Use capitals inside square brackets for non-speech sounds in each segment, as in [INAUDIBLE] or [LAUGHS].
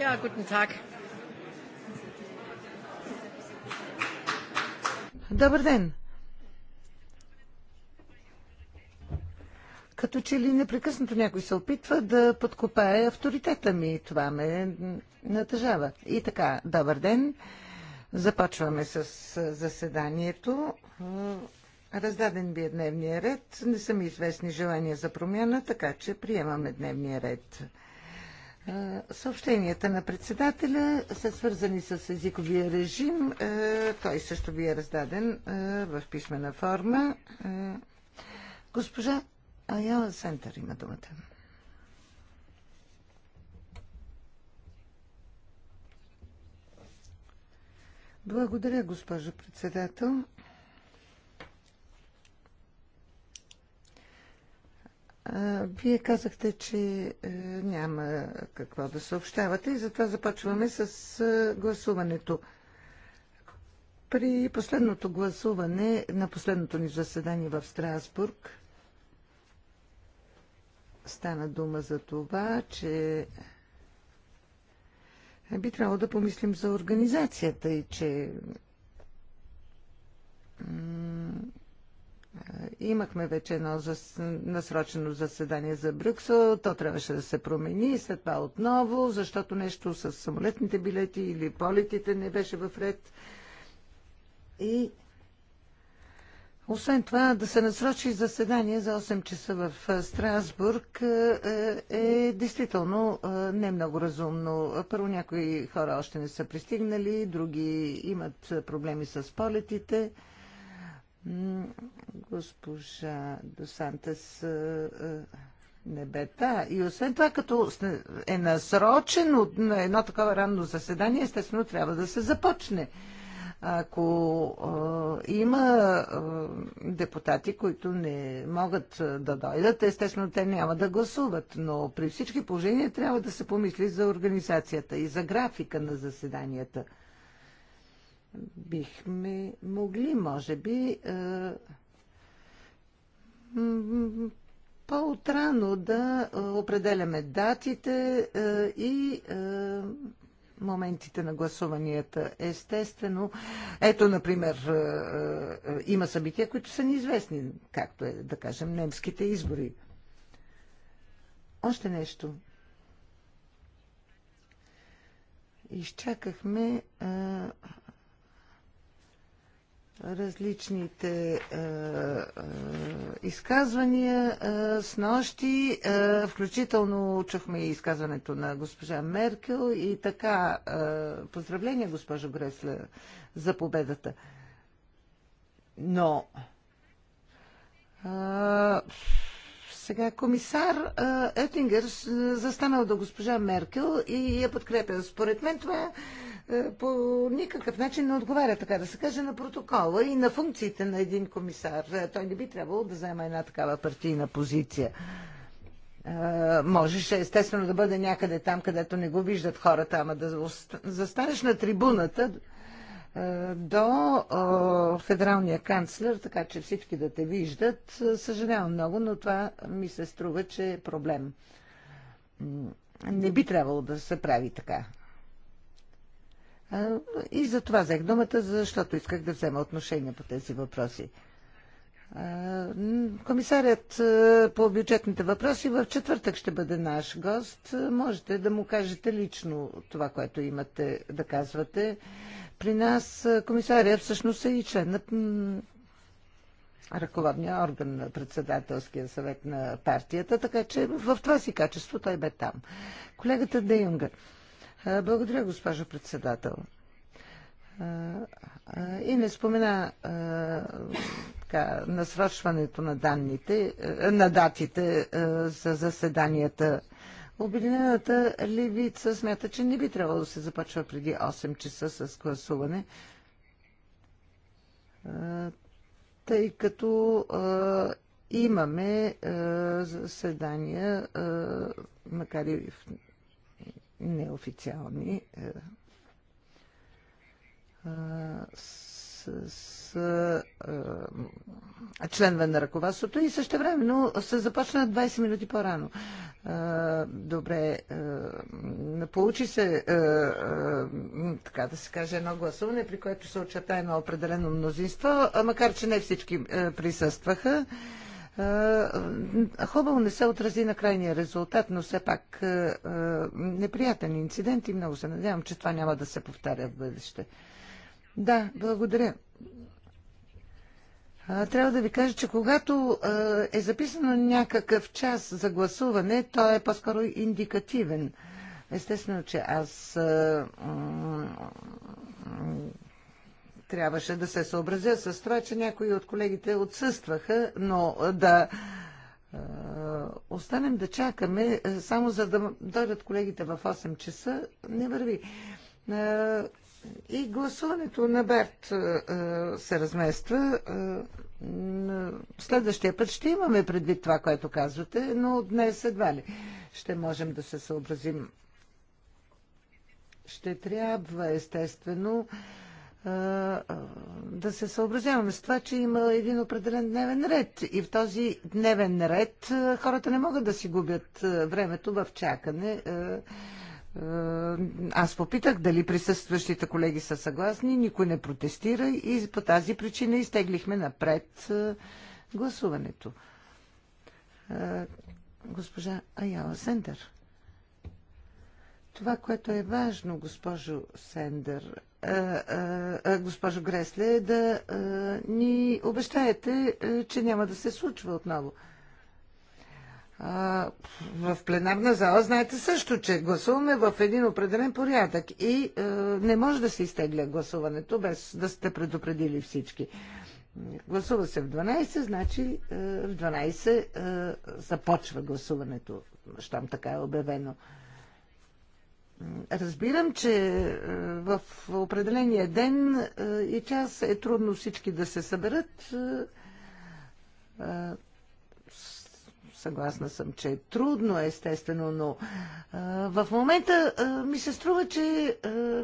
Ja, guten Tag. Добър ден! Като че ли непрекъснато някой се опитва да подкопае авторитета ми. Това ме натъжава. И така, добър ден! Започваме с заседанието. Раздаден би е дневния ред. Не са ми известни желания за промяна, така че приемаме дневния ред. Е, съобщенията на председателя са свързани с езиковия режим. Е, той също ви е раздаден е, в писмена форма. Госпожа Айала Сентър има думата. Благодаря, госпожо председател. Вие казахте, че е, няма какво да съобщавате и затова започваме с е, гласуването. При последното гласуване на последното ни заседание в Страсбург стана дума за това, че би трябвало да помислим за организацията и че Имахме вече едно зас... насрочено заседание за Брюксел. То трябваше да се промени и след това отново, защото нещо с самолетните билети или полетите не беше в ред. И освен това, да се насрочи заседание за 8 часа в Страсбург е, действително не много разумно. Първо, някои хора още не са пристигнали, други имат проблеми с полетите. Госпожа Досантес е, е, небета. И освен това, като е насрочено на едно такова ранно заседание, естествено трябва да се започне. Ако е, има е, депутати, които не могат е, да дойдат, естествено те няма да гласуват, но при всички положения трябва да се помисли за организацията и за графика на заседанията бихме могли, може би, е, по-утрано да е, определяме датите е, и моментите на гласуванията. Естествено, ето, например, има събития, които са неизвестни, както е, да кажем, немските избори. Още нещо. Изчакахме различните е, е, изказвания е, с нощи. Е, включително чухме и изказването на госпожа Меркел и така. Е, поздравления, госпожо Гресле, за победата. Но. Е, сега комисар Етингер е, застанал до госпожа Меркел и я подкрепя. Според мен това е. Е, по никакъв начин не отговаря, така да се каже, на протокола и на функциите на един комисар. Е, той не би трябвало да взема една такава партийна позиция. Е, можеше естествено да бъде някъде там, където не го виждат хората, ама да застанеш на трибуната до федералния канцлер, така че всички да те виждат. Съжалявам много, но това ми се струва, че е проблем. Не би трябвало да се прави така. И за това взех думата, защото исках да взема отношение по тези въпроси. Комисарят по бюджетните въпроси в четвъртък ще бъде наш гост. Можете да му кажете лично това, което имате да казвате. При нас комисарят, всъщност е и член на ръководния орган на председателския съвет на партията, така че в това си качество той бе там. Колегата Де Юнгър. Благодаря, госпожо председател. И не спомена така, насрочването на данните, на датите за заседанията. Обединената левица смята, че не би трябвало да се започва преди 8 часа с гласуване, тъй като имаме заседания, макар и в неофициални е, с, с а, е, членове на ръководството и също но се започна 20 минути по-рано. Е, добре, а, получи се, а, а, така да се каже, едно гласуване, при което се очерта едно определено мнозинство, а макар че не всички присъстваха. А, Хубаво не се отрази на крайния резултат, но все пак неприятен инцидент и много се надявам, че това няма да се повтаря в бъдеще. Да, благодаря. Трябва да ви кажа, че когато е записано някакъв час за гласуване, той е по-скоро индикативен. Естествено, че аз Трябваше да се съобразя с това, че някои от колегите отсъстваха, но да останем да чакаме, само за да дойдат колегите в 8 часа, не върви. И гласуването на Берт се размества. Следващия път ще имаме предвид това, което казвате, но днес едва ли ще можем да се съобразим. Ще трябва, естествено, да се съобразяваме с това, че има един определен дневен ред. И в този дневен ред хората не могат да си губят времето в чакане. Аз попитах дали присъстващите колеги са съгласни, никой не протестира и по тази причина изтеглихме напред гласуването. Госпожа Аяла Сендър. Това, което е важно, госпожо Сендър, госпожо Гресле, да ни обещаете, че няма да се случва отново. В пленарна зала знаете също, че гласуваме в един определен порядък и не може да се изтегля гласуването без да сте предупредили всички. Гласува се в 12, значи в 12 започва гласуването, щом така е обявено. Разбирам, че е, в определения ден е, и час е трудно всички да се съберат. Е, съгласна съм, че е трудно, естествено, но в момента ми се струва, че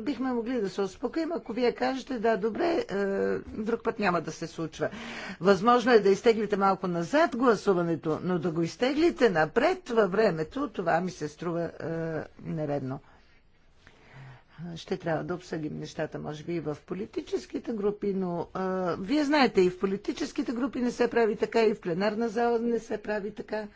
бихме могли да се успокоим, ако вие кажете, да, добре, друг път няма да се случва. Възможно е да изтеглите малко назад гласуването, но да го изтеглите напред във времето, това ми се струва нередно ще трябва да обсъдим нещата, може би и в политическите групи, но а, вие знаете, и в политическите групи не се прави така, и в пленарна зала не се прави така.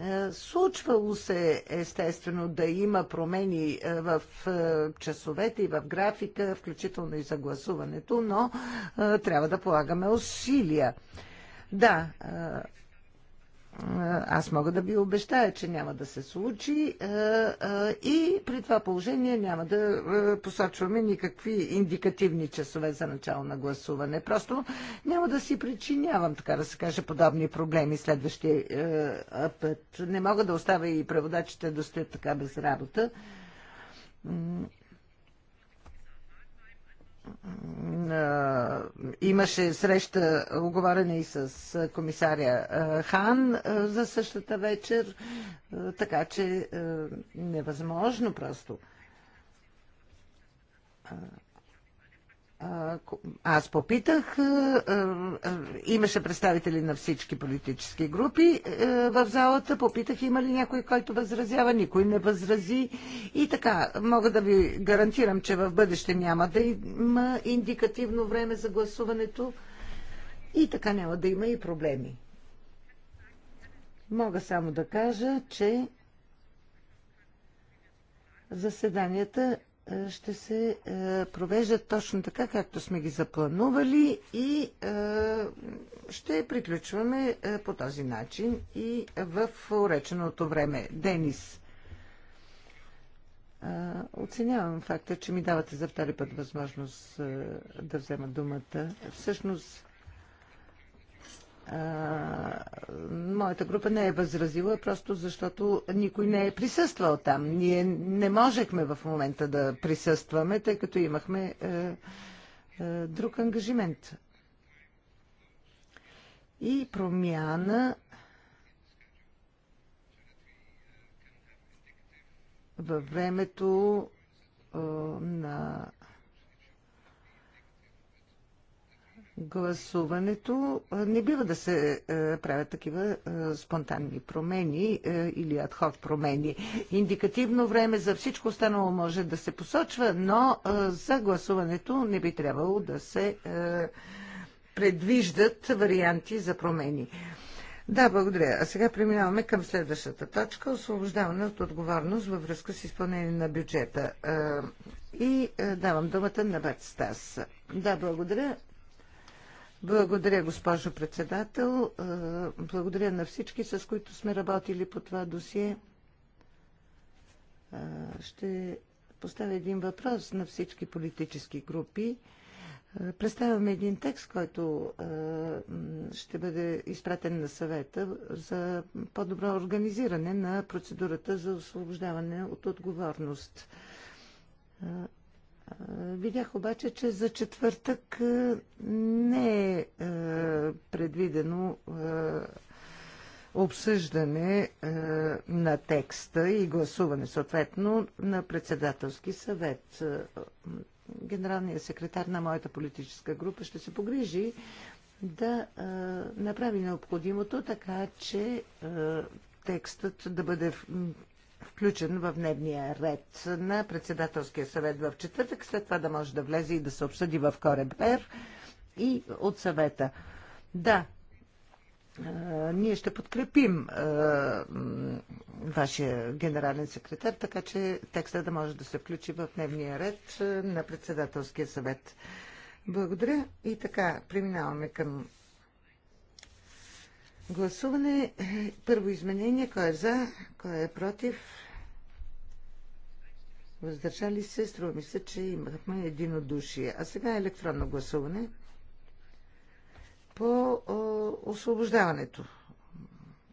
А, случвало се, естествено, да има промени в а, часовете и в графика, включително и за гласуването, но а, трябва да полагаме усилия. Да, аз мога да ви обещая, че няма да се случи и при това положение няма да посочваме никакви индикативни часове за начало на гласуване. Просто няма да си причинявам, така да се каже, подобни проблеми следващия път. Не мога да оставя и преводачите да стоят така без работа имаше среща, оговарена и с комисаря Хан за същата вечер, така че невъзможно просто аз попитах, имаше представители на всички политически групи в залата, попитах има ли някой, който възразява, никой не възрази и така. Мога да ви гарантирам, че в бъдеще няма да има индикативно време за гласуването и така няма да има и проблеми. Мога само да кажа, че заседанията е, ще се е, провеждат точно така, както сме ги запланували и е, ще приключваме по този начин и в уреченото време. Денис. Оценявам факта, че ми давате за втори път възможност да взема думата. Всъщност, а, моята група не е възразила, просто защото никой не е присъствал там. Ние не можехме в момента да присъстваме, тъй като имахме а, е, а, е, друг ангажимент. И промяна във времето а, е, на гласуването не бива да се правят такива спонтанни промени или адхок промени. Индикативно време за всичко останало може да се посочва, но за гласуването не би трябвало да се предвиждат варианти за промени. Да, благодаря. А сега преминаваме към следващата точка освобождаване от отговорност във връзка с изпълнение на бюджета. И давам думата на Бат Стас. Да, благодаря. Благодаря, госпожо председател. Е, благодаря на всички, с които сме работили по това досие. Е, ще поставя един въпрос на всички политически групи. Е, представяме един текст, който ще бъде изпратен на съвета за по-добро организиране на процедурата за освобождаване от отговорност. Видях обаче, че за четвъртък не е предвидено обсъждане на текста и гласуване съответно на председателски съвет. Генералният секретар на моята политическа група ще се погрижи да направи необходимото, така че текстът да бъде включен в дневния ред на председателския съвет в четвъртък, след това да може да влезе и да се обсъди в Коребер и от съвета. Да, ние ще подкрепим а, вашия генерален секретар, така че текста да може да се включи в дневния ред на председателския съвет. Благодаря и така преминаваме към гласуване. Първо изменение. Кой е за? Кой е против? Въздържали се. Струва ми се, че имахме единодушие. А сега е електронно гласуване по освобождаването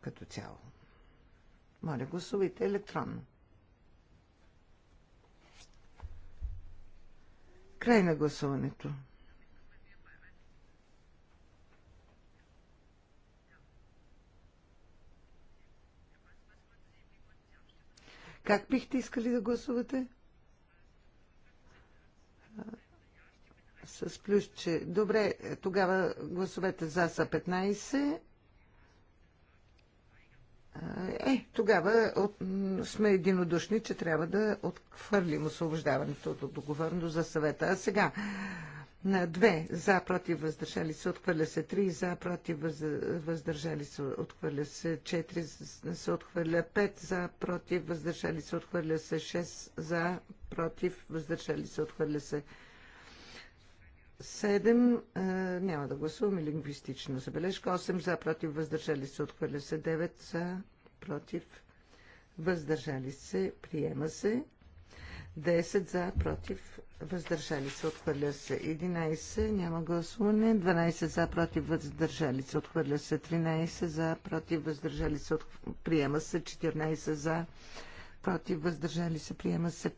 като цяло. Моля, гласувайте електронно. Край на гласуването. Как бихте искали да гласувате? С плюс, че... Добре, тогава гласовете за са 15. Е, тогава от... сме единодушни, че трябва да отхвърлим освобождаването от договорно за съвета. А сега на 2 за против въздържали се, отхвърля се 3 за против въздържали се, отхвърля се 4 се отхвърля 5 за против въздържали се, отхвърля се 6 за против въздържали се, отхвърля се 7, е, няма да гласуваме лингвистична забележка, 8 за против въздържали се, отхвърля се 9 за против въздържали се, приема се 10 за, против, въздържали се, отхвърля се 11, няма гласуване, 12 за, против, въздържали се, отхвърля се 13 за, против, въздържали се, приема се 14 за, против, въздържали се, приема се.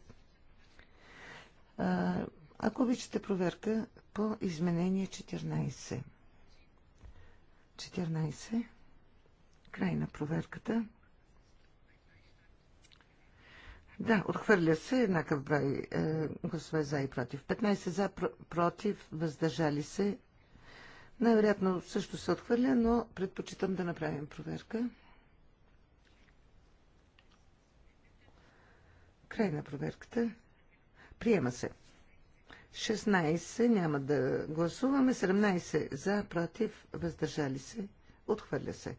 Ако обичате проверка по изменение 14. 14. Край на проверката. Да, отхвърля се еднакъв брой е, гласове за и против. 15 за, пр- против, въздържали се. Най-вероятно също се отхвърля, но предпочитам да направим проверка. Край на проверката. Приема се. 16 няма да гласуваме, 17 за, против, въздържали се, отхвърля се.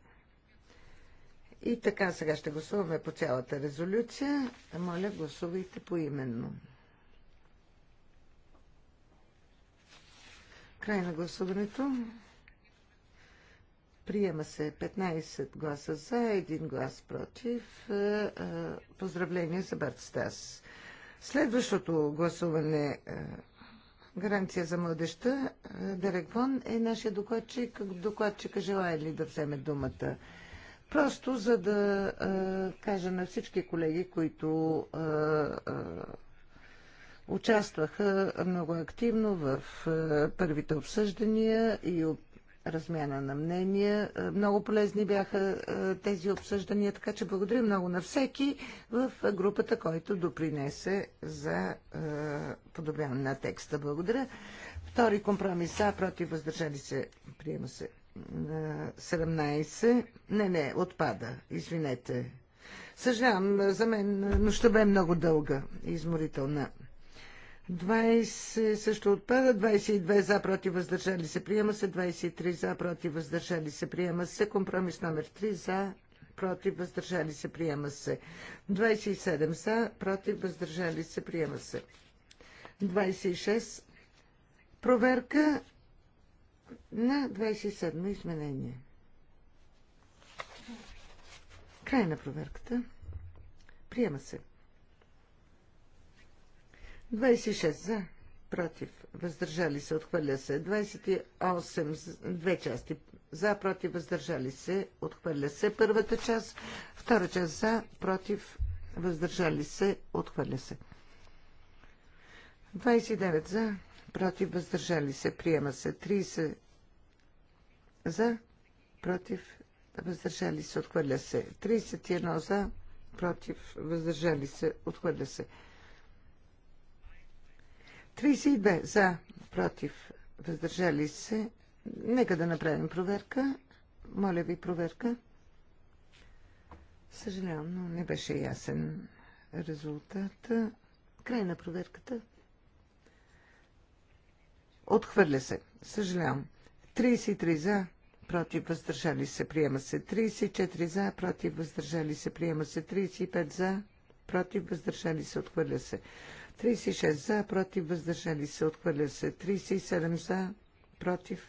И така, сега ще гласуваме по цялата резолюция. Моля, гласувайте поименно. Край на гласуването. Приема се 15 гласа за, 1 глас против. Е, е, Поздравление за Барт Стас. Следващото гласуване е, гаранция за младеща. Дерек Вон е нашия докладчик. Докладчика желая ли да вземе думата? Просто за да а, кажа на всички колеги, които а, а, участваха много активно в а, първите обсъждания и об, размяна на мнения. Много полезни бяха а, тези обсъждания, така че благодаря много на всеки в групата, който допринесе за а, подобряване на текста. Благодаря. Втори компромис за, против, въздържали се, приема се. 17. Не, не, отпада. Извинете. Съжалявам, за мен нощта бе много дълга и изморителна. 20 също отпада, 22 за, против, въздържали се, приема се, 23 за, против, въздържали се, приема се, компромис номер 3 за, против, въздържали се, приема се, 27 за, против, въздържали се, приема се, 26. Проверка на 27 изменение. Край на проверката. Приема се. 26 за, против, въздържали се, отхвърля се. 28, две части за, против, въздържали се, отхвърля се. Първата част, втора част за, против, въздържали се, отхвърля се. 29 за, против, въздържали се, приема се 30 за, против, въздържали се, отхвърля се 31 за, против, въздържали се, отхвърля се 32 за, против, въздържали се. Нека да направим проверка. Моля ви, проверка. Съжалявам, но не беше ясен резултата. Край на проверката. Отхвърля се. Съжалявам. 33 за, против въздържали се, приема се 34 за, против въздържали се, приема се 35 за, против въздържали се, отхвърля се 36 за, против въздържали се, отхвърля се 37 за, против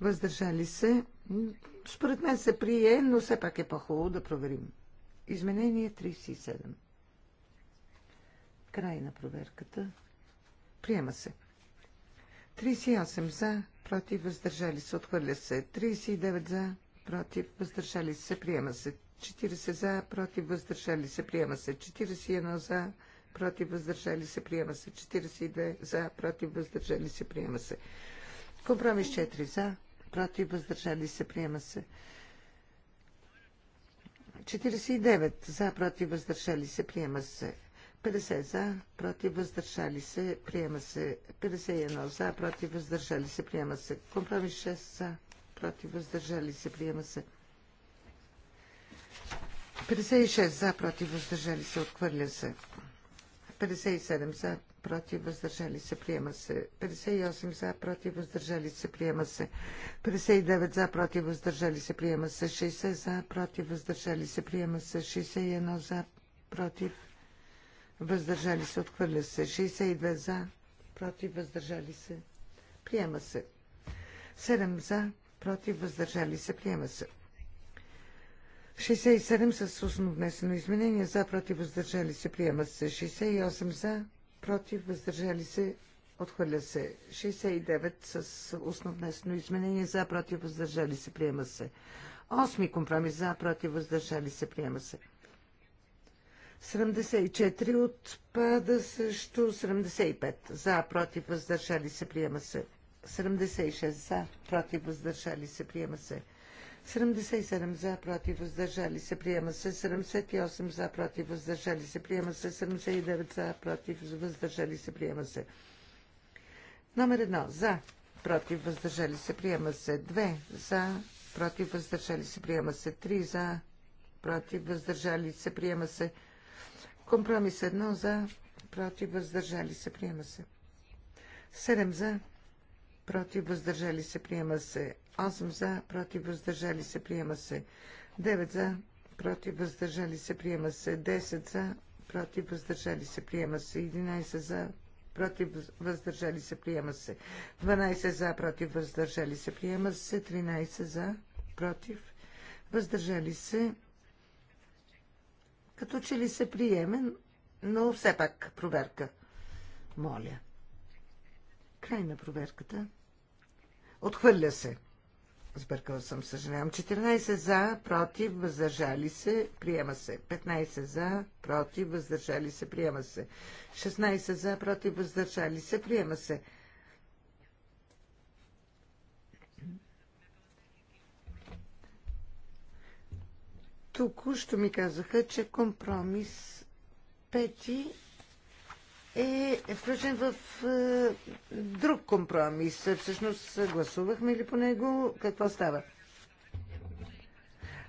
въздържали се. Според мен се прие, но все пак е по-хубаво да проверим. Изменение 37. Край на проверката. Приема се. 38 за, против, въздържали се, отхвърля се. 39 за, против, въздържали се, приема се. 40 за, против, въздържали се, приема се. 41 за, против, въздържали се, приема се. 42 за, против, въздържали се, приема се. Компромис 4 за, против, въздържали се, приема се. 49 за, против, въздържали се, приема се. 50 за, против, въздържали се, приема се. 51 за, против, въздържали се, приема се. Компромис 6 за, против, въздържали се, приема се. 56 за, против, въздържали се, отхвърля се. 57 за, против, въздържали се, приема се. 58 за, против, въздържали се, приема се. 59 за, против, въздържали се, приема се. 60 за, против, въздържали се, приема се. 61 за, против, въздържали се, отхвърля се. 62 за, против, въздържали се, приема се. 7 за, против, въздържали се, приема се. 67 с устно внесено изменение, за, против, въздържали се, приема се. 68 за, против, въздържали се, отхвърля се. 69 с устно внесено изменение, за, против, въздържали се, приема се. Осми компромис, за, против, въздържали се, приема се. 74 отпада също. 75 за, против, въздържали се, приема се. 76 за, против, въздържали се, приема се. 77 за, против, въздържали се, приема се. 78 за, против, въздържали се, приема се. 79 за, против, въздържали се, приема се. Номер 1 за, против, въздържали се, приема се. 2 за, против, въздържали се, приема се. 3 за, против, въздържали се, приема се. Компромис 1 за, против, въздържали се, приема се. 7 за, против, въздържали се, приема се. 8 за, против, въздържали се, приема се. 9 за, против, въздържали се, приема се. 10 за, против, въздържали се, приема се. 11 за, против, въздържали се, приема се. 12 за, против, въздържали се, приема се. 13 за, против, въздържали се, като че ли се приеме, но все пак проверка. Моля. Край на проверката. Отхвърля се. Сбъркала съм, съжалявам. 14 за, против, въздържали се, приема се. 15 за, против, въздържали се, приема се. 16 за, против, въздържали се, приема се. тук що ми казаха, че компромис пети е включен в е, друг компромис. Всъщност гласувахме ли по него? Какво става?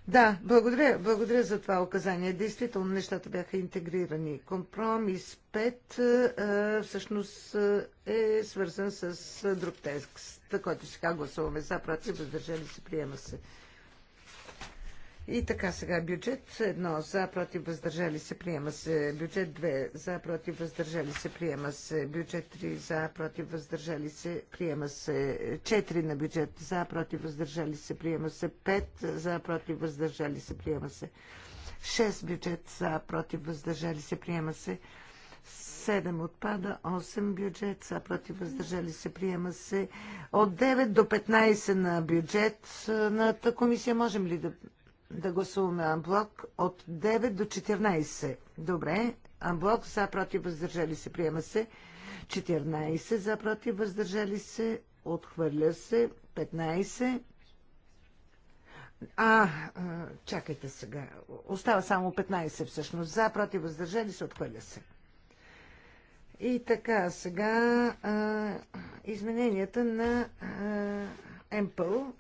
Да, благодаря, благодаря за това указание. Действително нещата бяха интегрирани. Компромис 5 е, всъщност е свързан с друг текст, който сега гласуваме. За, против, въздържали се, приема се. И така сега бюджет едно за против въздържали се приема се бюджет 2 за против въздържали се приема се бюджет 3 за против въздържали се приема се 4 на бюджет за против въздържали се приема се 5 за против въздържали се приема се 6 бюджет за против въздържали се приема се 7 отпада, 8 бюджет, за против въздържали се, приема се от 9 до 15 на бюджет на комисия. Можем ли да да гласуваме Анблок от 9 до 14. Добре, Анблок за против въздържали се, приема се. 14 за против въздържали се, отхвърля се. 15. А, чакайте сега. Остава само 15 всъщност. За против въздържали се, отхвърля се. И така, сега а, измененията на а, Емпъл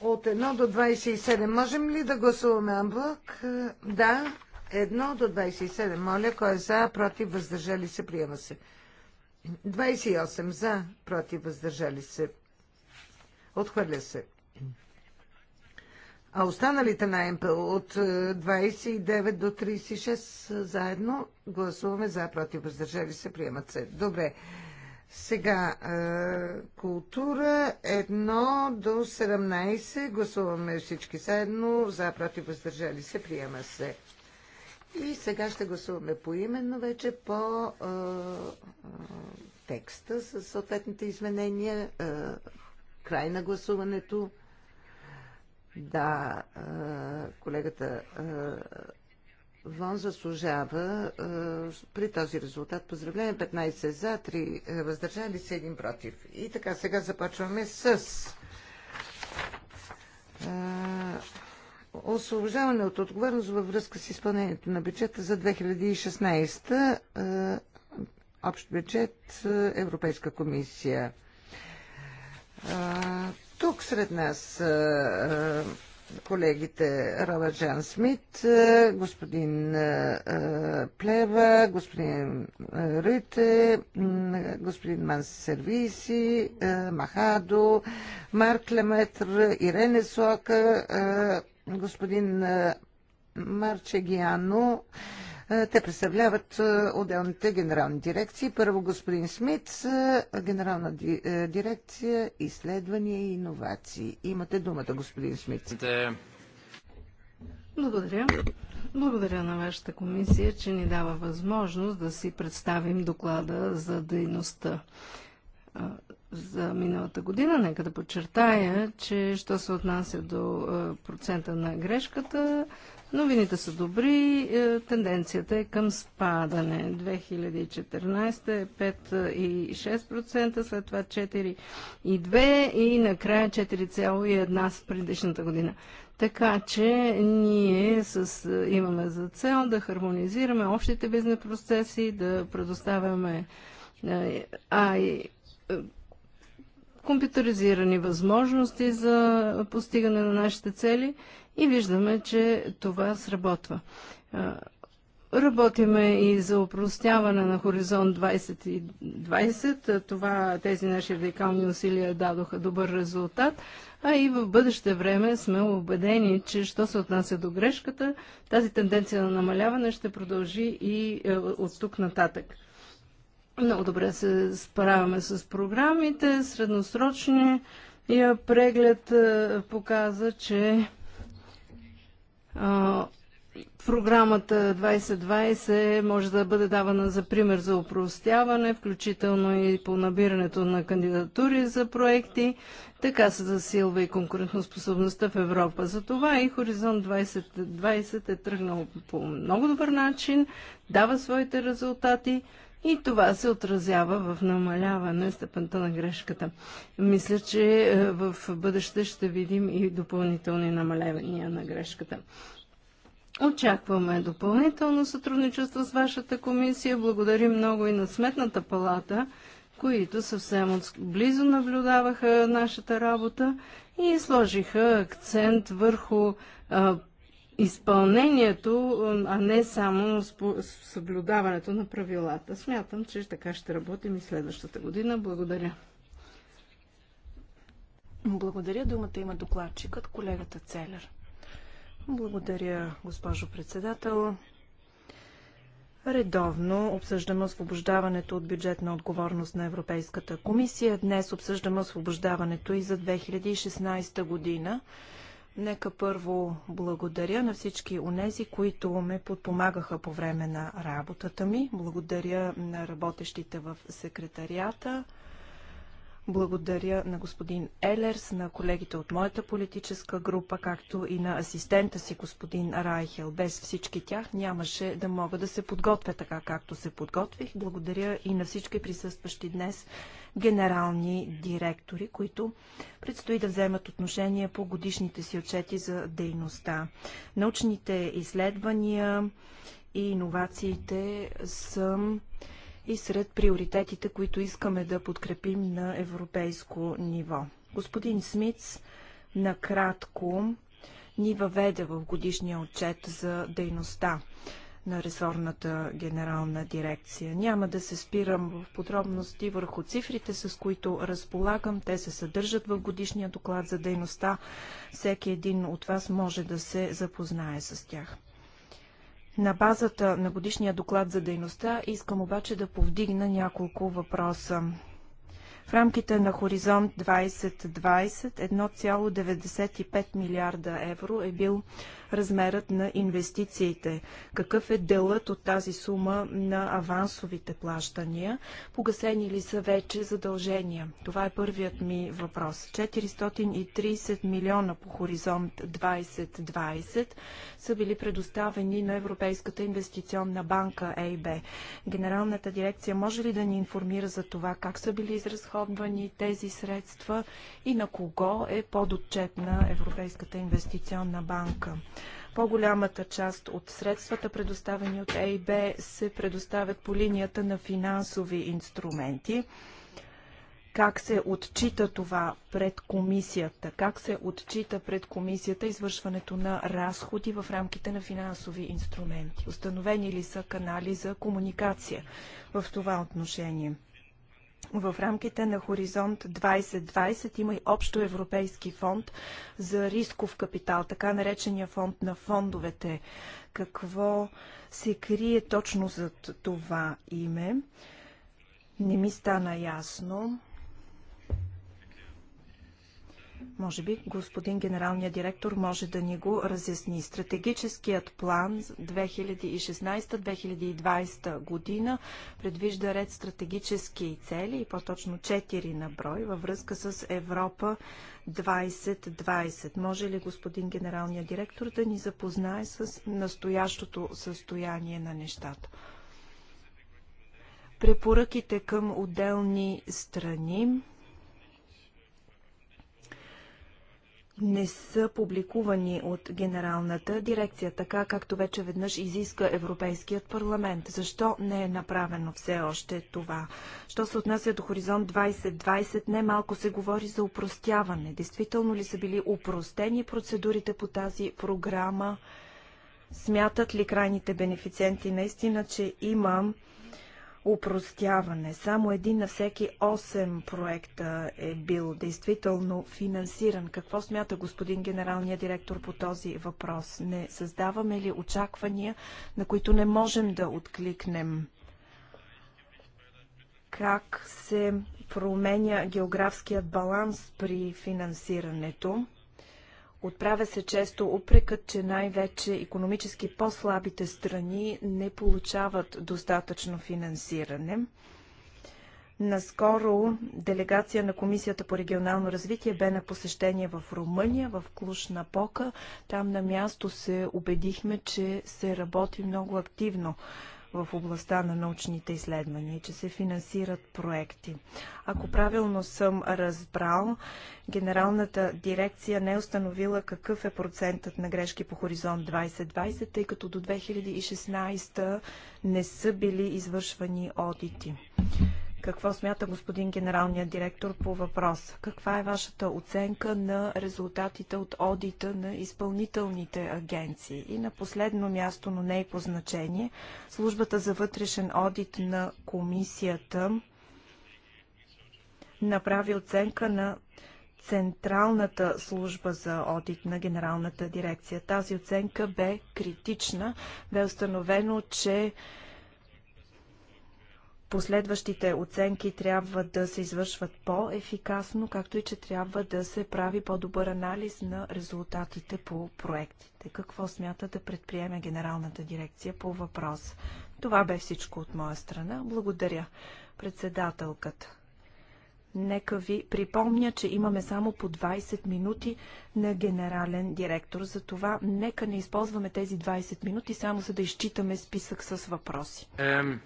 от 1 до 27 можем ли да гласуваме анблок? Да. 1 до 27. Моля, кой е за, против, въздържали се, приема се. 28 за, против, въздържали се. Отхвърля се. А останалите на МПЛ от 29 е, до 36 заедно гласуваме за, против, въздържали се, приемат се. Добре. Сега, култура 1 до 17. Гласуваме всички заедно. За, против, въздържали се. Приема се. И сега ще гласуваме поименно вече по а, а, текста с съответните изменения. А, край на гласуването. Да, а, колегата а, Вон заслужава а, при този резултат поздравление 15 за, 3 въздържали се, 1 против. И така, сега започваме с а, освобождаване от отговорност във връзка с изпълнението на бюджета за 2016 а, общ бюджет Европейска комисия. А, тук сред нас а, колегите Робърт Джан Смит, е, господин е, е, Плева, господин Рите, господин Манс Сервиси, Махадо, Марк Леметр, Ирене Сока, господин Гиано, е, те представляват е, отделните генерални дирекции. Първо господин Смит, е, генерална дирекция изследвания и иновации. Имате думата, господин Смит. Благодаря. Благодаря на вашата комисия, че ни дава възможност да си представим доклада за дейността за миналата година. Нека да подчертая, че що се отнася до процента на грешката, Новините са добри, е, тенденцията е към спадане. 2014 е 5,6%, след това 4,2% и накрая 4,1% с предишната година. Така че ние с, е, имаме за цел да хармонизираме общите бизнес процеси, да предоставяме е, а, и, компютъризирани възможности за постигане на нашите цели и виждаме, че това сработва. Работиме и за упростяване на Хоризонт 2020. Това, тези наши радикални усилия дадоха добър резултат, а и в бъдеще време сме убедени, че що се отнася до грешката, тази тенденция на намаляване ще продължи и е, от тук нататък. Много добре се справяме с програмите. Средносрочния преглед е, показа, че Програмата 2020 може да бъде давана за пример за упростяване, включително и по набирането на кандидатури за проекти. Така се засилва и конкурентоспособността в Европа. За това и Хоризонт 2020 е тръгнал по много добър начин, дава своите резултати и това се отразява в намаляване степента на грешката. Мисля, че е, в бъдеще ще видим и допълнителни намалявания на грешката. Очакваме допълнително сътрудничество с вашата комисия. Благодарим много и на Сметната палата, които съвсем близо наблюдаваха нашата работа и сложиха акцент върху а, изпълнението, а не само съблюдаването на правилата. Смятам, че така ще работим и следващата година. Благодаря. Благодаря. Думата има докладчикът, колегата Целер. Благодаря, госпожо председател. Редовно обсъждаме освобождаването от бюджетна отговорност на Европейската комисия. Днес обсъждаме освобождаването и за 2016 година. Нека първо благодаря на всички онези, които ме подпомагаха по време на работата ми. Благодаря на работещите в секретарията. Благодаря на господин Елерс, на колегите от моята политическа група, както и на асистента си господин Райхел. Без всички тях нямаше да мога да се подготвя така, както се подготвих. Благодаря и на всички присъстващи днес генерални директори, които предстои да вземат отношение по годишните си отчети за дейността. Научните изследвания и иновациите са и сред приоритетите, които искаме да подкрепим на европейско ниво. Господин Смитс накратко ни въведе в годишния отчет за дейността на ресорната генерална дирекция. Няма да се спирам в подробности върху цифрите, с които разполагам. Те се съдържат в годишния доклад за дейността. Всеки един от вас може да се запознае с тях. На базата на годишния доклад за дейността искам обаче да повдигна няколко въпроса. В рамките на Хоризонт 2020 1,95 милиарда евро е бил размерът на инвестициите. Какъв е делът от тази сума на авансовите плащания? Погасени ли са вече задължения? Това е първият ми въпрос. 430 милиона по Хоризонт 2020 са били предоставени на Европейската инвестиционна банка ЕИБ. Генералната дирекция може ли да ни информира за това как са били изразходени изразходвани тези средства и на кого е подотчетна Европейската инвестиционна банка. По-голямата част от средствата, предоставени от ЕИБ, се предоставят по линията на финансови инструменти как се отчита това пред комисията, как се отчита пред комисията извършването на разходи в рамките на финансови инструменти. Установени ли са канали за комуникация в това отношение? в рамките на Хоризонт 2020 има и общо европейски фонд за рисков капитал, така наречения фонд на фондовете. Какво се крие точно зад това име? Не ми стана ясно. Може би господин генералният директор може да ни го разясни. Стратегическият план 2016-2020 година предвижда ред стратегически цели и по-точно 4 на брой във връзка с Европа 2020. Може ли господин генералният директор да ни запознае с настоящото състояние на нещата? Препоръките към отделни страни не са публикувани от Генералната дирекция, така както вече веднъж изиска Европейският парламент. Защо не е направено все още това? Що се отнася до Хоризонт 2020, не малко се говори за упростяване. Действително ли са били упростени процедурите по тази програма? Смятат ли крайните бенефициенти наистина, че имам упростяване. Само един на всеки 8 проекта е бил действително финансиран. Какво смята господин генералният директор по този въпрос? Не създаваме ли очаквания, на които не можем да откликнем? Как се променя географският баланс при финансирането? Отправя се често упрекът, че най-вече економически по-слабите страни не получават достатъчно финансиране. Наскоро делегация на Комисията по регионално развитие бе на посещение в Румъния, в клуш на Пока. Там на място се убедихме, че се работи много активно в областта на научните изследвания, че се финансират проекти. Ако правилно съм разбрал, Генералната дирекция не е установила какъв е процентът на грешки по Хоризонт 2020, тъй като до 2016 не са били извършвани одити какво смята господин генералният директор по въпроса. Каква е вашата оценка на резултатите от одита на изпълнителните агенции? И на последно място, но не и е по значение, службата за вътрешен одит на комисията направи оценка на Централната служба за одит на Генералната дирекция. Тази оценка бе критична. Бе установено, че последващите оценки трябва да се извършват по-ефикасно, както и че трябва да се прави по-добър анализ на резултатите по проектите. Какво смята да предприеме Генералната дирекция по въпрос? Това бе всичко от моя страна. Благодаря, председателката. Нека ви припомня, че имаме само по 20 минути на генерален директор. Затова нека не използваме тези 20 минути само за да изчитаме списък с въпроси. Um...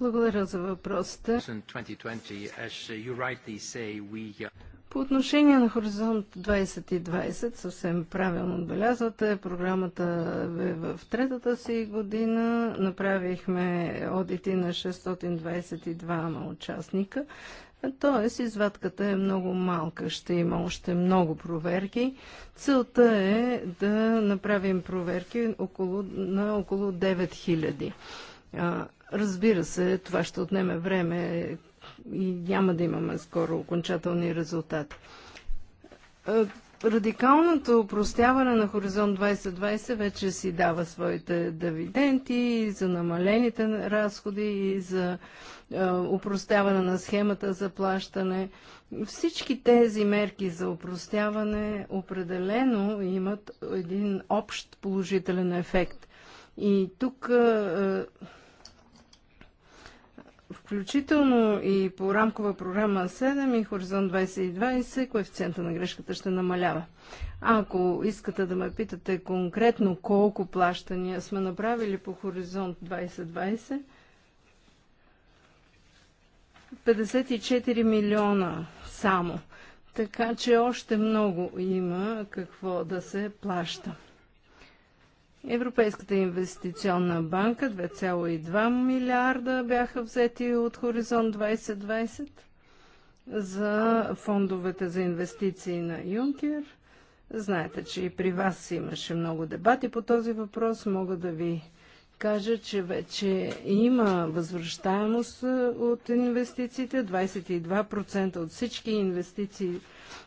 Благодаря за въпросите. Uh, По отношение на Хоризонт 2020, съвсем правилно отбелязвате, програмата е в третата си година. Направихме одити на 622 участника. Тоест, извадката е много малка. Ще има още много проверки. Целта е да направим проверки около, на около 9000 Разбира се, това ще отнеме време и няма да имаме скоро окончателни резултати. Е, радикалното упростяване на Хоризонт 2020 вече си дава своите дивиденти и за намалените разходи и за е, упростяване на схемата за плащане. Всички тези мерки за упростяване определено имат един общ положителен ефект. И тук е, Включително и по рамкова програма 7 и Хоризонт 2020 коефициента на грешката ще намалява. А ако искате да ме питате конкретно колко плащания сме направили по Хоризонт 2020, 54 милиона само. Така че още много има какво да се плаща. Европейската инвестиционна банка 2,2 милиарда бяха взети от Хоризонт 2020 за фондовете за инвестиции на Юнкер. Знаете, че и при вас имаше много дебати по този въпрос. Мога да ви кажа, че вече има възвръщаемост е, от инвестициите. 22% от всички инвестиции,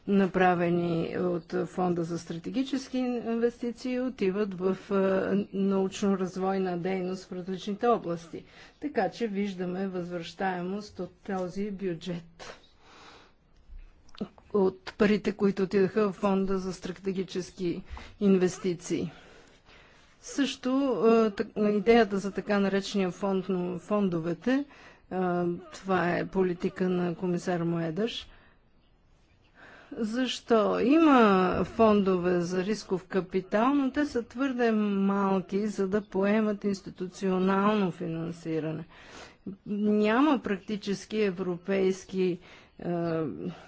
направени от Фонда за стратегически инвестиции, отиват в е, научно-развойна дейност в различните области. Така че виждаме възвръщаемост от този бюджет от парите, които отидаха в Фонда за стратегически инвестиции. Също идеята за така наречения фонд на фондовете, това е политика на комисар Моедаш. Защо? Има фондове за рисков капитал, но те са твърде малки, за да поемат институционално финансиране. Няма практически европейски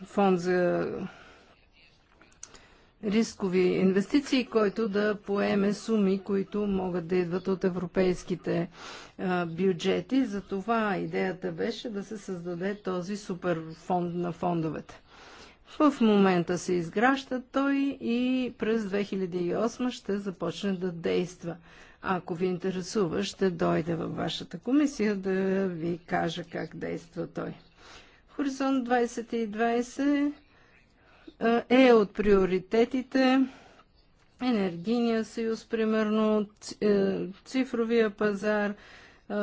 фонд за рискови инвестиции, който да поеме суми, които могат да идват от европейските бюджети. Затова идеята беше да се създаде този суперфонд на фондовете. В момента се изгражда той и през 2008 ще започне да действа. Ако ви интересува, ще дойде във вашата комисия да ви кажа как действа той. Хоризонт 2020 е от приоритетите енергийния съюз, примерно е, цифровия пазар, е,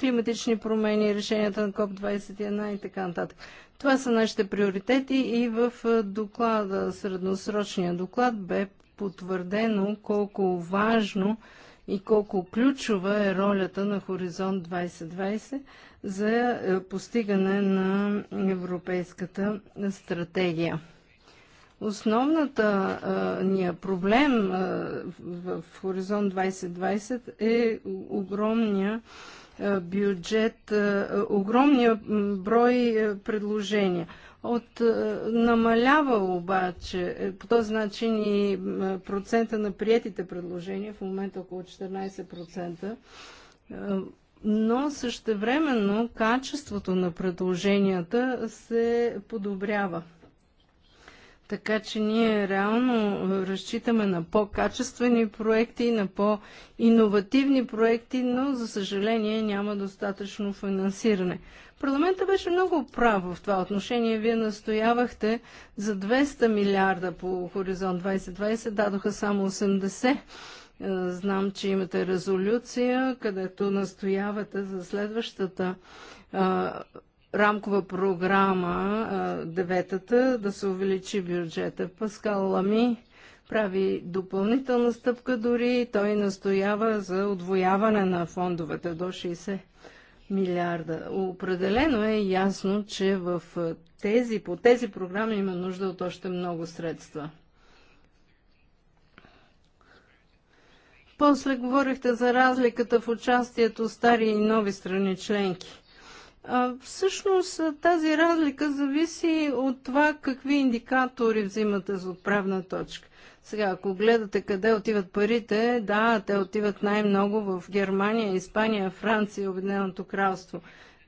климатични промени, решенията на КОП-21 и така нататък. Това са нашите приоритети и в е, доклада, средносрочния доклад бе потвърдено колко важно и колко ключова е ролята на Хоризонт 2020 за постигане на европейската стратегия. Основната а, ния проблем а, в Хоризонт 2020 е огромния а, бюджет, а, огромния брой а, предложения. От а, намалява обаче е, по този начин и процента на приетите предложения, в момента около 14%. А, но същевременно качеството на предложенията се подобрява. Така че ние реално е, разчитаме на по-качествени проекти, на по-инновативни проекти, но за съжаление няма достатъчно финансиране. Парламента беше много прав в това отношение. Вие настоявахте за 200 милиарда по Хоризонт 2020, дадоха само 80. Е, знам, че имате резолюция, където настоявате за следващата е, рамкова програма, деветата, да се увеличи бюджета. Паскал Лами прави допълнителна стъпка дори. Той настоява за отвояване на фондовете до 60 милиарда. Определено е ясно, че в тези, по тези програми има нужда от още много средства. После говорихте за разликата в участието стари и нови страни членки. Всъщност тази разлика зависи от това какви индикатори взимате за отправна точка. Сега, ако гледате къде отиват парите, да, те отиват най-много в Германия, Испания, Франция, Обединеното кралство.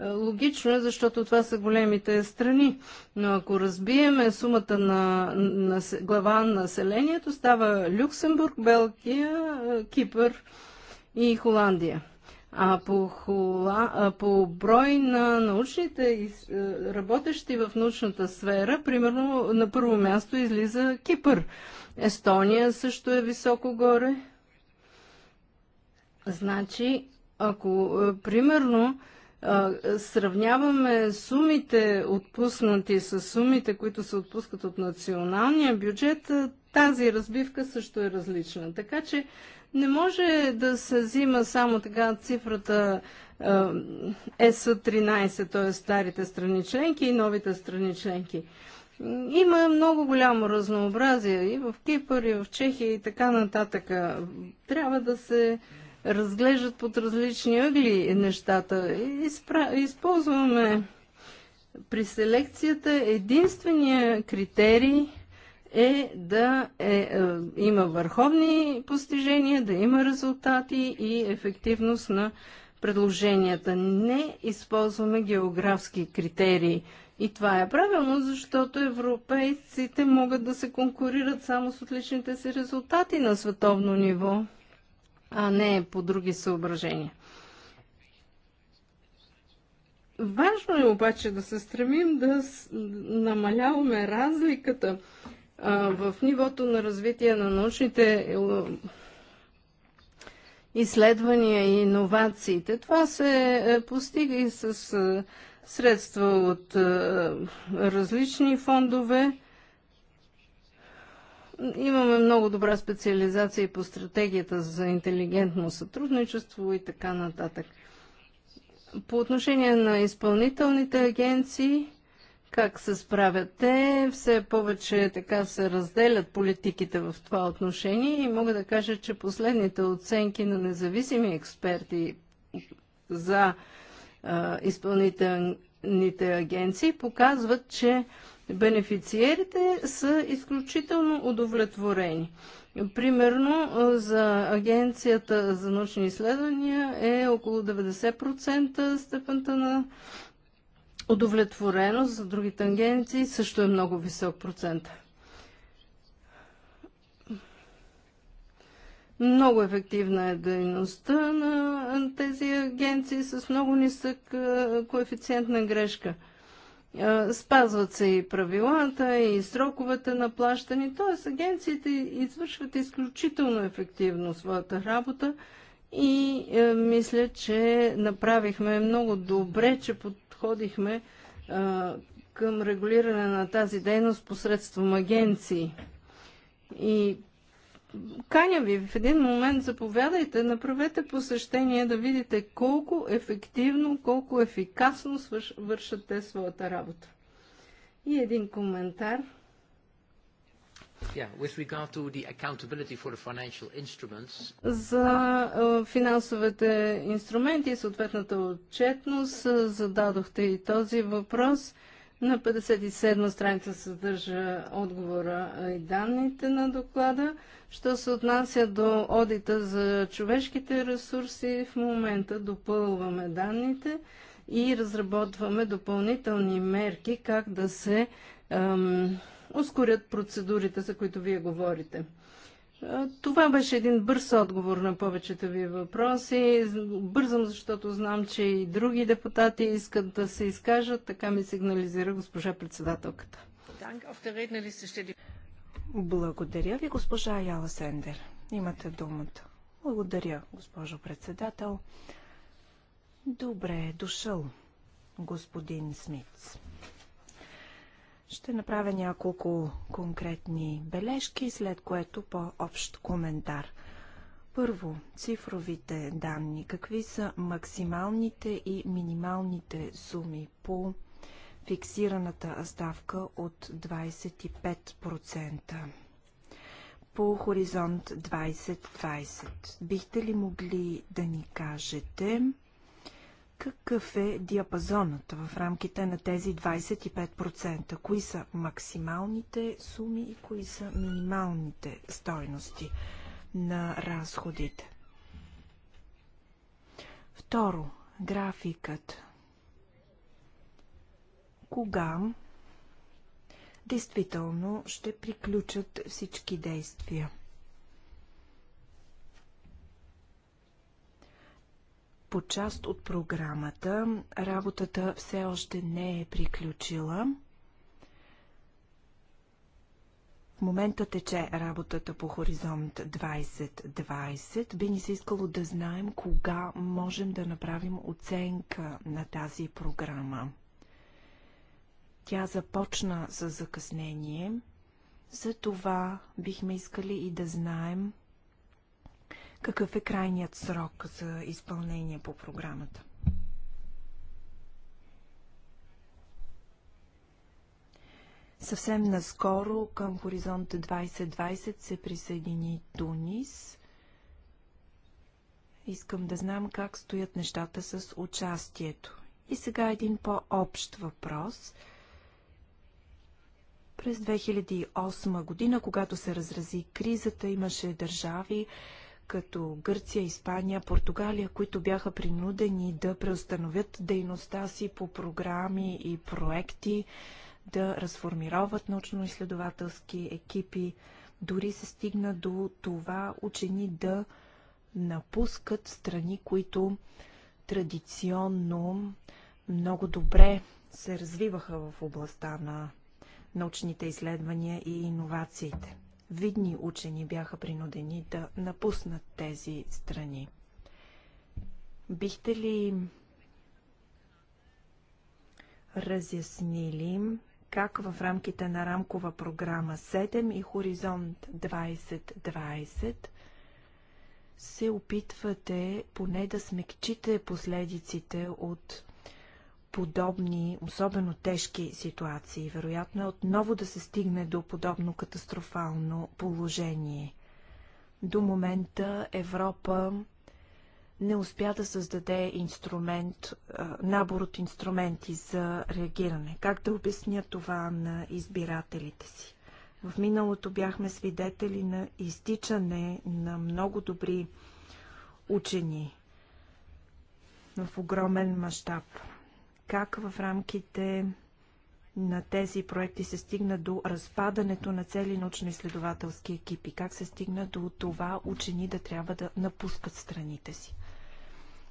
Логично е, защото това са големите страни. Но ако разбиеме сумата на, на глава на населението, става Люксембург, Белгия, Кипър и Холандия. А по, хула, а по брой на научните е, работещи в научната сфера, примерно на първо място излиза Кипър. Естония също е високо горе. Значи, ако е, примерно е, сравняваме сумите отпуснати с сумите, които се отпускат от националния бюджет, тази разбивка също е различна. Така че не може да се взима само така цифрата ЕС-13, т.е. старите страни членки и новите страни членки. Има много голямо разнообразие и в Кипър, и в Чехия, и така нататък. Трябва да се разглеждат под различни ъгли нещата. Изпра... Използваме при селекцията единствения критерий е да е, е, има върховни постижения, да има резултати и ефективност на предложенията. Не използваме географски критерии. И това е правилно, защото европейците могат да се конкурират само с отличните си резултати на световно ниво, а не по други съображения. Важно е обаче да се стремим да намаляваме разликата в нивото на развитие на научните е, изследвания и иновациите. Това се е, постига и с е, средства от различни фондове. Имаме много добра специализация и по стратегията за интелигентно сътрудничество и така нататък. По отношение на изпълнителните агенции, как се справят те? Все повече така се разделят политиките в това отношение и мога да кажа, че последните оценки на независими експерти за а, изпълнителните агенции показват, че бенефициерите са изключително удовлетворени. Примерно за Агенцията за научни изследвания е около 90% степента на Удовлетвореност за други тангенции също е много висок процент. Много ефективна е дейността на тези агенции с много нисък коефициент на грешка. Спазват се и правилата, и сроковете на плащане, т.е. агенциите извършват изключително ефективно своята работа и мисля, че направихме много добре, че под подходихме а, към регулиране на тази дейност посредством агенции. И каня ви, в един момент заповядайте, направете посещение да видите колко ефективно, колко ефикасно свършат те своята работа. И един коментар – за е, финансовите инструменти и съответната отчетност е, зададохте и този въпрос. На 57 страница съдържа отговора и данните на доклада. Що се отнася до одита за човешките ресурси, в момента допълваме данните и разработваме допълнителни мерки как да се ускорят процедурите, за които вие говорите. Това беше един бърз отговор на повечето ви въпроси. Бързам, защото знам, че и други депутати искат да се изкажат. Така ми сигнализира госпожа председателката. Благодаря ви, госпожа Яла Сендер. Имате думата. Благодаря, госпожо председател. Добре е дошъл, господин Смитс. Ще направя няколко конкретни бележки, след което по-общ коментар. Първо, цифровите данни. Какви са максималните и минималните суми по фиксираната ставка от 25%? по Хоризонт 2020. Бихте ли могли да ни кажете какъв е диапазонът в рамките на тези 25%? Кои са максималните суми и кои са минималните стойности на разходите? Второ, графикът. Кога действително ще приключат всички действия? По част от програмата работата все още не е приключила. В момента тече работата по Хоризонт 2020. Би ни се искало да знаем кога можем да направим оценка на тази програма. Тя започна с закъснение, за това бихме искали и да знаем – какъв е крайният срок за изпълнение по програмата? Съвсем наскоро към Хоризонт 2020 се присъедини Тунис. Искам да знам как стоят нещата с участието. И сега един по-общ въпрос. През 2008 година, когато се разрази кризата, имаше държави, като Гърция, Испания, Португалия, които бяха принудени да преустановят дейността си по програми и проекти, да разформироват научно-изследователски екипи. Дори се стигна до това учени да напускат страни, които традиционно много добре се развиваха в областта на научните изследвания и иновациите видни учени бяха принудени да напуснат тези страни. Бихте ли разяснили как в рамките на рамкова програма 7 и Хоризонт 2020 се опитвате поне да смекчите последиците от подобни, особено тежки ситуации. Вероятно е отново да се стигне до подобно катастрофално положение. До момента Европа не успя да създаде инструмент, набор от инструменти за реагиране. Как да обясня това на избирателите си? В миналото бяхме свидетели на изтичане на много добри учени в огромен мащаб как в рамките на тези проекти се стигна до разпадането на цели научно-изследователски екипи? Как се стигна до това учени да трябва да напускат страните си?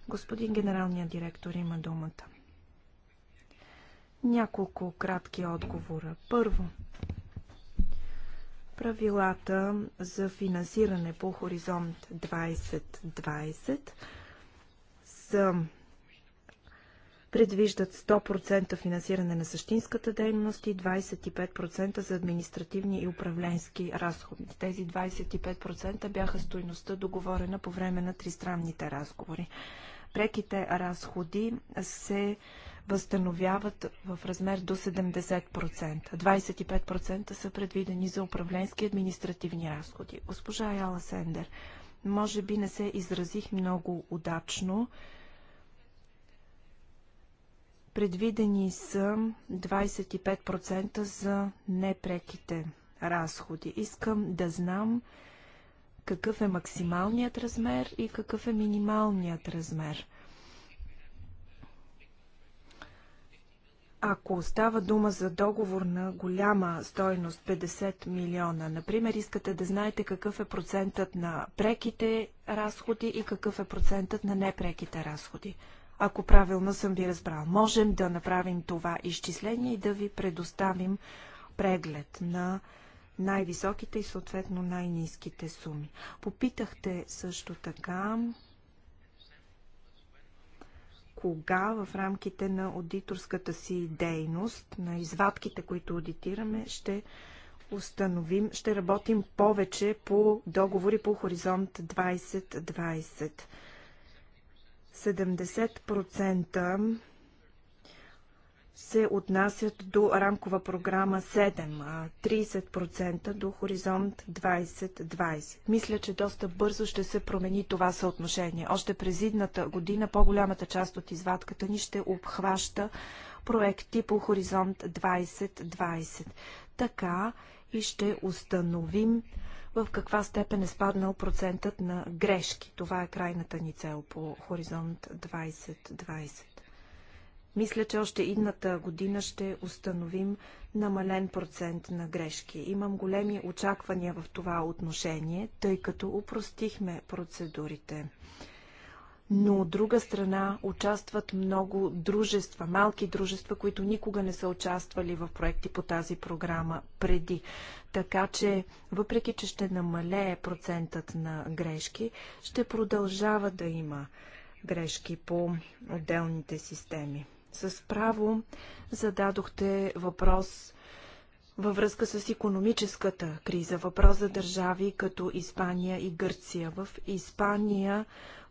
Господин генералният директор има думата. Няколко кратки отговора. Първо, правилата за финансиране по Хоризонт 2020 са предвиждат 100% финансиране на същинската дейност и 25% за административни и управленски разходи. Тези 25% бяха стойността договорена по време на тристранните разговори. Преките разходи се възстановяват в размер до 70%. 25% са предвидени за управленски и административни разходи. Госпожа Яла Сендер, може би не се изразих много удачно, Предвидени са 25% за непреките разходи. Искам да знам какъв е максималният размер и какъв е минималният размер. Ако става дума за договор на голяма стойност 50 милиона, например, искате да знаете какъв е процентът на преките разходи и какъв е процентът на непреките разходи ако правилно съм ви разбрал. Можем да направим това изчисление и да ви предоставим преглед на най-високите и съответно най-низките суми. Попитахте също така кога в рамките на аудиторската си дейност, на извадките, които аудитираме, ще установим, ще работим повече по договори по Хоризонт 2020. 70% се отнасят до рамкова програма 7, а 30% до хоризонт 2020. Мисля, че доста бързо ще се промени това съотношение. Още през идната година по-голямата част от извадката ни ще обхваща проекти по хоризонт 2020. Така и ще установим в каква степен е спаднал процентът на грешки. Това е крайната ни цел по Хоризонт 2020. Мисля, че още идната година ще установим намален процент на грешки. Имам големи очаквания в това отношение, тъй като упростихме процедурите но от друга страна участват много дружества, малки дружества, които никога не са участвали в проекти по тази програма преди. Така че, въпреки че ще намалее процентът на грешки, ще продължава да има грешки по отделните системи. С право зададохте въпрос във връзка с економическата криза. Въпрос за държави като Испания и Гърция. В Испания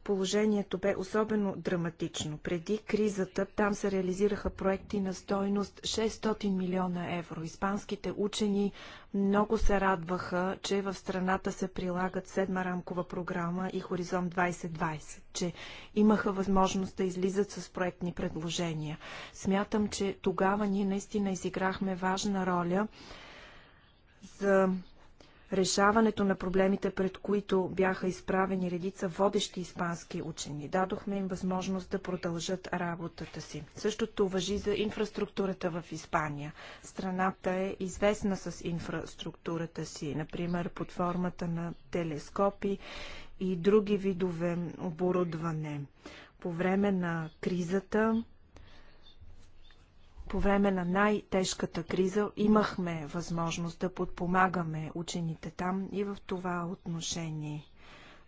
положението бе особено драматично. Преди кризата там се реализираха проекти на стойност 600 милиона евро. Испанските учени много се радваха, че в страната се прилагат седма рамкова програма и Хоризонт 2020, че имаха възможност да излизат с проектни предложения. Смятам, че тогава ние наистина изиграхме важна роля за решаването на проблемите, пред които бяха изправени редица водещи испански учени. Дадохме им възможност да продължат работата си. Същото въжи за инфраструктурата в Испания. Страната е известна с инфраструктурата си, например под формата на телескопи и други видове оборудване. По време на кризата по време на най-тежката криза имахме възможност да подпомагаме учените там и в това отношение.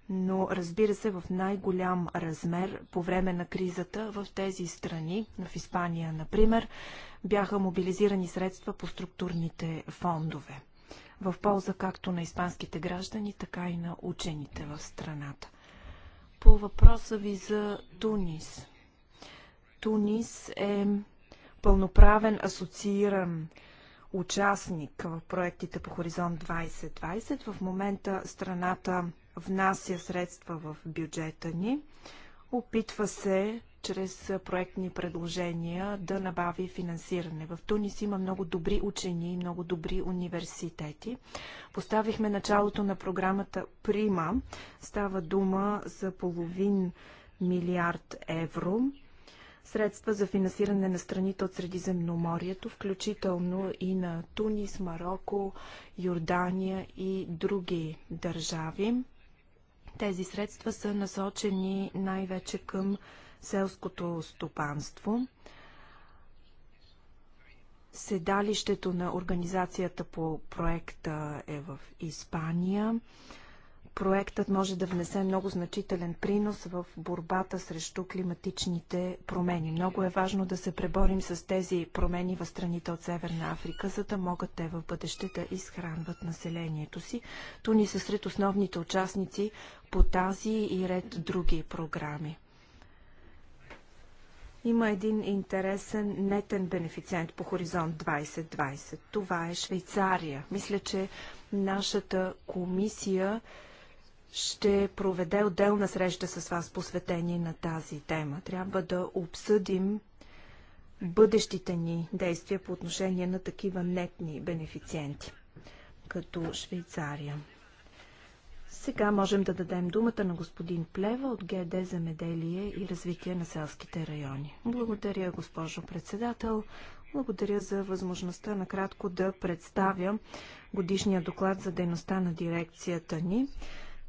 Но разбира се, в най-голям размер по време на кризата в тези страни, в Испания, например, бяха мобилизирани средства по структурните фондове в полза както на испанските граждани, така и на учените в страната. По въпроса ви за Тунис. Тунис е пълноправен асоцииран участник в проектите по Хоризонт 2020. В момента страната внася средства в бюджета ни. Опитва се чрез проектни предложения да набави финансиране. В Тунис има много добри учени и много добри университети. Поставихме началото на програмата Прима. Става дума за половин милиард евро средства за финансиране на страните от Средиземноморието, включително и на Тунис, Марокко, Йордания и други държави. Тези средства са насочени най-вече към селското стопанство. Седалището на организацията по проекта е в Испания проектът може да внесе много значителен принос в борбата срещу климатичните промени. Много е важно да се преборим с тези промени в страните от Северна Африка, за да могат те в бъдеще да изхранват населението си. Туни са сред основните участници по тази и ред други програми. Има един интересен нетен бенефициент по Хоризонт 2020. Това е Швейцария. Мисля, че нашата комисия ще проведе отделна среща с вас, посветени на тази тема. Трябва да обсъдим бъдещите ни действия по отношение на такива нетни бенефициенти, като Швейцария. Сега можем да дадем думата на господин Плева от ГД меделие и развитие на селските райони. Благодаря, госпожо председател. Благодаря за възможността накратко да представя годишния доклад за дейността на дирекцията ни.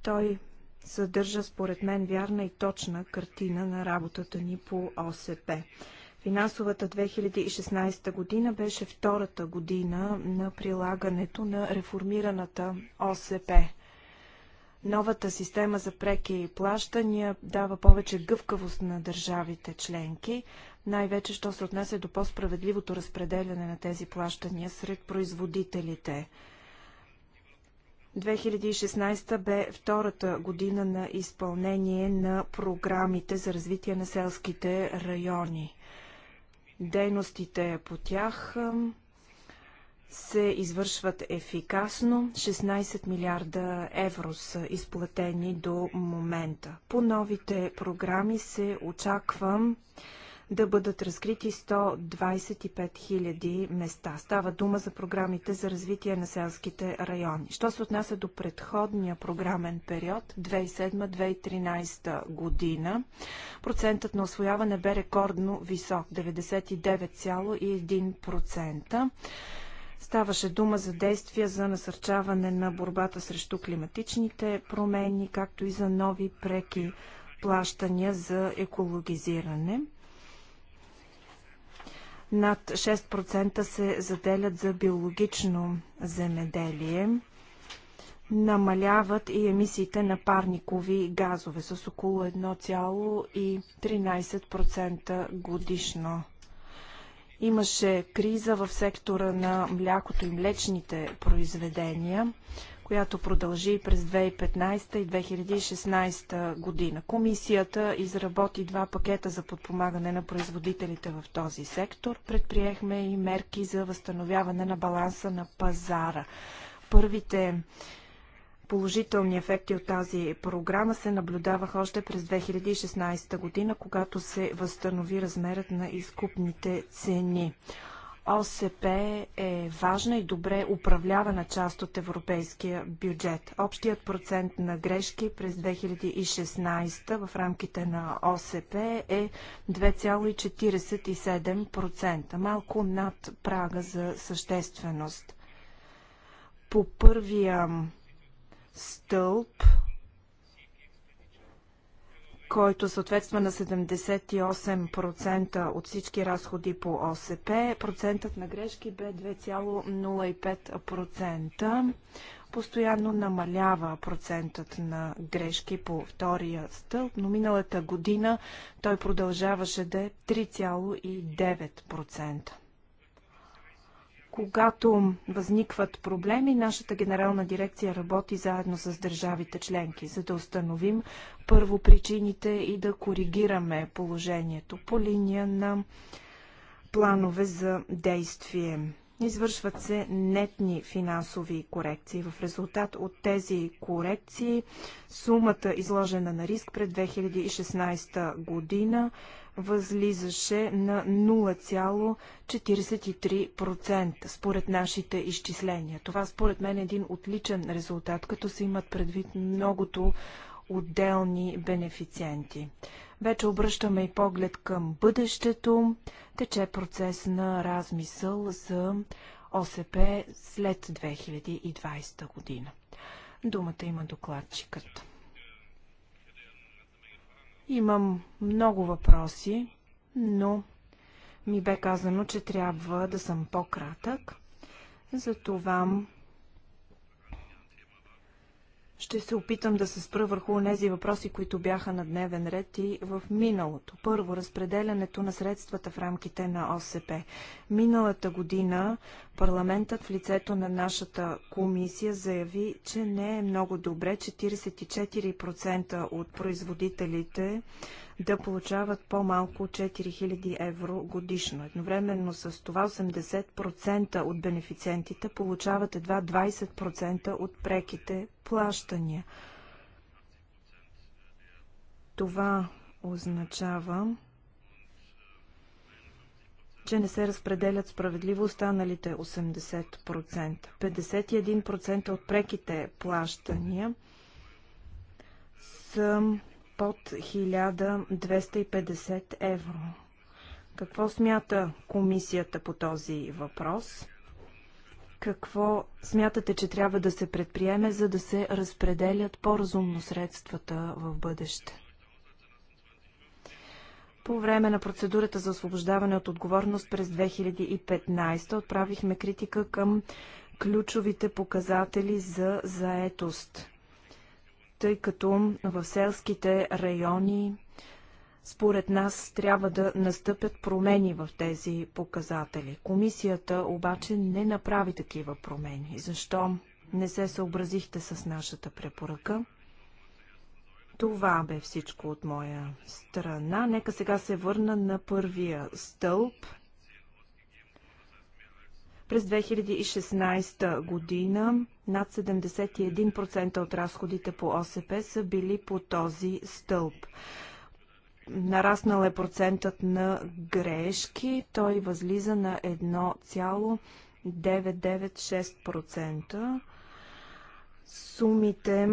Той съдържа, според мен, вярна и точна картина на работата ни по ОСП. Финансовата 2016 година беше втората година на прилагането на реформираната ОСП. Новата система за преки плащания дава повече гъвкавост на държавите членки, най-вече, що се отнася до по-справедливото разпределяне на тези плащания сред производителите. 2016 бе втората година на изпълнение на програмите за развитие на селските райони. Дейностите по тях се извършват ефикасно. 16 милиарда евро са изплатени до момента. По новите програми се очаквам да бъдат разкрити 125 000 места. Става дума за програмите за развитие на селските райони. Що се отнася до предходния програмен период 2007-2013 година, процентът на освояване бе рекордно висок 99,1%. Ставаше дума за действия за насърчаване на борбата срещу климатичните промени, както и за нови преки плащания за екологизиране. Над 6% се заделят за биологично земеделие. Намаляват и емисиите на парникови газове с около 1,13% годишно. Имаше криза в сектора на млякото и млечните произведения която продължи през 2015 и 2016 година. Комисията изработи два пакета за подпомагане на производителите в този сектор. Предприехме и мерки за възстановяване на баланса на пазара. Първите положителни ефекти от тази програма се наблюдаваха още през 2016 година, когато се възстанови размерът на изкупните цени. ОСП е важна и добре управлявана част от европейския бюджет. Общият процент на грешки през 2016 в рамките на ОСП е 2,47%, малко над прага за същественост. По първия стълб който съответства на 78% от всички разходи по ОСП. Процентът на грешки бе 2,05%. Постоянно намалява процентът на грешки по втория стълб, но миналата година той продължаваше да е 3,9%. Когато възникват проблеми, нашата генерална дирекция работи заедно с държавите членки, за да установим първо причините и да коригираме положението по линия на планове за действие. Извършват се нетни финансови корекции. В резултат от тези корекции сумата изложена на риск пред 2016 година възлизаше на 0,43% според нашите изчисления. Това според мен е един отличен резултат, като се имат предвид многото отделни бенефициенти. Вече обръщаме и поглед към бъдещето. Тече процес на размисъл за ОСП след 2020 година. Думата има докладчикът. Имам много въпроси, но ми бе казано, че трябва да съм по-кратък. Затова ще се опитам да се спра върху тези въпроси, които бяха на дневен ред и в миналото. Първо, разпределянето на средствата в рамките на ОСП. Миналата година парламентът в лицето на нашата комисия заяви, че не е много добре 44% от производителите да получават по-малко 4000 евро годишно. Едновременно с това 80% от бенефициентите получават едва 20% от преките плащания. Това означава, че не се разпределят справедливо останалите 80%. 51% от преките плащания са под 1250 евро. Какво смята комисията по този въпрос? Какво смятате, че трябва да се предприеме, за да се разпределят по-разумно средствата в бъдеще? По време на процедурата за освобождаване от отговорност през 2015 отправихме критика към ключовите показатели за заетост тъй като в селските райони според нас трябва да настъпят промени в тези показатели. Комисията обаче не направи такива промени. Защо не се съобразихте с нашата препоръка? Това бе всичко от моя страна. Нека сега се върна на първия стълб – през 2016 година над 71% от разходите по ОСП са били по този стълб. Нараснал е процентът на грешки. Той възлиза на 1,996%. Сумите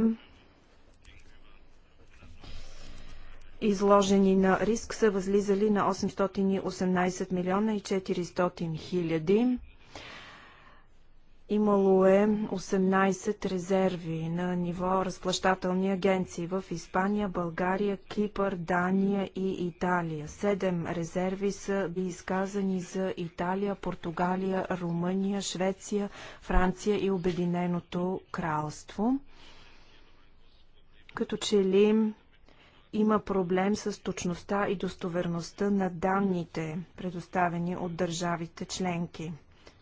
изложени на риск са възлизали на 818 милиона и 400 хиляди. Имало е 18 резерви на ниво разплащателни агенции в Испания, България, Кипър, Дания и Италия. Седем резерви са изказани за Италия, Португалия, Румъния, Швеция, Франция и Обединеното кралство. Като че ли има проблем с точността и достоверността на данните, предоставени от държавите членки.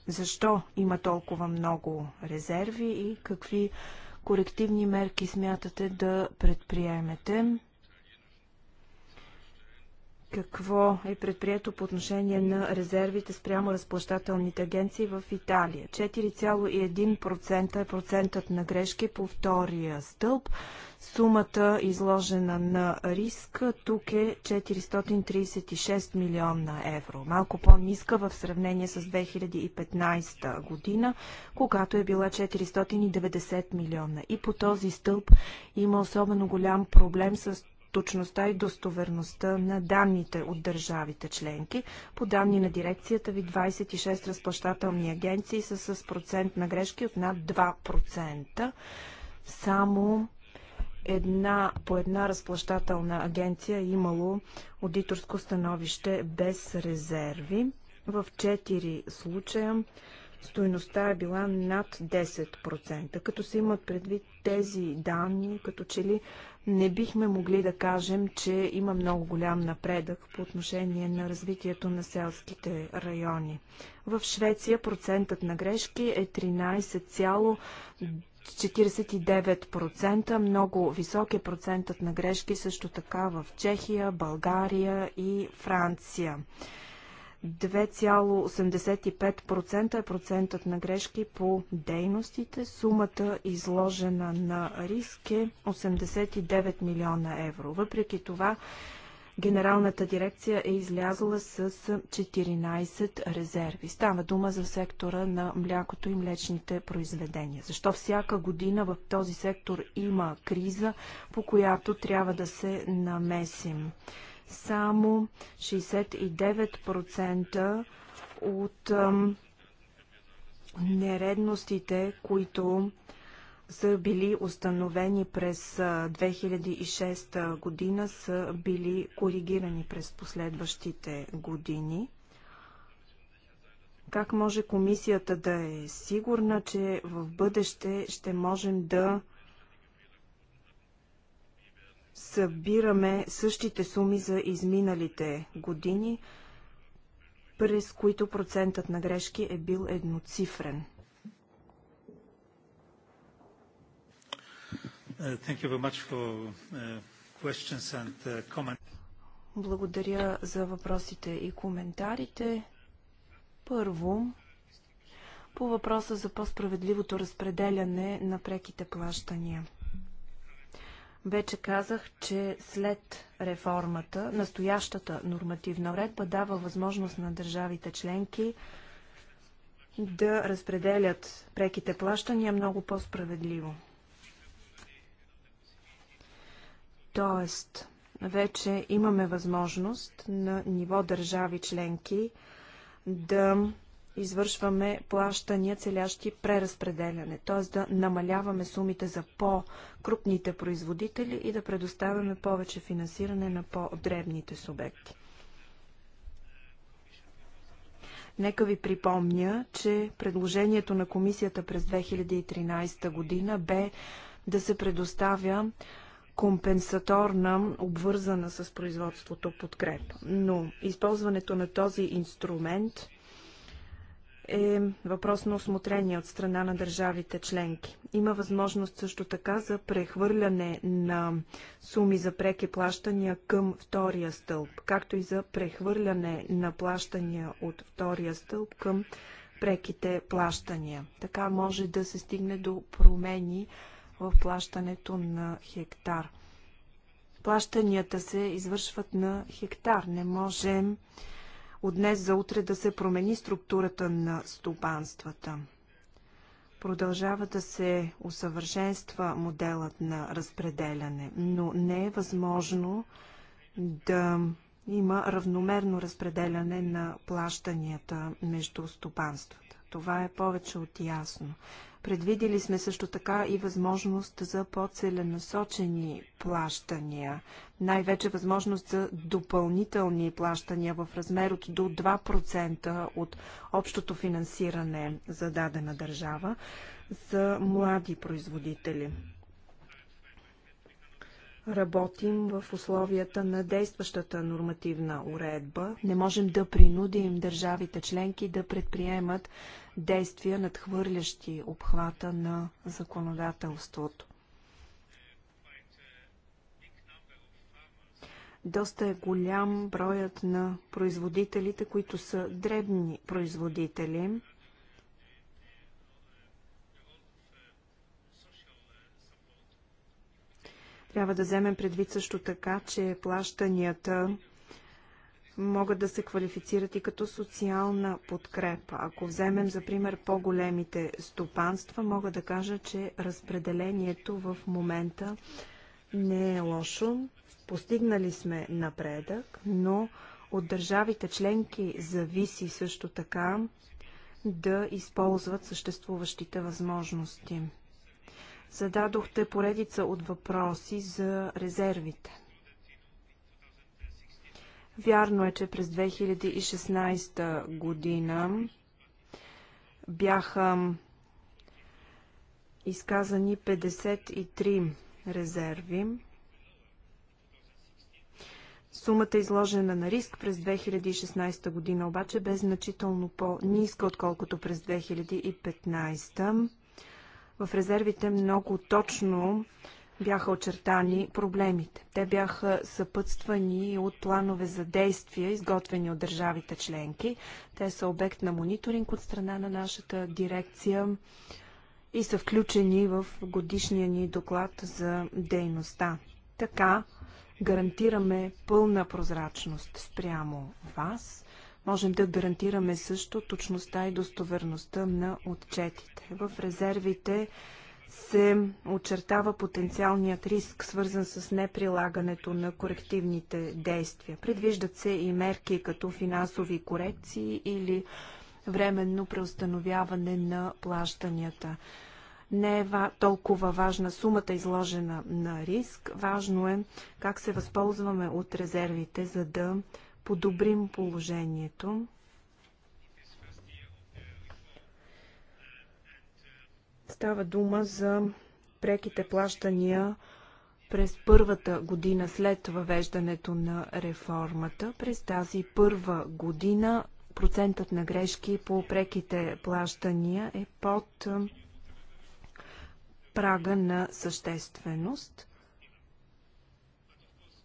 Защо има толкова много резерви и какви корективни мерки смятате да предприемете? какво е предприето по отношение на резервите спрямо разплащателните агенции в Италия. 4,1% е процентът на грешки по втория стълб. Сумата изложена на риск тук е 436 милиона евро. Малко по-ниска в сравнение с 2015 година, когато е била 490 милиона. И по този стълб има особено голям проблем с точността и достоверността на данните от държавите членки. По данни на дирекцията ви 26 разплащателни агенции са с процент на грешки от над 2%. Само една, по една разплащателна агенция е имало аудиторско становище без резерви. В 4 случая Стоеността е била над 10%. Като се имат предвид тези данни, като че ли не бихме могли да кажем, че има много голям напредък по отношение на развитието на селските райони. В Швеция процентът на грешки е 49%. Много висок е процентът на грешки също така в Чехия, България и Франция. 2,85% е процентът на грешки по дейностите. Сумата изложена на риск е 89 милиона евро. Въпреки това, Генералната дирекция е излязла с 14 резерви. Става дума за сектора на млякото и млечните произведения. Защо всяка година в този сектор има криза, по която трябва да се намесим? Само 69% от нередностите, които са били установени през 2006 година, са били коригирани през последващите години. Как може комисията да е сигурна, че в бъдеще ще можем да събираме същите суми за изминалите години, през които процентът на грешки е бил едноцифрен. Uh, uh, uh, Благодаря за въпросите и коментарите. Първо, по въпроса за по-справедливото разпределяне на преките плащания. Вече казах, че след реформата, настоящата нормативна уредба дава възможност на държавите членки да разпределят преките плащания много по-справедливо. Тоест, вече имаме възможност на ниво държави членки да извършваме плащания, целящи преразпределяне, т.е. да намаляваме сумите за по-крупните производители и да предоставяме повече финансиране на по-дребните субекти. Нека ви припомня, че предложението на комисията през 2013 година бе да се предоставя компенсаторна, обвързана с производството подкрепа. Но използването на този инструмент е въпрос на осмотрение от страна на държавите членки. Има възможност също така за прехвърляне на суми за преки плащания към втория стълб, както и за прехвърляне на плащания от втория стълб към преките плащания. Така може да се стигне до промени в плащането на хектар. Плащанията се извършват на хектар. Не можем от днес за утре да се промени структурата на стопанствата. Продължава да се усъвършенства моделът на разпределяне, но не е възможно да има равномерно разпределяне на плащанията между стопанствата. Това е повече от ясно. Предвидили сме също така и възможност за по-целенасочени плащания, най-вече възможност за допълнителни плащания в размер от до 2% от общото финансиране за дадена държава за млади производители работим в условията на действащата нормативна уредба. Не можем да принудим държавите членки да предприемат действия, надхвърлящи обхвата на законодателството. Доста е голям броят на производителите, които са дребни производители. Трябва да вземем предвид също така, че плащанията могат да се квалифицират и като социална подкрепа. Ако вземем за пример по-големите стопанства, мога да кажа, че разпределението в момента не е лошо. Постигнали сме напредък, но от държавите членки зависи също така да използват съществуващите възможности зададохте поредица от въпроси за резервите. Вярно е, че през 2016 година бяха изказани 53 резерви. Сумата е изложена на риск през 2016 година обаче бе значително по-ниска, отколкото през 2015. В резервите много точно бяха очертани проблемите. Те бяха съпътствани от планове за действия, изготвени от държавите членки. Те са обект на мониторинг от страна на нашата дирекция и са включени в годишния ни доклад за дейността. Така гарантираме пълна прозрачност спрямо вас, Можем да гарантираме също точността и достоверността на отчетите. В резервите се очертава потенциалният риск, свързан с неприлагането на корективните действия. Предвиждат се и мерки като финансови корекции или временно преустановяване на плащанията. Не е толкова важна сумата изложена на риск, важно е как се възползваме от резервите, за да подобрим положението. Става дума за преките плащания през първата година след въвеждането на реформата. През тази първа година процентът на грешки по преките плащания е под прага на същественост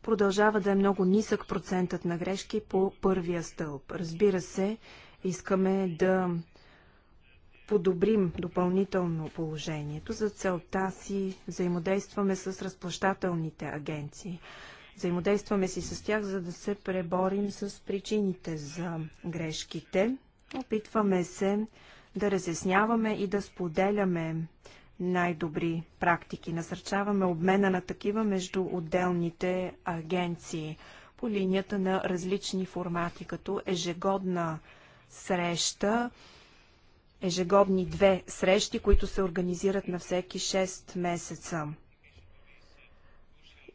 продължава да е много нисък процентът на грешки по първия стълб. Разбира се, искаме да подобрим допълнително положението. За целта си взаимодействаме с разплащателните агенции. Взаимодействаме си с тях, за да се преборим с причините за грешките. Опитваме се да разясняваме и да споделяме най-добри практики. Насърчаваме обмена на такива между отделните агенции по линията на различни формати, като ежегодна среща, ежегодни две срещи, които се организират на всеки 6 месеца.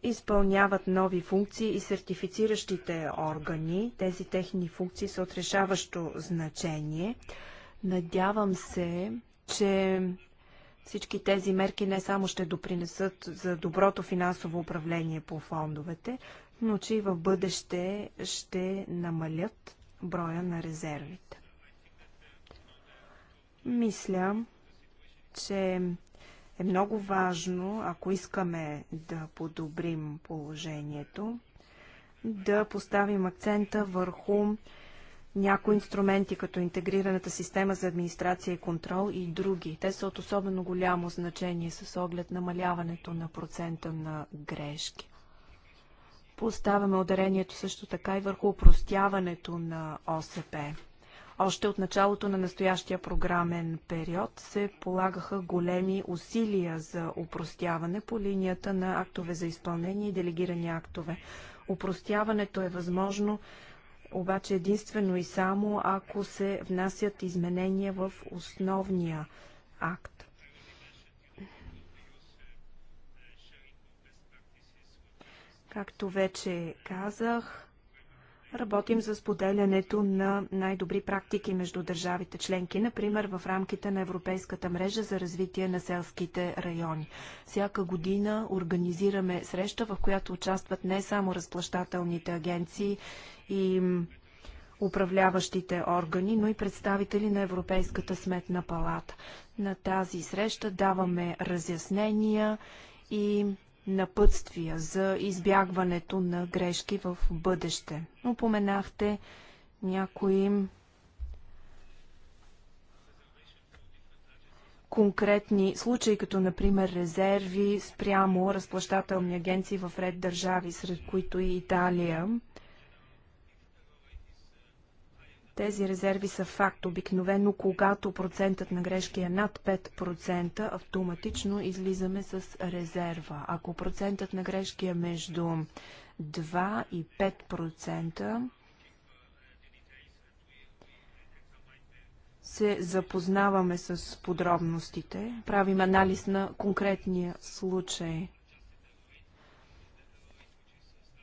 Изпълняват нови функции и сертифициращите органи. Тези техни функции са отрешаващо значение. Надявам се, че всички тези мерки не само ще допринесат за доброто финансово управление по фондовете, но че и в бъдеще ще намалят броя на резервите. Мисля, че е много важно, ако искаме да подобрим положението, да поставим акцента върху някои инструменти, като интегрираната система за администрация и контрол и други. Те са от особено голямо значение с оглед намаляването на процента на грешки. Поставяме ударението също така и върху упростяването на ОСП. Още от началото на настоящия програмен период се полагаха големи усилия за упростяване по линията на актове за изпълнение и делегирани актове. Упростяването е възможно обаче единствено и само ако се внасят изменения в основния акт. Както вече казах, работим за споделянето на най-добри практики между държавите членки, например в рамките на Европейската мрежа за развитие на селските райони. Всяка година организираме среща, в която участват не само разплащателните агенции и управляващите органи, но и представители на Европейската сметна палата. На тази среща даваме разяснения и напътствия за избягването на грешки в бъдеще. Упоменахте някои конкретни случаи, като например резерви спрямо разплащателни агенции в ред държави, сред които и Италия. Тези резерви са факт. Обикновено, когато процентът на грешки е над 5%, автоматично излизаме с резерва. Ако процентът на грешки е между 2 и 5%, се запознаваме с подробностите, правим анализ на конкретния случай.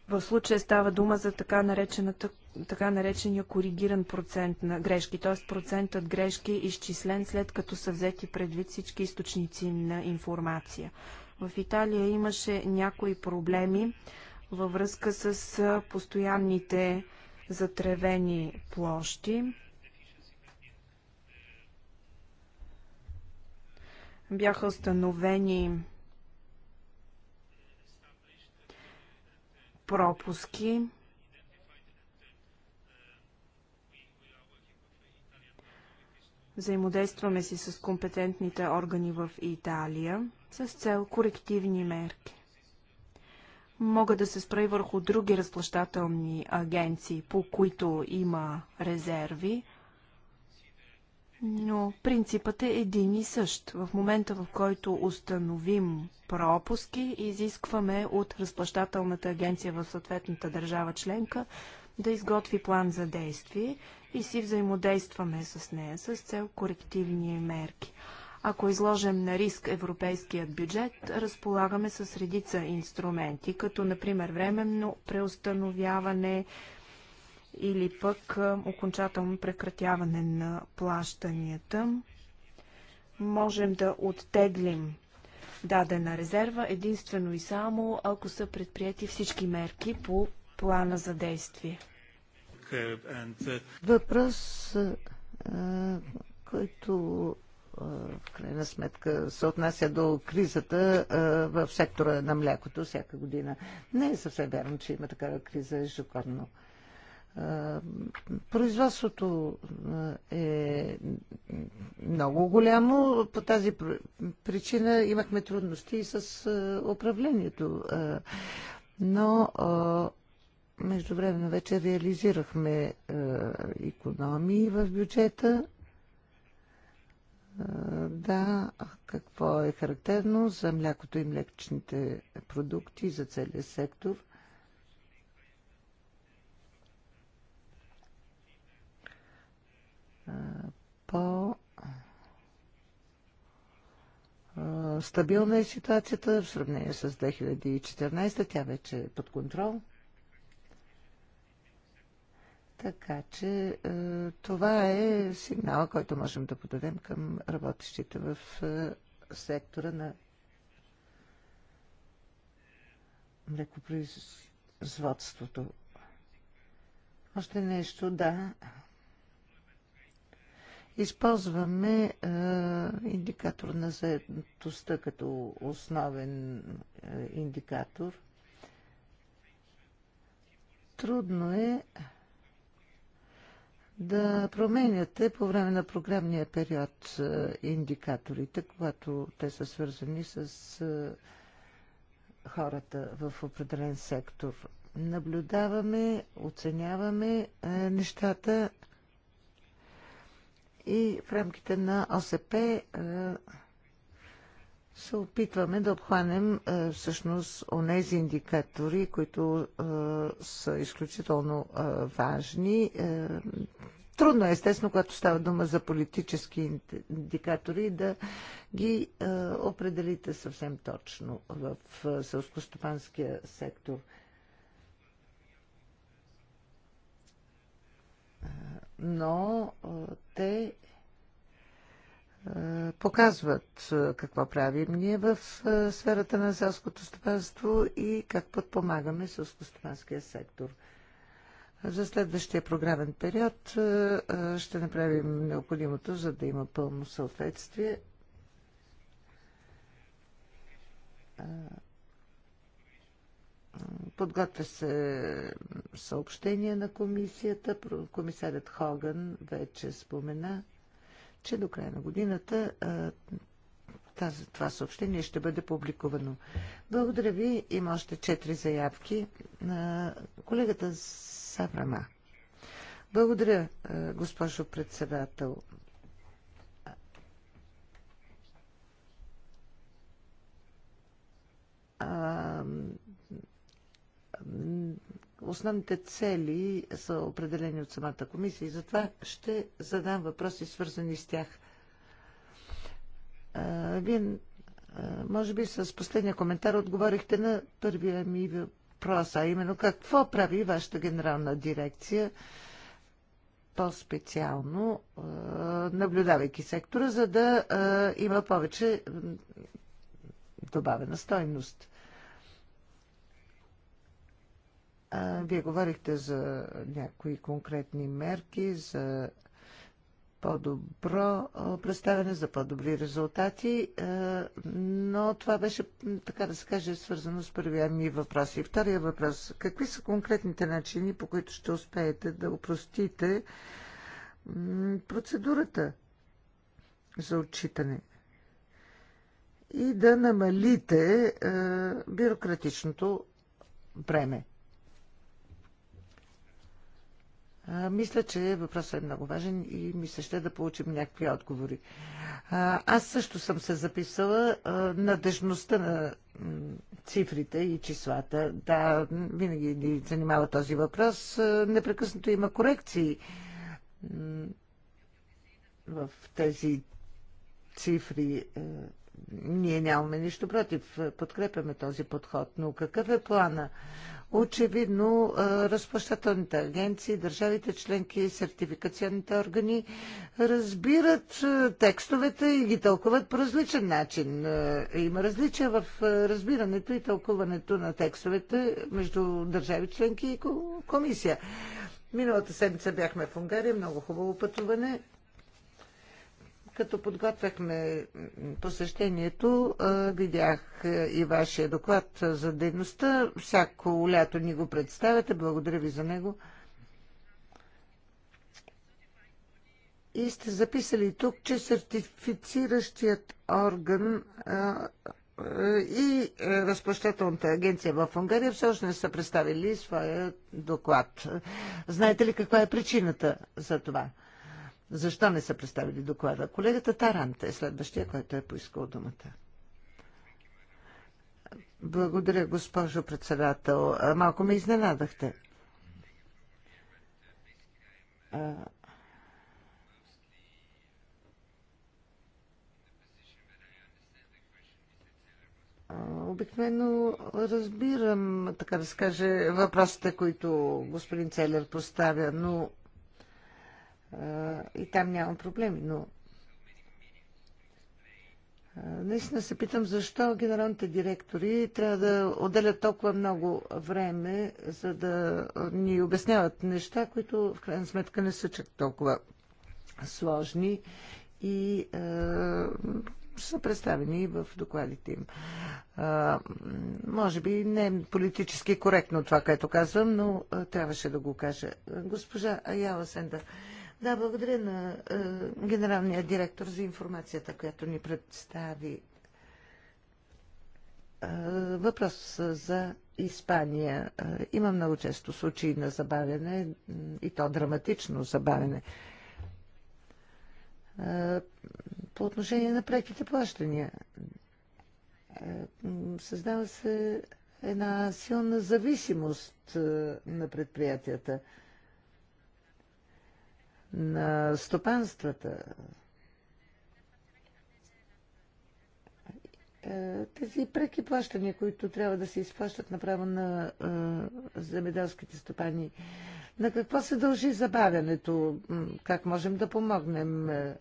В случая става дума за така наречената така наречения коригиран процент на грешки, т.е. процентът грешки е изчислен след като са взети предвид всички източници на информация. В Италия имаше някои проблеми във връзка с постоянните затревени площи. Бяха установени пропуски Взаимодействаме си с компетентните органи в Италия с цел корективни мерки. Мога да се спра и върху други разплащателни агенции, по които има резерви, но принципът е един и същ. В момента, в който установим пропуски, изискваме от разплащателната агенция в съответната държава членка да изготви план за действие и си взаимодействаме с нея с цел корективни мерки. Ако изложим на риск европейският бюджет, разполагаме с редица инструменти, като например временно преустановяване или пък окончателно прекратяване на плащанията. Можем да оттеглим дадена резерва единствено и само ако са предприяти всички мерки по плана за действие? Uh, Въпрос, който в крайна сметка се отнася до кризата в сектора на млякото всяка година. Не е съвсем верно, че има такава криза ежегодно. Производството е много голямо. По тази причина имахме трудности и с управлението. Но Междувременно вече реализирахме е, економии в бюджета. Е, да, какво е характерно за млякото и млечните продукти, за целия сектор е, – по е, стабилна е ситуацията в сравнение с 2014. Тя вече е под контрол. Така че е, това е сигнала, който можем да подадем към работещите в е, сектора на млекопроизводството. Още нещо, да. Използваме е, индикатор на заедността като основен е, индикатор. Трудно е да променяте по време на програмния период е, индикаторите, когато те са свързани с е, хората в определен сектор. Наблюдаваме, оценяваме е, нещата и в рамките на ОСП се опитваме да обхванем е, всъщност онези индикатори, които е, са изключително е, важни. Трудно е, естествено, когато става дума за политически индикатори, да ги определите съвсем точно в селскостопанския сектор. Но те показват какво правим ние в сферата на селското стопанство и как подпомагаме селскостопанския сектор. За следващия програмен период ще направим необходимото, за да има пълно съответствие. Подготвя се съобщение на комисията. Комисарят Хоган вече спомена – че до края на годината тази, това съобщение ще бъде публикувано. Благодаря ви. Има още четири заявки. на Колегата Саврама. Благодаря, госпожо председател. А, Основните цели са определени от самата комисия и затова ще задам въпроси, свързани с тях. Вие, може би, с последния коментар отговорихте на първия ми въпрос, а именно какво прави вашата генерална дирекция по-специално, наблюдавайки сектора, за да има повече добавена стойност. Вие говорихте за някои конкретни мерки, за по-добро представяне, за по-добри резултати, но това беше, така да се каже, свързано с първия ми въпрос. И втория въпрос. Какви са конкретните начини, по които ще успеете да упростите процедурата за отчитане и да намалите бюрократичното бреме? Мисля, че въпросът е много важен и ми се ще да получим някакви отговори. Аз също съм се записала надежността на цифрите и числата. Да, винаги ни занимава този въпрос. Непрекъснато има корекции в тези цифри. Е, ние нямаме нищо против, подкрепяме този подход, но какъв е плана? Очевидно, разплащателните агенции, държавите членки, сертификационните органи разбират текстовете и ги тълкуват по различен начин. Има различия в разбирането и тълкуването на текстовете между държави членки и комисия. Миналата седмица бяхме в Унгария, много хубаво пътуване. Като подготвяхме посещението, видях и вашия доклад за дейността. Всяко лято ни го представяте. Благодаря ви за него. И сте записали тук, че сертифициращият орган и разплащателната агенция в Унгария все още не са представили своя доклад. Знаете ли каква е причината за това? Защо не са представили доклада? Колегата Тарант е следващия, който е поискал думата. Благодаря, госпожо председател. Малко ме изненадахте. Обикновено разбирам, така да се каже, въпросите, които господин Целер поставя, но и там нямам проблеми, но наистина се питам защо генералните директори трябва да отделят толкова много време, за да ни обясняват неща, които в крайна сметка не са чак толкова сложни и е, са представени в докладите им. Е, може би не е политически коректно това, което казвам, но е, трябваше да го кажа. Госпожа Аяла Сенда, да, благодаря на е, генералния директор за информацията, която ни представи. Е, въпрос за Испания. Е, има много често случаи на забавяне и то драматично забавяне. Е, по отношение на преките плащания, е, създава се една силна зависимост е, на предприятията на стопанствата. Е, тези преки плащания, които трябва да се изплащат направо на е, земеделските стопани, на какво се дължи забавянето? Как можем да помогнем? Е,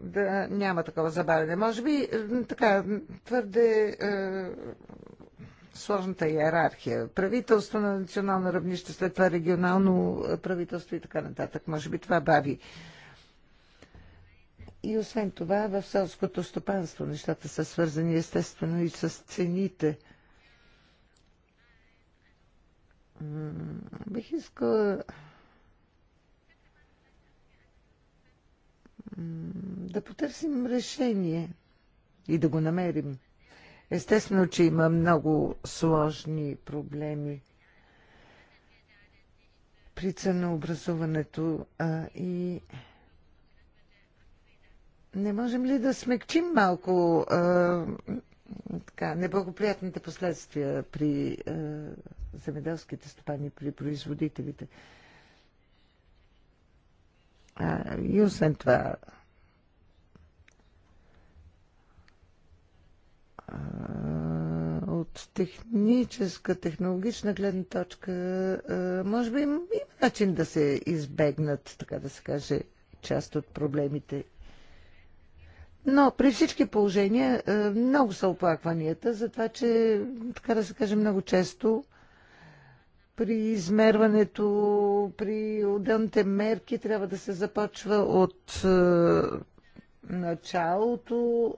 да няма такова забавяне. Може би така твърде сложната иерархия. Правителство на национално равнище, след това регионално правителство и така нататък. Може би това бави. И освен това, в селското стопанство нещата са свързани естествено и с цените. Бих искала да потърсим решение и да го намерим. Естествено, че има много сложни проблеми при ценообразуването а, и не можем ли да смекчим малко а, така, неблагоприятните последствия при а, земеделските стопани, при производителите? А, и освен това, от техническа, технологична гледна точка, може би има начин да се избегнат, така да се каже, част от проблемите. Но при всички положения много са оплакванията за това, че, така да се каже, много често при измерването, при отделните мерки трябва да се започва от началото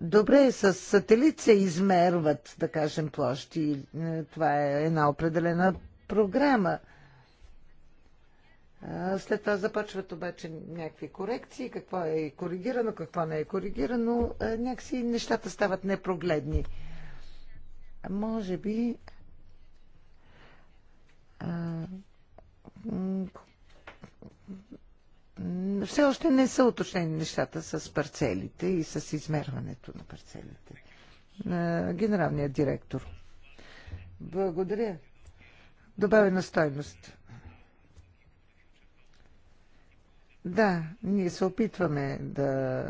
Добре, с сателит се измерват, да кажем, площи. Е, това е една определена програма. След това започват обаче някакви корекции, какво е коригирано, какво не е коригирано. Е, някакси нещата стават непрогледни. Може би все още не са уточнени нещата с парцелите и с измерването на парцелите. Генералният директор. Благодаря. Добавена стойност. Да, ние се опитваме да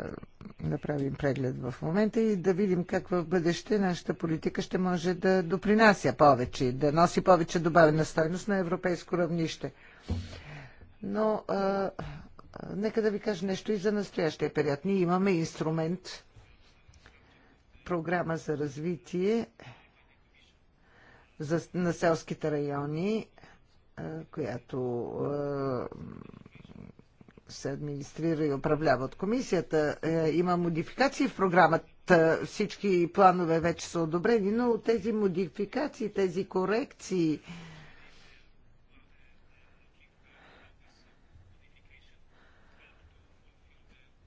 направим преглед в момента и да видим как в бъдеще нашата политика ще може да допринася повече, да носи повече добавена стойност на европейско равнище. Но а, нека да ви кажа нещо и за настоящия период. Ние имаме инструмент, програма за развитие за, на селските райони, която се администрира и управлява от комисията. Е, има модификации в програмата. Всички планове вече са одобрени, но тези модификации, тези корекции,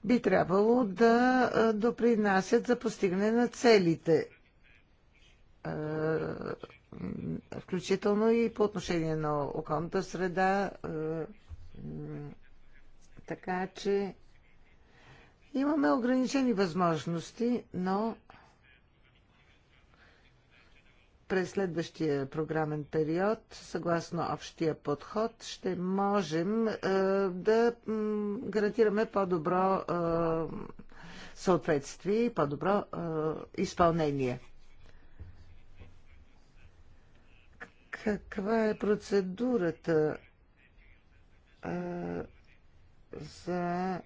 би трябвало да допринасят за постигане на целите, включително и по отношение на околната среда, така че имаме ограничени възможности, но през следващия програмен период, съгласно общия подход, ще можем е, да гарантираме по-добро е, съответствие и по-добро е, изпълнение. Каква е процедурата за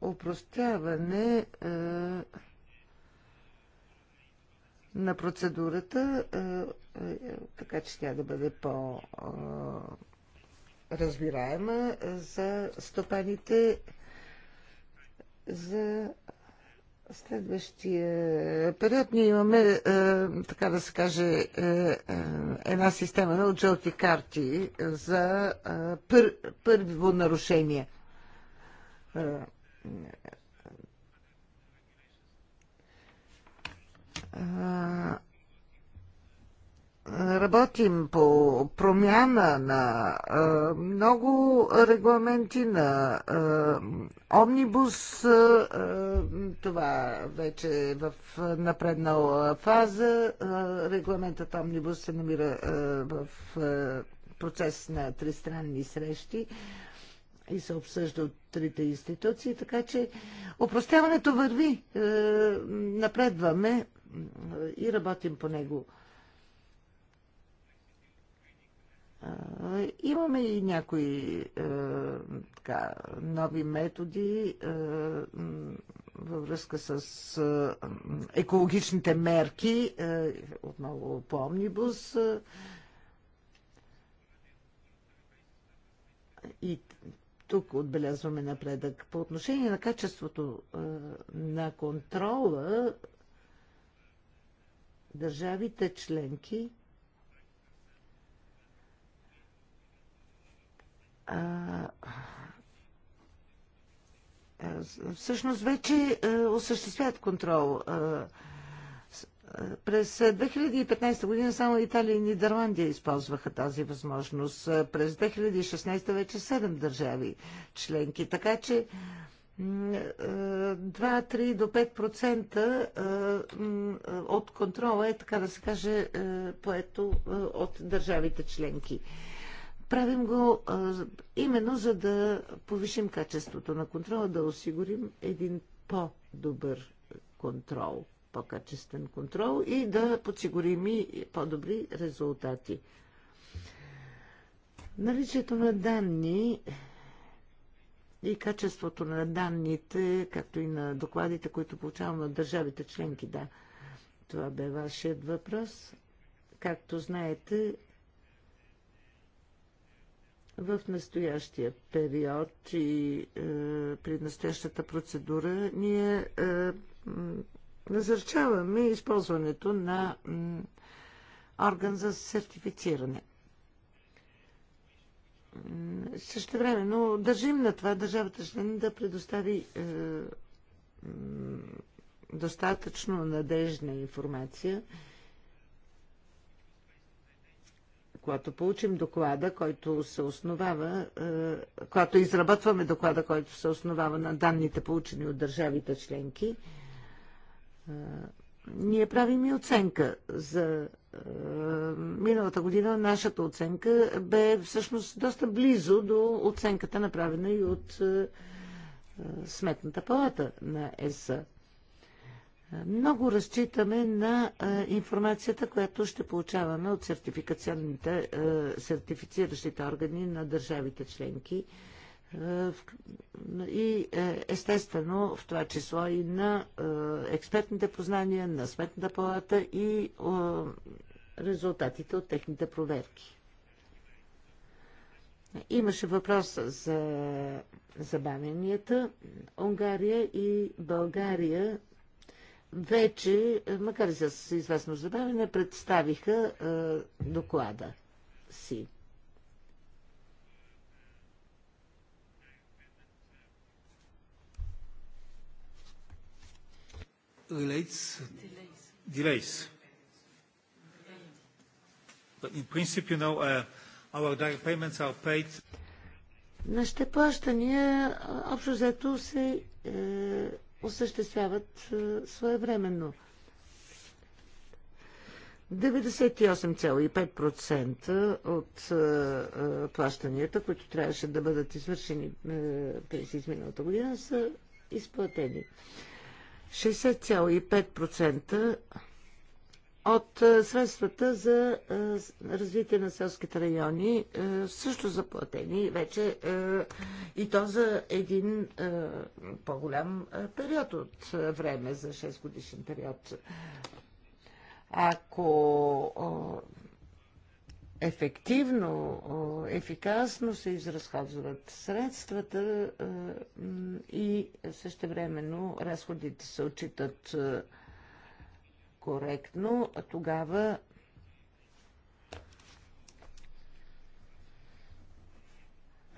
упростяване? на процедурата, така че тя да бъде по- разбираема за стопаните за следващия период. Ние имаме, така да се каже, една система от жълти карти за първо нарушение работим по промяна на а, много регламенти на а, омнибус. А, това вече е в напреднала фаза. А, регламентът омнибус се намира а, в а, процес на тристранни срещи и се обсъжда от трите институции, така че опростяването върви. А, е, напредваме и работим по него. Имаме и някои е, така, нови методи е, във връзка с е, екологичните мерки, отново по Омнибус. И тук отбелязваме напредък. По отношение на качеството на контрола държавите членки всъщност вече осъществяват контрол. през 2015 година само Италия и Нидерландия използваха тази възможност. През 2016 вече 7 държави членки. Така че 2-3 до 5% от контрола е, така да се каже, поето от държавите членки. Правим го именно за да повишим качеството на контрола, да осигурим един по-добър контрол, по-качествен контрол и да подсигурим и по-добри резултати. Наличието на данни и качеството на данните, както и на докладите, които получаваме от държавите членки. Да, това бе вашият въпрос. Както знаете, в настоящия период и е, при настоящата процедура ние е, назърчаваме използването на орган за сертифициране. Също време, но държим на това държавата член да предостави е, достатъчно надежна информация. Когато получим доклада, който се основава, е, когато изработваме доклада, който се основава на данните, получени от държавите членки, е, ние правим и оценка за е, миналата година нашата оценка бе всъщност доста близо до оценката направена и от е, е, Сметната палата на ЕСА. Много разчитаме на информацията, която ще получаваме от сертификационните, сертифициращите органи на държавите членки и е, естествено в това число и на е, експертните познания на Сметната палата и е, резултатите от техните проверки. Имаше въпрос за забавенията. Унгария и България вече, макар и с известно забавене, представиха доклада си. relates delays. But in principle, you know, uh, our direct payments are paid. Нашите плащания общо взето се е, осъществяват е, своевременно. 98,5% от е, е, плащанията, които трябваше да бъдат извършени е, през изминалата година, са изплатени. Е, 60,5% от средствата за развитие на селските райони също заплатени вече и то за един по-голям период от време, за 6 годишен период. Ако ефективно, ефикасно се изразходват средствата е, и същевременно разходите се отчитат е, коректно, тогава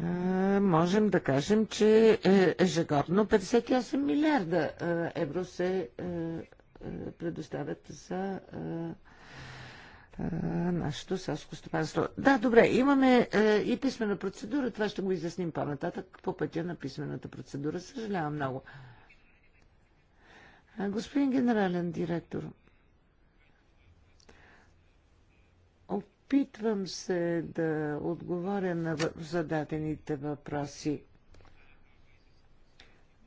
е, можем да кажем, че ежегодно 58 милиарда евро се предоставят за нашето селско стопанство. Да, добре, имаме е, и писмена процедура, това ще го изясним по-нататък по пътя на писмената процедура. Съжалявам много. Господин генерален директор, опитвам се да отговоря на зададените въпроси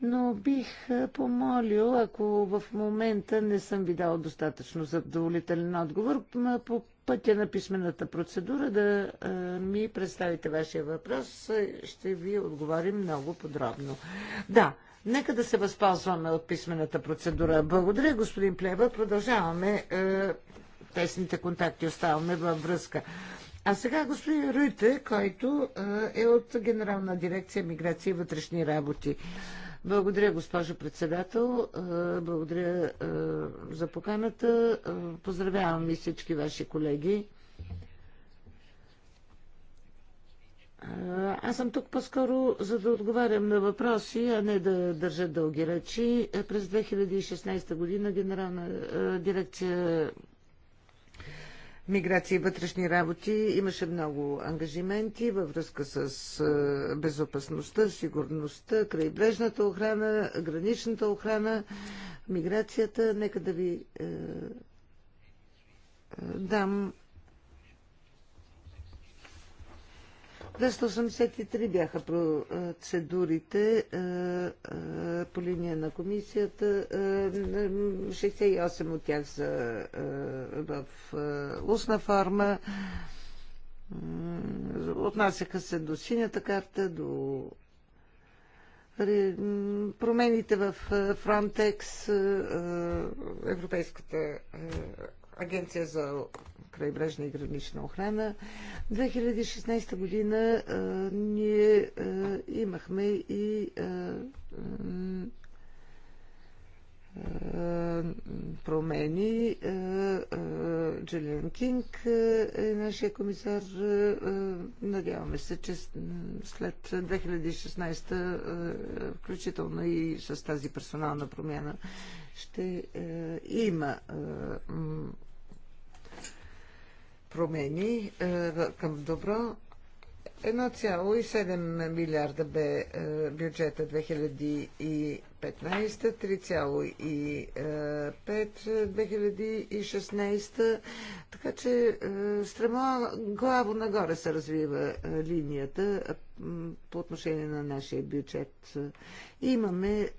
но бих е, помолил, ако в момента не съм ви дал достатъчно задоволителен отговор, по пътя на писмената процедура да е, ми представите вашия въпрос, е, ще ви отговорим много подробно. Да, нека да се възползваме от писмената процедура. Благодаря, господин Плева. Продължаваме тесните контакти, оставаме във връзка. А сега господин Руйте, който е от Генерална дирекция Миграция и вътрешни работи. Благодаря, госпожо председател. Е, благодаря е, за поканата. Е, поздравявам и всички ваши колеги. Аз съм тук по-скоро за да отговарям на въпроси, а не да държа дълги речи. През 2016 година Генерална дирекция миграция и вътрешни работи имаше много ангажименти във връзка с безопасността, сигурността, крайбрежната охрана, граничната охрана, миграцията. Нека да ви е, дам 283 бяха процедурите е, е, по линия на комисията. 68 е, от тях са в устна форма. Отнасяха се до синята карта, до промените в Frontex, Европейската Агенция за крайбрежна и гранична охрана. 2016 година а, ние а, имахме и а, а, промени. Джулиан Кинг е нашия комисар. А, надяваме се, че след 2016 а, включително и с тази персонална промяна ще а, има а, промени е, към добро. 1,7 милиарда бе е, бюджета 2015, 3,5 2016. Така че е, стрема главо нагоре се развива линията по отношение на нашия бюджет. Имаме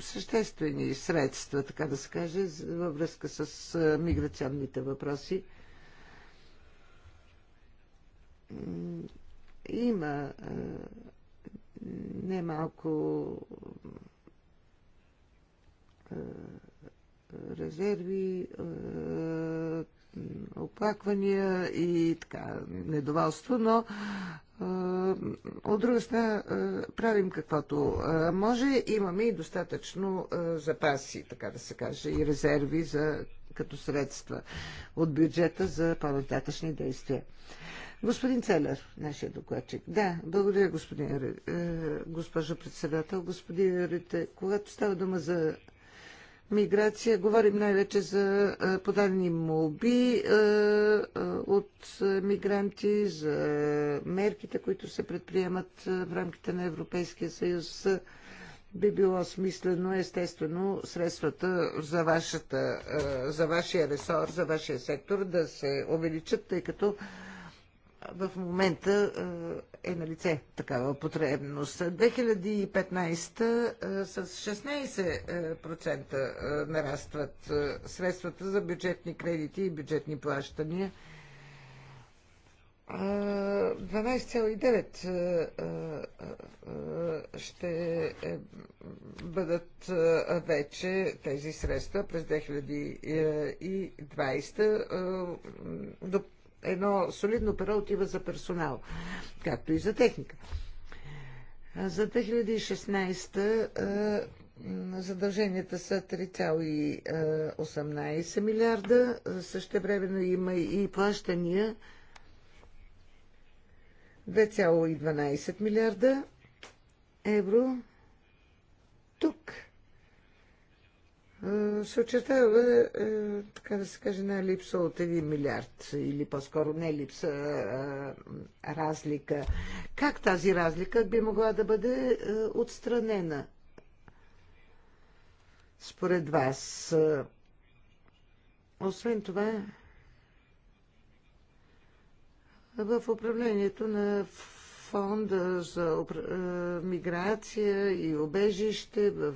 съществени средства, така да се каже, във връзка с миграционните въпроси има немалко резерви, оплаквания и така недоволство, но от друга страна правим каквото може. Имаме и достатъчно запаси, така да се каже, и резерви за, като средства от бюджета за по-нататъчни действия. Господин Целер, нашия докладчик. Да, благодаря, господин, е, госпожо председател. Господин Рите, когато става дума за миграция, говорим най-вече за е, подадени молби е, от мигранти, за мерките, които се предприемат в рамките на Европейския съюз би било смислено, естествено, средствата за, вашата, за вашия ресор, за вашия сектор да се увеличат, тъй като в момента е, е на лице такава потребност. 2015 е, с 16% е, нарастват средствата за бюджетни кредити и бюджетни плащания. 12,9 ще бъдат вече тези средства през 2020. До едно солидно перо отива за персонал, както и за техника. За 2016 е, задълженията са 3,18 е, милиарда. Също времено има и плащания 2,12 милиарда евро. Тук е, се очертава, е, така да се каже, на липса от 1 милиард, или по-скоро не липса, а разлика. Как тази разлика би могла да бъде е, отстранена? Според вас. Освен това, в управлението на фонда за миграция и обежище в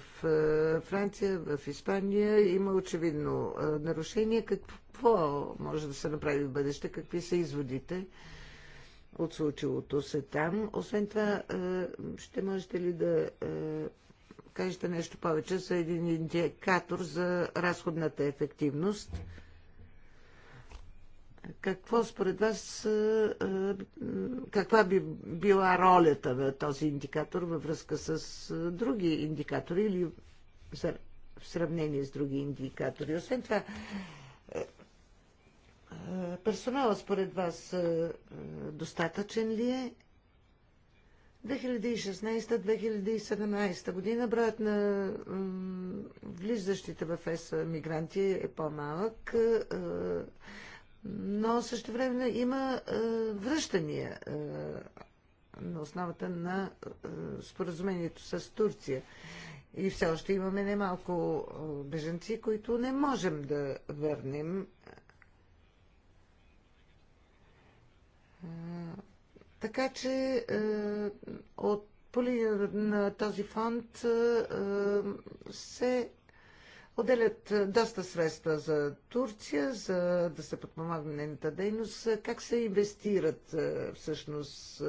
Франция, в Испания има очевидно нарушение. Какво може да се направи в бъдеще? Какви са изводите от случилото се там? Освен това, ще можете ли да кажете нещо повече за един индикатор за разходната ефективност? Какво според вас, каква би била ролята на този индикатор във връзка с други индикатори или в сравнение с други индикатори? Освен това, е, е, персонала според вас е, достатъчен ли е? 2016-2017 година броят на влизащите в ЕС мигранти е по-малък но също време има е, връщания е, на основата на е, споразумението с Турция. И все още имаме немалко беженци, които не можем да върнем. Така че от по линия на този фонд се отделят доста средства за Турция, за да се подпомага нейната дейност. Как се инвестират всъщност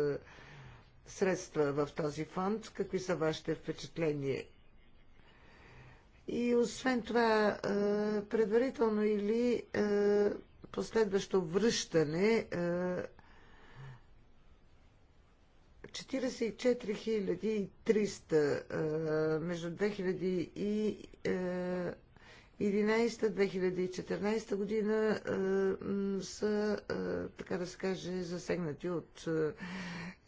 средства в този фонд? Какви са вашите впечатления? И освен това, предварително или последващо връщане 44300 между 2011-2014 година са, така да се каже, засегнати от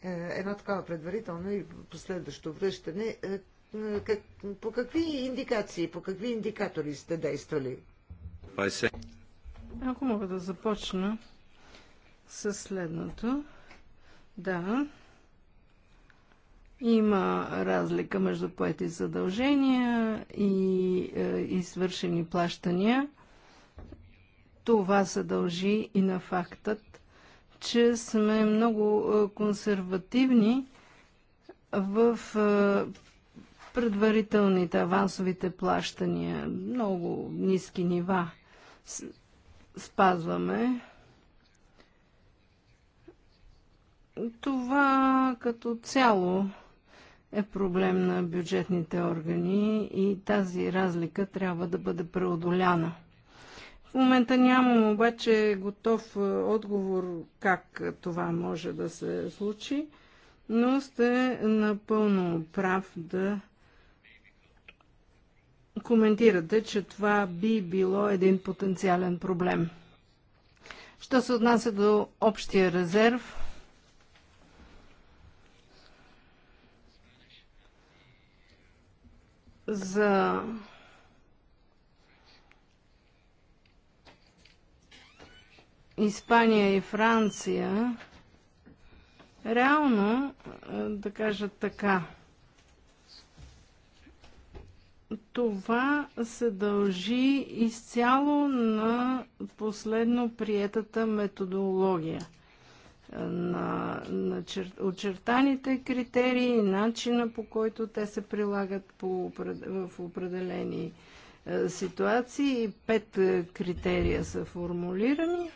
е, едно такова предварително и последващо връщане. По какви индикации, по какви индикатори сте действали? Ако мога да започна с следното. Да, има разлика между поети задължения и е, извършени плащания. Това се дължи и на фактът, че сме много е, консервативни в е, предварителните авансовите плащания. Много ниски нива спазваме. Това като цяло е проблем на бюджетните органи и тази разлика трябва да бъде преодоляна. В момента нямам обаче готов е, отговор как това може да се случи, но сте напълно прав да коментирате, че това би било един потенциален проблем. Що се отнася до общия резерв, за Испания и Франция, реално е, да кажа така, това се дължи изцяло на последно приетата методология – на, на чер, очертаните критерии и начина по който те се прилагат по, в определени е, ситуации. Пет е, критерия са формулирани.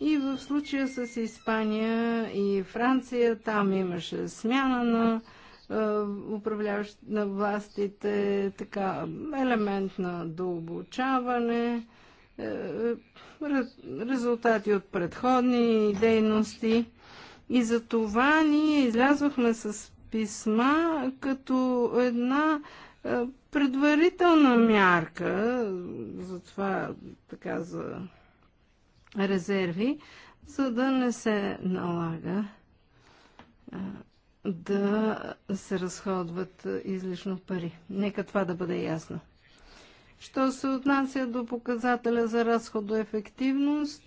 И в случая с Испания и Франция, там имаше смяна на е, управляващ на властите, така, елемент на дообучаване, е, е, резултати от предходни дейности. И за това ние излязохме с писма като една е, предварителна мярка, за това така за резерви, за да не се налага да се разходват излишно пари. Нека това да бъде ясно. Що се отнася до показателя за разходоефективност,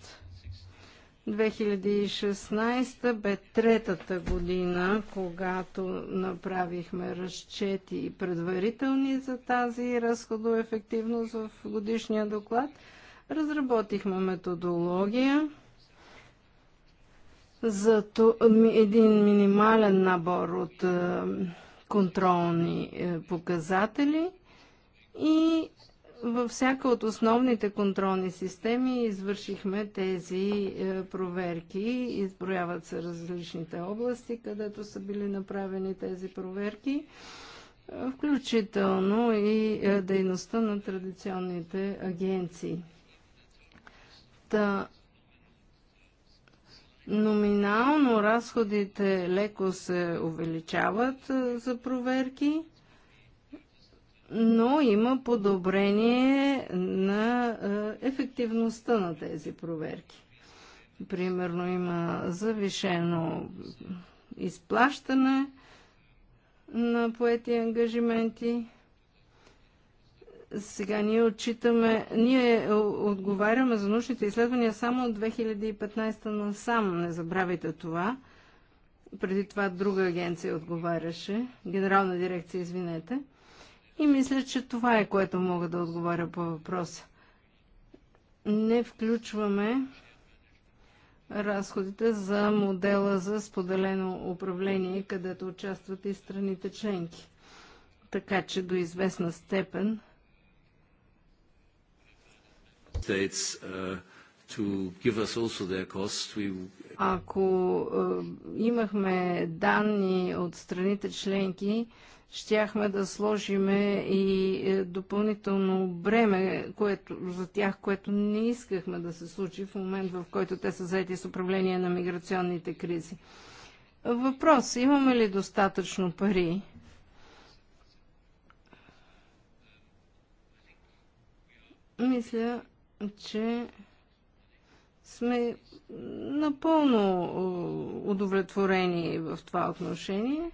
2016 бе третата година, когато направихме разчети и предварителни за тази разходоефективност в годишния доклад. Разработихме методология за един минимален набор от е, контролни е, показатели и във всяка от основните контролни системи извършихме тези е, проверки. Изброяват се различните области, където са били направени тези проверки, е, включително и е, дейността на традиционните агенции. Та, номинално разходите леко се увеличават за проверки но има подобрение на е, ефективността на тези проверки. Примерно има завишено изплащане на поети ангажименти. Сега ние отчитаме, ние е, отговаряме за научните изследвания само от 2015 насам, не забравяйте това. Преди това друга агенция отговаряше, генерална дирекция, извинете. И мисля, че това е което мога да отговоря по въпроса. Не включваме разходите за модела за споделено управление, където участват и страните членки. Така че до известна степен Ако имахме данни от страните членки, щяхме да сложиме и е, допълнително бреме което, за тях, което не искахме да се случи в момент, в който те са заети с управление на миграционните кризи. Въпрос, имаме ли достатъчно пари? Мисля, че сме напълно е, удовлетворени в това отношение.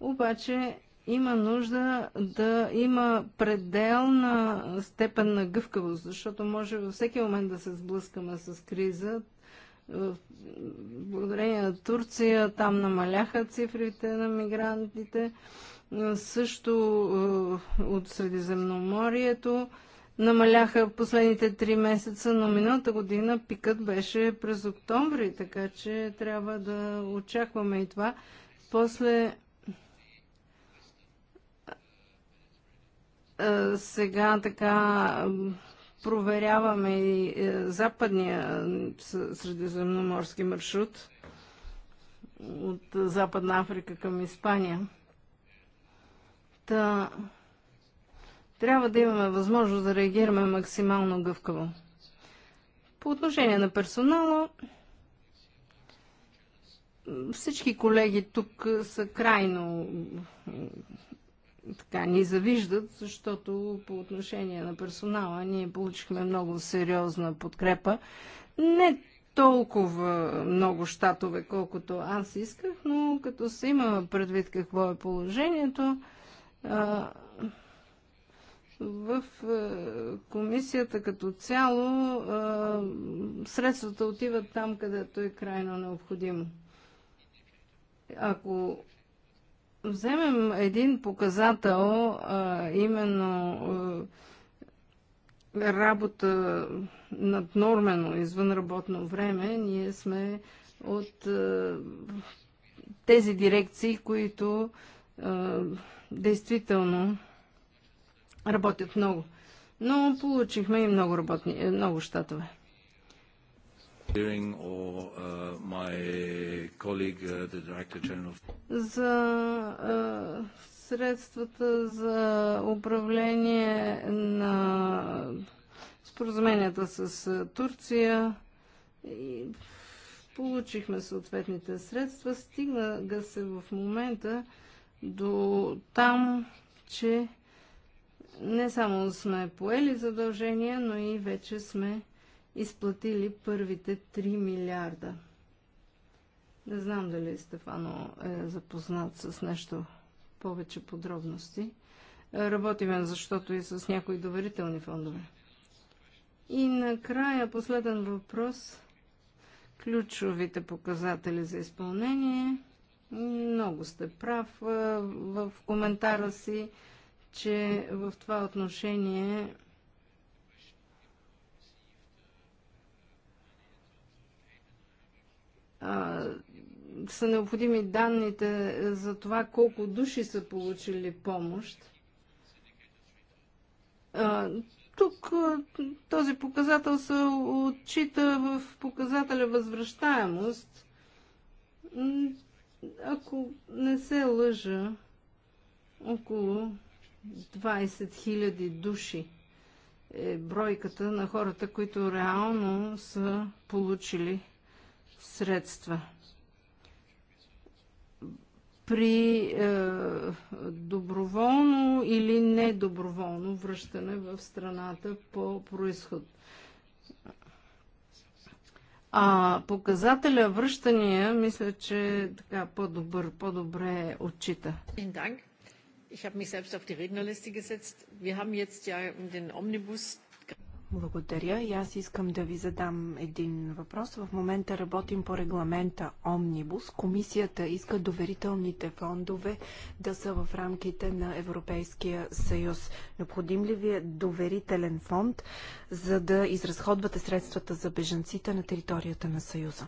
Обаче има нужда да има пределна степен на гъвкавост, защото може във всеки момент да се сблъскаме с криза. Благодарение на Турция там намаляха цифрите на мигрантите, също от Средиземноморието намаляха последните три месеца, но миналата година пикът беше през октомври, така че трябва да очакваме и това. После Е, сега така проверяваме и е, западния средиземноморски маршрут от Западна Африка към Испания. Та, трябва да имаме възможност да реагираме максимално гъвкаво. По отношение на персонала, всички колеги тук са крайно така ни завиждат, защото по отношение на персонала ние получихме много сериозна подкрепа. Не толкова много щатове, колкото аз исках, но като се има предвид какво е положението, в комисията като цяло средствата отиват там, където е крайно необходимо. Ако вземем един показател, а, именно а, работа нормено извънработно време, ние сме от а, тези дирекции, които а, действително работят много. Но получихме и много, работни, много щатове. Uh, uh, за средствата за управление на споразуменията с Турция и получихме съответните средства. Стигнаха се в момента до там, че не само сме поели задължения, но и вече сме изплатили първите 3 милиарда. Не знам дали Стефано е запознат с нещо повече подробности. Работиме, защото и с някои доверителни фондове. И накрая последен въпрос. Ключовите показатели за изпълнение. Много сте прав в коментара си, че в това отношение а, са необходими данните за това колко души са получили помощ. А, тук този показател се отчита в показателя възвръщаемост. Ако не се лъжа, около 20 000 души е бройката на хората, които реално са получили средства. При е, доброволно или недоброволно връщане в страната по происход. А показателя връщания, мисля, че така по-добър, по-добре отчита. Ich habe mich selbst auf die Rednerliste gesetzt. Wir haben jetzt ja den Omnibus благодаря и аз искам да ви задам един въпрос. В момента работим по регламента Омнибус. Комисията иска доверителните фондове да са в рамките на Европейския съюз. Необходим ли ви е доверителен фонд, за да изразходвате средствата за бежанците на територията на съюза?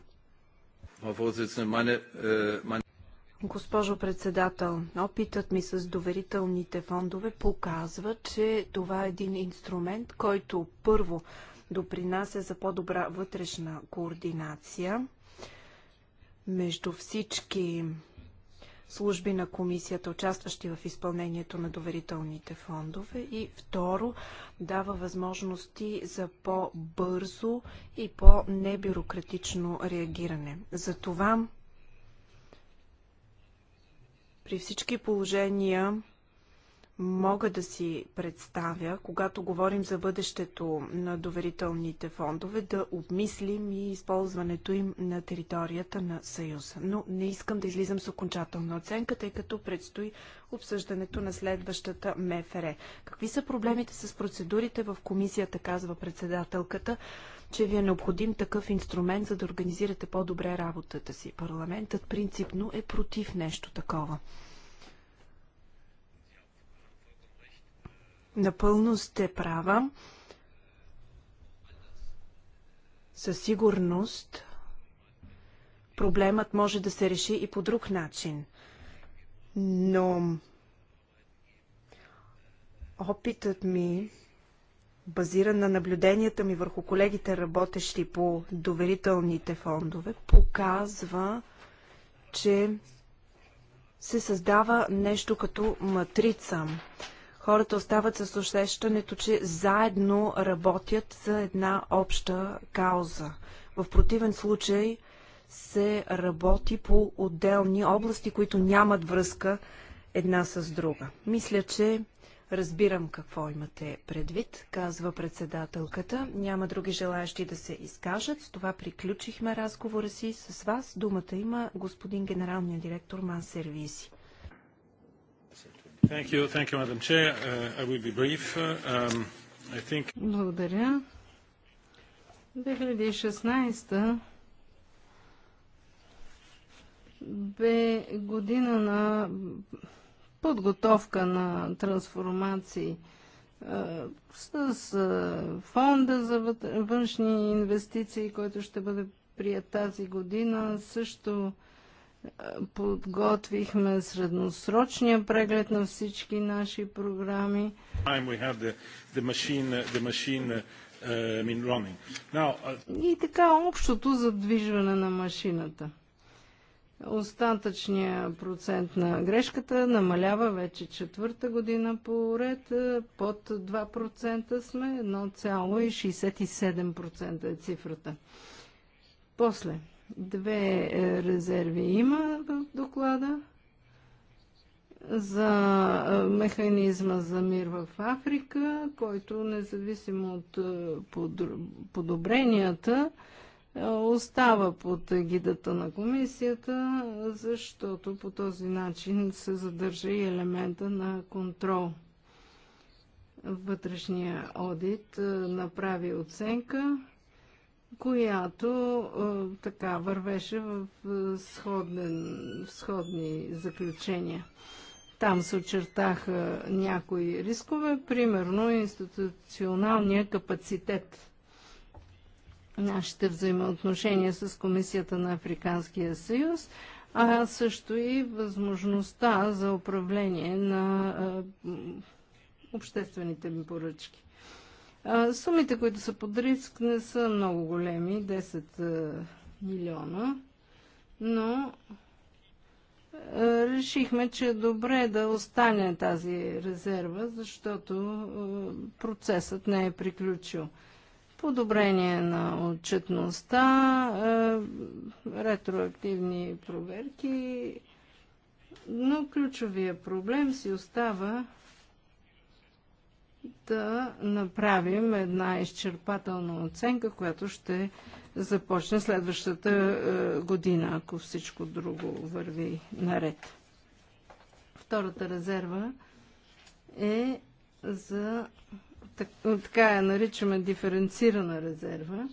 Госпожо председател, опитът ми с доверителните фондове показва, че това е един инструмент, който първо допринася за по-добра вътрешна координация между всички служби на комисията, участващи в изпълнението на доверителните фондове и второ дава възможности за по-бързо и по-небюрократично реагиране. За това. При всички положения мога да си представя, когато говорим за бъдещето на доверителните фондове, да обмислим и използването им на територията на Съюза. Но не искам да излизам с окончателна оценка, тъй като предстои обсъждането на следващата МФР. Какви са проблемите с процедурите в комисията, казва председателката че ви е необходим такъв инструмент, за да организирате по-добре работата си. Парламентът принципно е против нещо такова. Напълно сте права. Със сигурност проблемът може да се реши и по друг начин. Но опитът ми базиран на наблюденията ми върху колегите, работещи по доверителните фондове, показва, че се създава нещо като матрица. Хората остават с усещането, че заедно работят за една обща кауза. В противен случай се работи по отделни области, които нямат връзка една с друга. Мисля, че Разбирам какво имате предвид, казва председателката. Няма други желаящи да се изкажат. С това приключихме разговора си с вас. Думата има господин генералния директор Ман Сервиси. Благодаря. 2016 бе година на подготовка на трансформации с фонда за външни инвестиции, който ще бъде прият тази година. Също подготвихме средносрочния преглед на всички наши програми. И така общото задвижване на машината. Остатъчният процент на грешката намалява вече четвърта година по ред. Е, под 2% сме, 1,67% е цифрата. После, две резерви има в доклада за е, механизма за мир в Африка, който независимо от е, подобренията, е, остава под гидата на комисията, защото по този начин се задържа и елемента на контрол. Вътрешния одит е, направи оценка, която е, така вървеше в, сходен, в сходни заключения. Там се очертаха някои рискове, примерно институционалния капацитет нашите взаимоотношения с Комисията на Африканския съюз, а също и възможността за управление на обществените ми поръчки. Сумите, които са под риск, не са много големи 10 милиона но решихме, че е добре да остане тази резерва, защото процесът не е приключил подобрение на отчетността, е, ретроактивни проверки, но ключовия проблем си остава да направим една изчерпателна оценка, която ще започне следващата е, година, ако всичко друго върви наред. Втората резерва е за така я наричаме диференцирана резерва,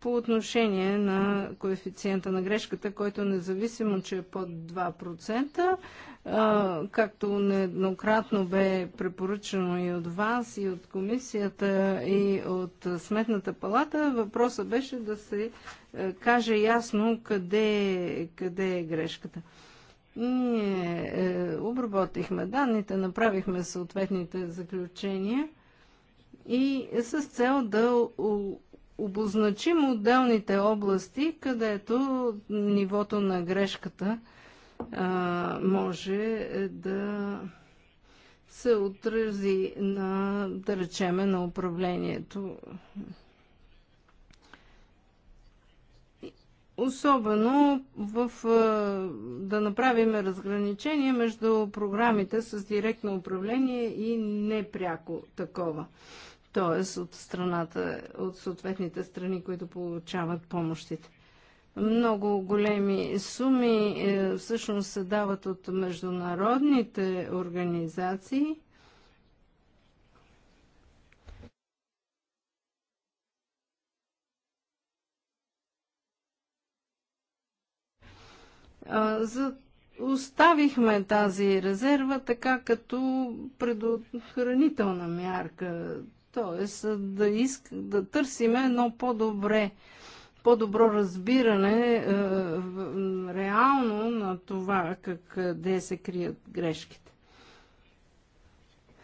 по отношение на коефициента на грешката, който независимо, че е под 2%, както нееднократно бе препоръчено и от вас, и от комисията, и от Сметната палата, въпросът беше да се е, каже ясно къде, къде е грешката. Ние е, обработихме данните, направихме съответните заключения – и с цел да обозначим отделните области, където нивото на грешката а, може е, да се отрази на, да речеме, на управлението. Особено в, да направим разграничение между програмите с директно управление и непряко такова т.е. от страната, от съответните страни, които получават помощите. Много големи суми е, всъщност се дават от международните организации. за оставихме тази резерва така като предохранителна мярка. Тоест да, иск, да търсим едно по-добре, по-добро разбиране е, реално на това как къде се крият грешките.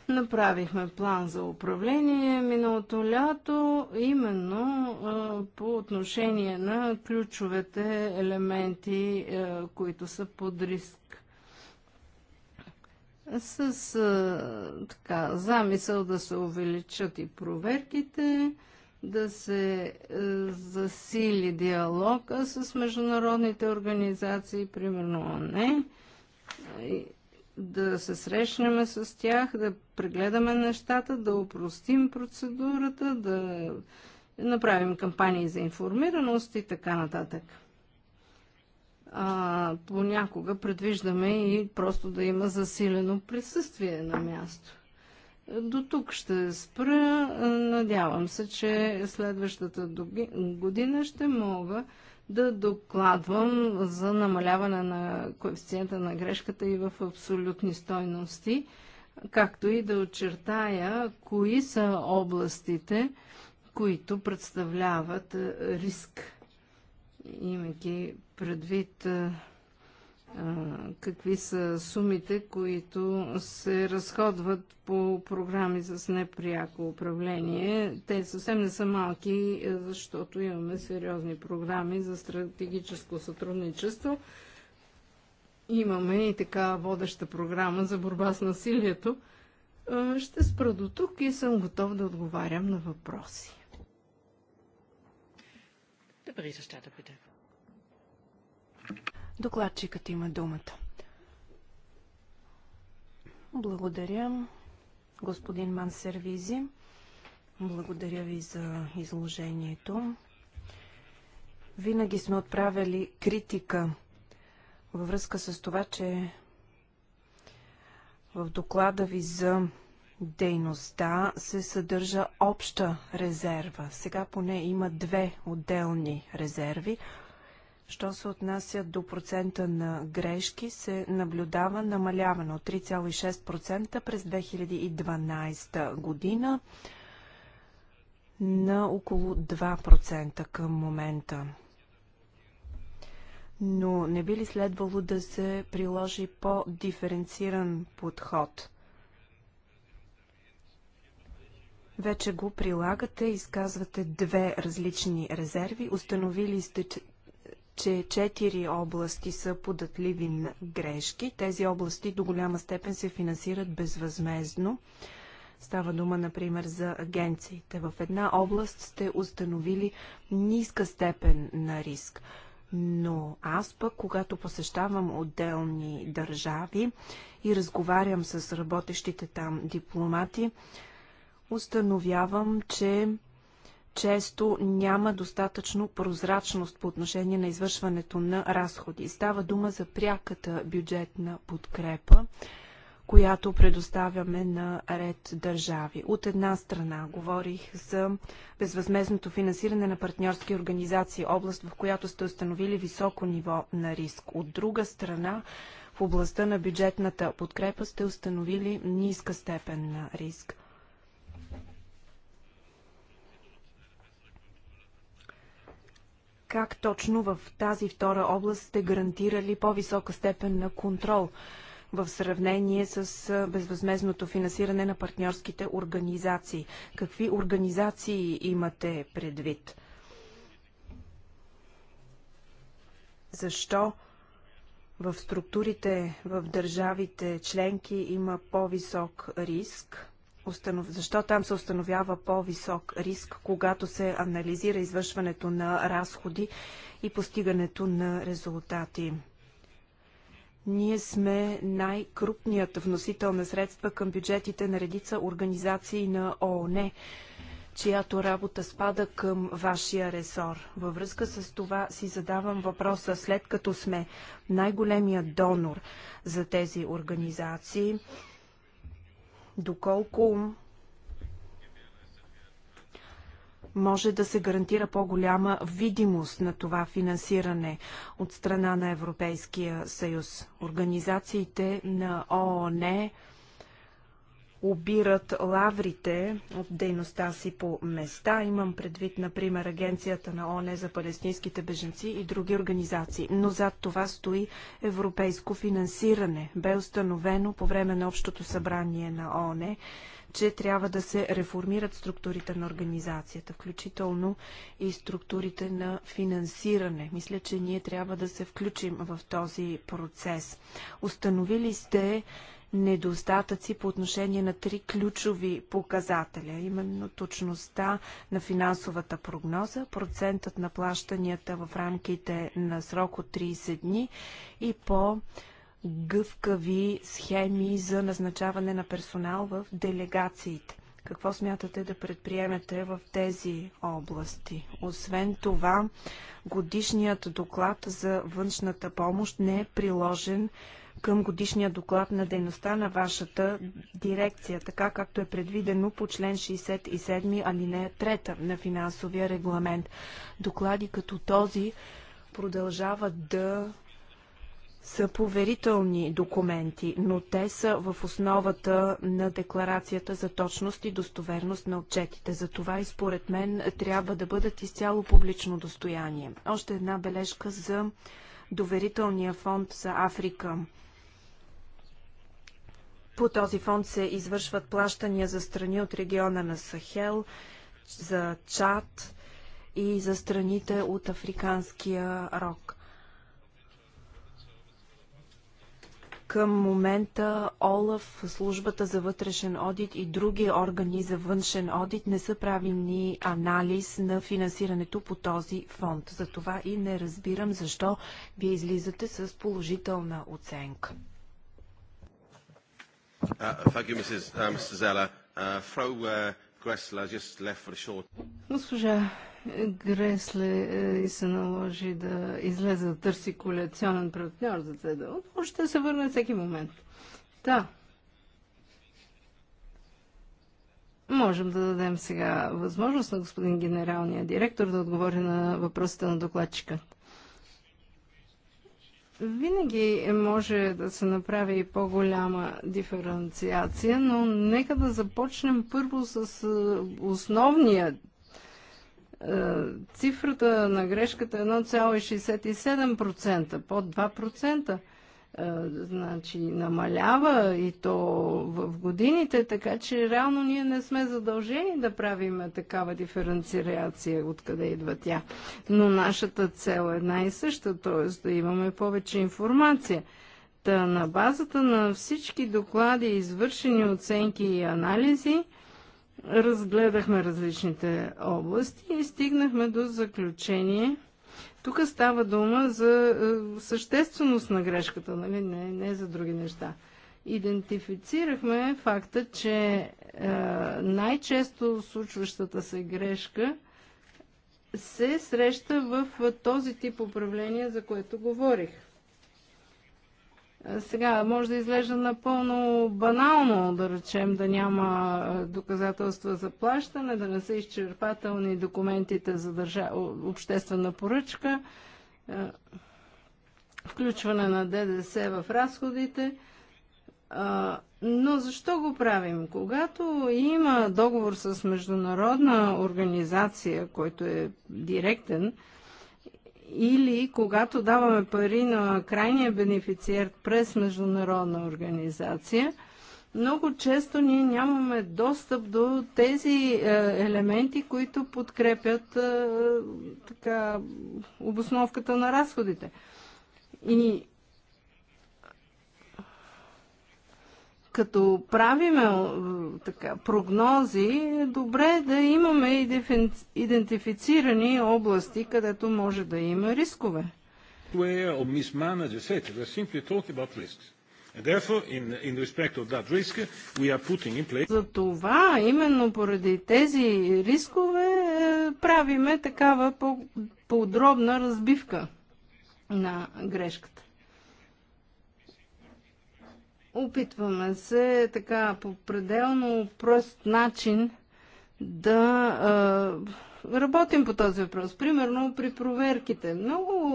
Направихме план за управление миналото лято, именно е, по отношение на ключовете елементи, е, които са под риск с а, така, замисъл да се увеличат и проверките, да се а, е, засили диалога с международните организации, примерно ОНЕ, да се срещнем с тях, да прегледаме нещата, да упростим процедурата, да направим кампании за информираност и така нататък а, понякога предвиждаме и просто да има засилено присъствие на място. До тук ще спра. Надявам се, че следващата година ще мога да докладвам за намаляване на коефициента на грешката и в абсолютни стойности, както и да очертая кои са областите, които представляват е, риск имайки предвид какви са сумите, които се разходват по програми с непряко управление. Те съвсем не са малки, защото имаме сериозни програми за стратегическо сътрудничество. Имаме и така водеща програма за борба с насилието. Ще спра до тук и съм готов да отговарям на въпроси. Berichterstatter, bitte. Докладчикът има думата. Благодаря, господин Мансервизи. Благодаря ви за изложението. Винаги сме отправили критика във връзка с това, че в доклада ви за дейността се съдържа обща резерва. Сега поне има две отделни резерви. Що се отнася до процента на грешки, се наблюдава намаляване от 3,6% през 2012 година на около 2% към момента. Но не би ли следвало да се приложи по-диференциран подход – Вече го прилагате, изказвате две различни резерви. Установили сте, че четири области са податливи на грешки. Тези области до голяма степен се финансират безвъзмезно. Става дума, например, за агенциите. В една област сте установили ниска степен на риск. Но аз пък, когато посещавам отделни държави и разговарям с работещите там дипломати, установявам, че често няма достатъчно прозрачност по отношение на извършването на разходи. Става дума за пряката бюджетна подкрепа, която предоставяме на ред държави. От една страна говорих за безвъзмезното финансиране на партньорски организации, област в която сте установили високо ниво на риск. От друга страна в областта на бюджетната подкрепа сте установили ниска степен на риск. как точно в тази втора област сте гарантирали по-висока степен на контрол в сравнение с безвъзмезното финансиране на партньорските организации? Какви организации имате предвид? Защо в структурите в държавите членки има по-висок риск? установ... защо там се установява по-висок риск, когато се анализира извършването на разходи и постигането на резултати. Ние сме най-крупният вносител на средства към бюджетите на редица организации на ООН чиято работа спада към вашия ресор. Във връзка с това си задавам въпроса, след като сме най-големия донор за тези организации, доколко може да се гарантира по-голяма видимост на това финансиране от страна на Европейския съюз. Организациите на ООН обират лаврите от дейността си по места. Имам предвид, например, Агенцията на ОНЕ за палестинските беженци и други организации. Но зад това стои европейско финансиране. Бе установено по време на Общото събрание на ОНЕ, че трябва да се реформират структурите на организацията, включително и структурите на финансиране. Мисля, че ние трябва да се включим в този процес. Установили сте недостатъци по отношение на три ключови показателя, именно точността на финансовата прогноза, процентът на плащанията в рамките на срок от 30 дни и по гъвкави схеми за назначаване на персонал в делегациите. Какво смятате да предприемете в тези области? Освен това, годишният доклад за външната помощ не е приложен към годишния доклад на дейността на вашата дирекция, така както е предвидено по член 67 алинея 3 на финансовия регламент. Доклади като този продължават да са поверителни документи, но те са в основата на декларацията за точност и достоверност на отчетите. За това и според мен трябва да бъдат изцяло публично достояние. Още една бележка за доверителния фонд за Африка. По този фонд се извършват плащания за страни от региона на Сахел, за Чад и за страните от Африканския рок. Към момента ОЛАФ, службата за вътрешен одит и други органи за външен одит не са правени анализ на финансирането по този фонд. Затова и не разбирам защо вие излизате с положителна оценка. Uh, uh, uh, Госпожа Гресле е, и се наложи да излезе да търси коалиционен партньор за ЦДО. Може да се върне всеки момент. Да. Можем да дадем сега възможност на господин генералния директор да отговори на въпросите на докладчика. Винаги може да се направи и по-голяма диференциация, но нека да започнем първо с е, основния. Е, цифрата на грешката е 1,67%, под 2%. Е, значи, намалява и то в годините, така че реално ние не сме задължени да правим такава диференциация, откъде идва тя. Но нашата цел е една и съща, т.е. да имаме повече информация. Та на базата на всички доклади, извършени оценки и анализи, разгледахме различните области и стигнахме до заключение, тук става дума за е, същественост на грешката, нали? не, не за други неща. Идентифицирахме факта, че е, най-често случващата се грешка се среща в е, този тип управление, за което говорих. Сега може да изглежда напълно банално, да речем, да няма доказателства за плащане, да не са изчерпателни документите за държа... обществена поръчка, включване на ДДС в разходите. Но защо го правим? Когато има договор с международна организация, който е директен, или когато даваме пари на крайния бенефициент през международна организация, много често ние нямаме достъп до тези е, елементи, които подкрепят е, така, обосновката на разходите. И като правиме така, прогнози, е добре да имаме идентифицирани области, където може да има рискове. За това, именно поради тези рискове, е, правиме такава по подробна разбивка на грешката. Опитваме се така по пределно прост начин да а, работим по този въпрос. Примерно при проверките. Много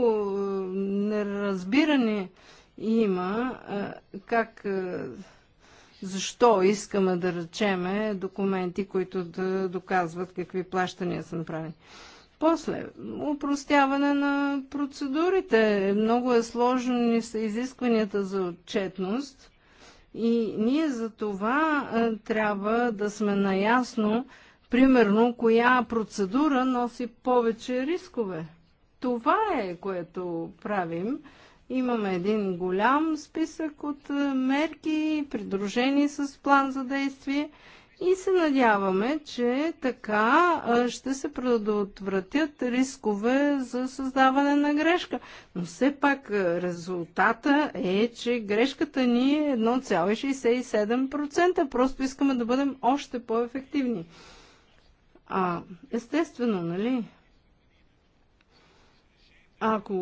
неразбиране има а, как. а, защо искаме да речеме документи, които да доказват какви плащания са направени. После, упростяване на процедурите. Много е сложно са изискванията за отчетност. И ние за това е, трябва да сме наясно, примерно, коя процедура носи повече рискове. Това е, което правим. Имаме един голям списък от е, мерки, придружени с план за действие – и се надяваме, че така ще се предотвратят рискове за създаване на грешка. Но все пак резултата е, че грешката ни е 1,67%. Просто искаме да бъдем още по-ефективни. А, естествено, нали? Ако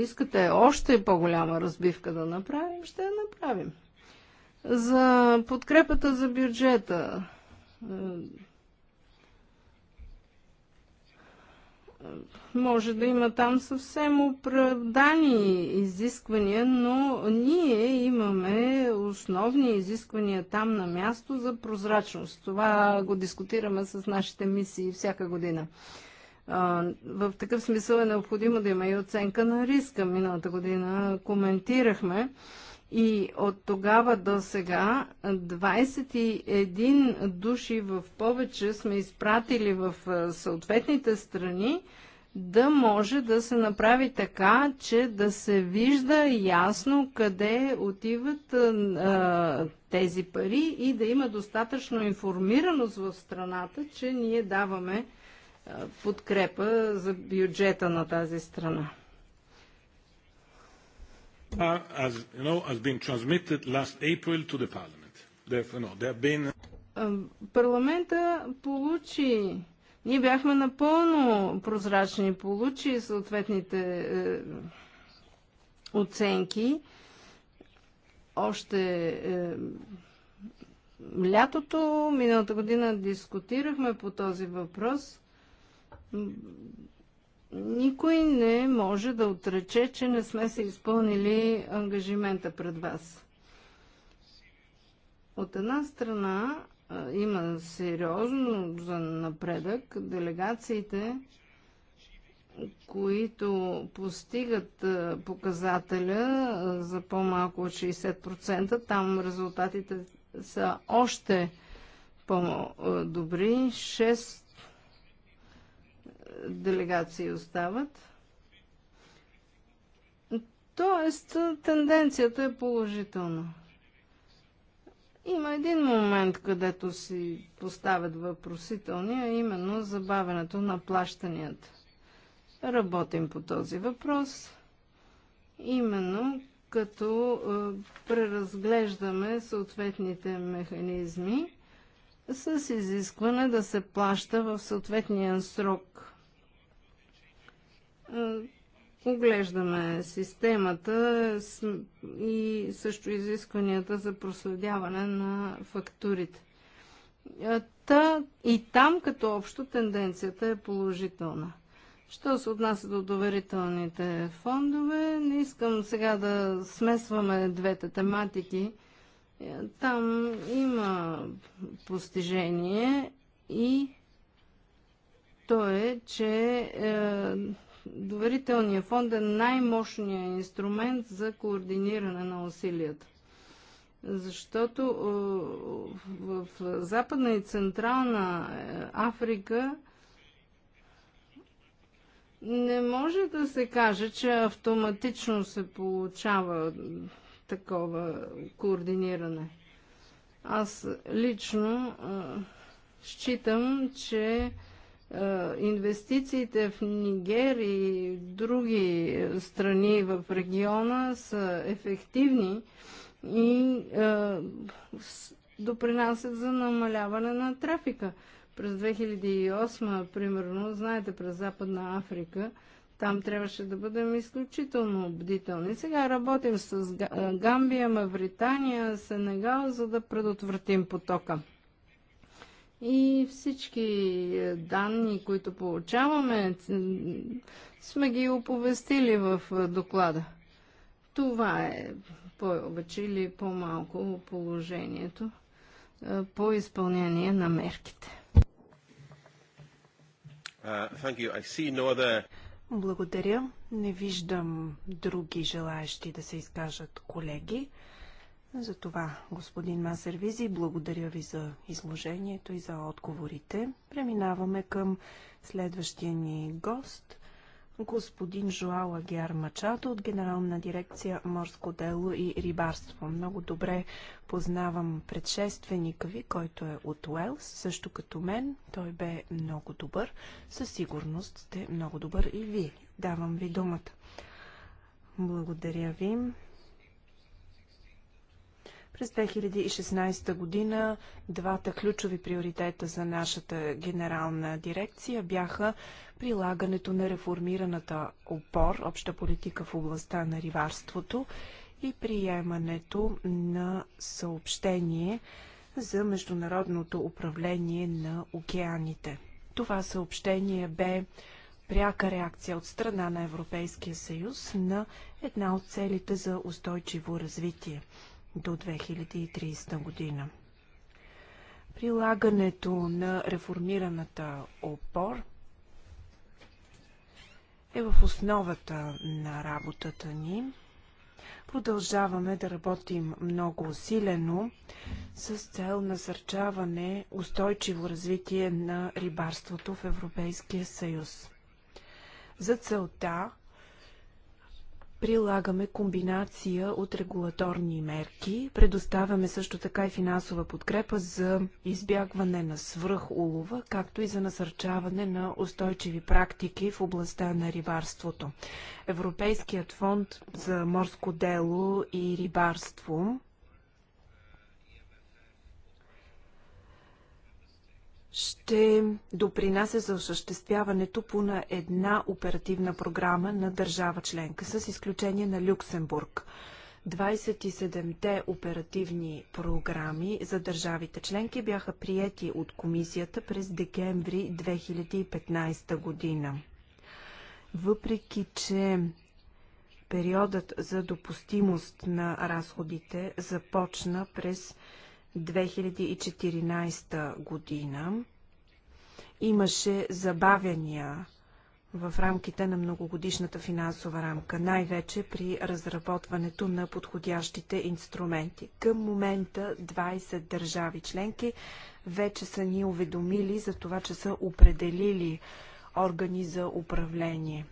искате още по-голяма разбивка да направим, ще я направим за подкрепата за бюджета. Е, е, може да има там съвсем оправдани изисквания, но ние имаме основни изисквания там на място за прозрачност. Това го дискутираме с нашите мисии всяка година. В такъв смисъл е необходимо да има и оценка на риска. Миналата година коментирахме и от тогава до сега 21 души в повече сме изпратили в съответните страни, да може да се направи така, че да се вижда ясно къде отиват а, тези пари и да има достатъчно информираност в страната, че ние даваме а, подкрепа за бюджета на тази страна are, as you know, has been transmitted last April to the Parliament. Therefore, no, there have been... Парламента получи... Ние бяхме напълно прозрачни, получи съответните е, оценки. Още е, лятото, миналата година дискутирахме по този въпрос. Никой не може да отрече, че не сме се изпълнили ангажимента пред вас. От една страна има сериозно за напредък. Делегациите, които постигат показателя за по-малко от 60%, там резултатите са още по-добри. 6 делегации остават. Тоест, тенденцията е положителна. Има един момент, където си поставят въпросителния, именно забавянето на плащанията. Работим по този въпрос, именно като е, преразглеждаме съответните механизми с изискване да се плаща в съответния срок е, оглеждаме системата и също изискванията за проследяване на фактурите. Е, та, и там като общо тенденцията е положителна. Що се отнася до доверителните фондове, не искам сега да смесваме двете тематики. Е, там има постижение и то е, че е, доверителния фонд е най-мощният инструмент за координиране на усилията. Защото е, в Западна и Централна е, Африка не може да се каже, че автоматично се получава такова координиране. Аз лично е, считам, че е, инвестициите в Нигер и други е, страни в региона са ефективни и е, допринасят за намаляване на трафика. През 2008, примерно, знаете, през Западна Африка, там трябваше да бъдем изключително бдителни. Сега работим с Гамбия, Мавритания, Сенегал, за да предотвратим потока и всички е, данни, които получаваме, сме ги оповестили в е, доклада. Това е повече или по-малко положението е, по изпълнение на мерките. Uh, Благодаря. Не виждам други желаящи да се изкажат колеги. За това, господин Масервизи, благодаря ви за изложението и за отговорите. Преминаваме към следващия ни гост, господин Жоал Агиар Мачато от Генерална дирекция Морско дело и рибарство. Много добре познавам предшественика ви, който е от Уелс, също като мен. Той бе много добър. Със сигурност сте много добър и ви. Давам ви думата. Благодаря ви. През 2016 година двата ключови приоритета за нашата генерална дирекция бяха прилагането на реформираната опор, обща политика в областта на риварството и приемането на съобщение за международното управление на океаните. Това съобщение бе пряка реакция от страна на Европейския съюз на една от целите за устойчиво развитие до 2030 година. Прилагането на реформираната опор е в основата на работата ни. Продължаваме да работим много усилено с цел насърчаване устойчиво развитие на рибарството в Европейския съюз. За целта прилагаме комбинация от регулаторни мерки. Предоставяме също така и финансова подкрепа за избягване на свръхулова, както и за насърчаване на устойчиви практики в областта на рибарството. Европейският фонд за морско дело и рибарство – ще допринася за осъществяването по на една оперативна програма на държава членка, с изключение на Люксембург. 27-те оперативни програми за държавите членки бяха приети от комисията през декември 2015 година. Въпреки, че периодът за допустимост на разходите започна през 2014 година имаше забавяния в рамките на многогодишната финансова рамка, най-вече при разработването на подходящите инструменти. Към момента 20 държави членки вече са ни уведомили за това, че са определили органи за управление.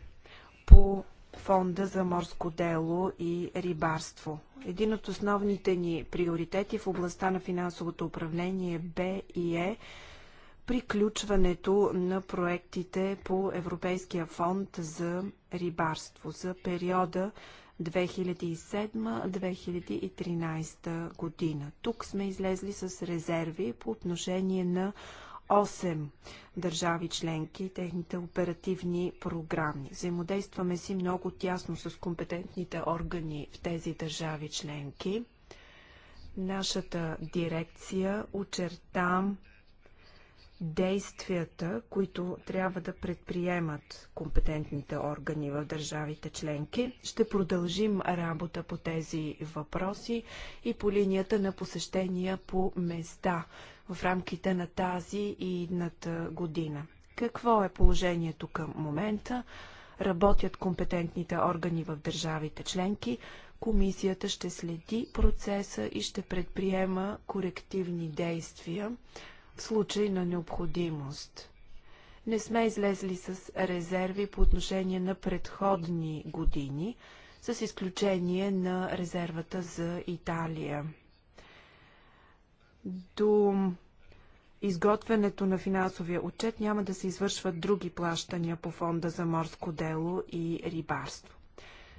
По Фонда за морско дело и рибарство. Един от основните ни приоритети в областта на финансовото управление Б и е приключването на проектите по Европейския фонд за рибарство за периода 2007-2013 година. Тук сме излезли с резерви по отношение на 8 държави членки и техните оперативни програми. Взаимодействаме си много тясно с компетентните органи в тези държави членки. Нашата дирекция очерта действията, които трябва да предприемат компетентните органи в държавите членки. Ще продължим работа по тези въпроси и по линията на посещения по места в рамките на тази и едната година. Какво е положението към момента? Работят компетентните органи в държавите членки. Комисията ще следи процеса и ще предприема корективни действия в случай на необходимост. Не сме излезли с резерви по отношение на предходни години, с изключение на резервата за Италия до изготвянето на финансовия отчет няма да се извършват други плащания по фонда за морско дело и рибарство.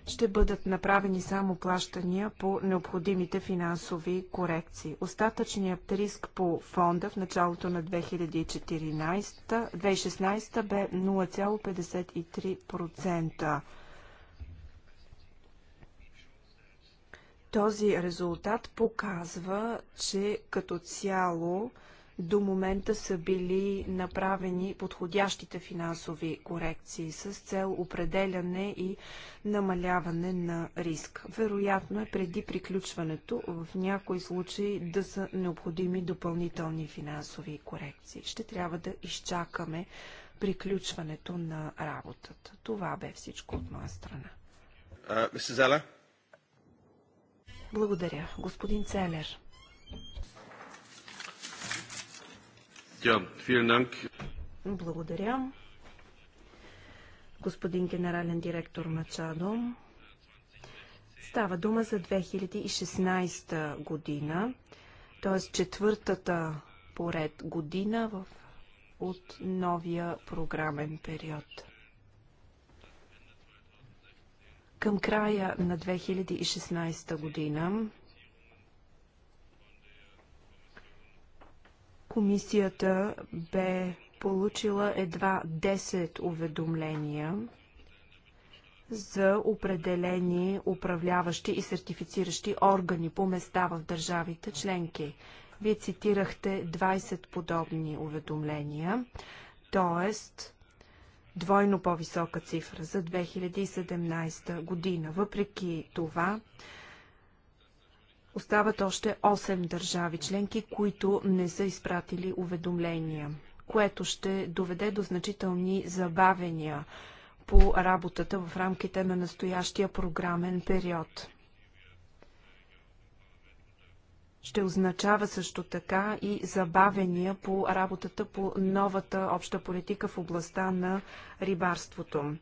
Ще бъдат направени само плащания по необходимите финансови корекции. Остатъчният риск по фонда в началото на 2014, 2016 бе 0,53%. Този резултат показва, че като цяло до момента са били направени подходящите финансови корекции с цел определяне и намаляване на риск. Вероятно е преди приключването в някои случаи да са необходими допълнителни финансови корекции. Ще трябва да изчакаме приключването на работата. Това бе всичко от моя страна. Uh, благодаря. Господин Целер. Благодаря. Господин генерален директор Мачадо, става дума за 2016 година, т.е. четвъртата поред година в, от новия програмен период. Към края на 2016 година комисията бе получила едва 10 уведомления за определени управляващи и сертифициращи органи по места в държавите членки. Вие цитирахте 20 подобни уведомления, т.е двойно по-висока цифра за 2017 година. Въпреки това, остават още 8 държави членки, които не са изпратили уведомления, което ще доведе до значителни забавения по работата в рамките на настоящия програмен период ще означава също така и забавения по работата по новата обща политика в областта на рибарството.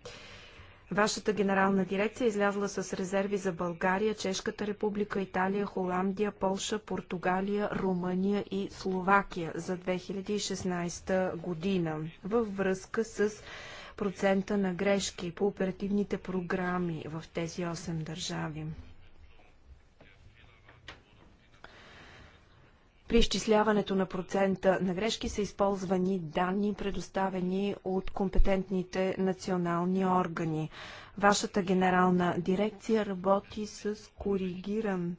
Вашата генерална дирекция е излязла с резерви за България, Чешката република, Италия, Холандия, Полша, Португалия, Румъния и Словакия за 2016 година във връзка с процента на грешки по оперативните програми в тези 8 държави. При изчисляването на процента на грешки са използвани данни, предоставени от компетентните национални органи. Вашата генерална дирекция работи с коригиран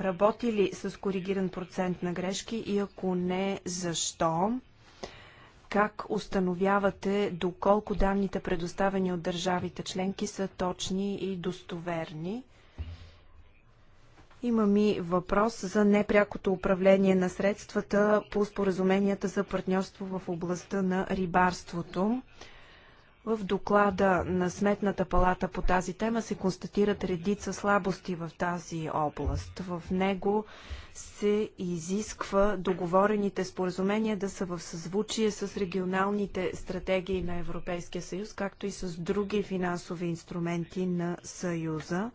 Работи ли с коригиран процент на грешки и ако не, защо? Как установявате доколко данните предоставени от държавите членки са точни и достоверни? Имам и въпрос за непрякото управление на средствата по споразуменията за партньорство в областта на рибарството. В доклада на Сметната палата по тази тема се констатират редица слабости в тази област. В него се изисква договорените споразумения да са в съзвучие с регионалните стратегии на Европейския съюз, както и с други финансови инструменти на Съюза.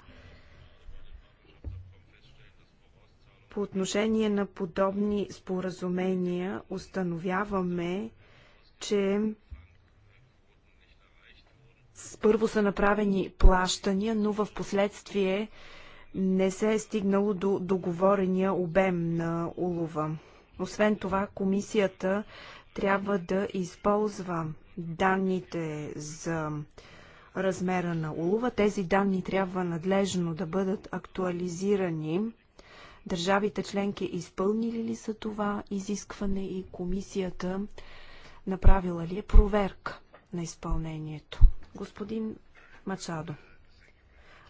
По отношение на подобни споразумения установяваме, че първо са направени плащания, но в последствие не се е стигнало до договорения обем на улова. Освен това, комисията трябва да използва данните за размера на улова. Тези данни трябва надлежно да бъдат актуализирани Държавите членки изпълнили ли са това изискване и комисията направила ли е проверка на изпълнението? Господин Мачадо.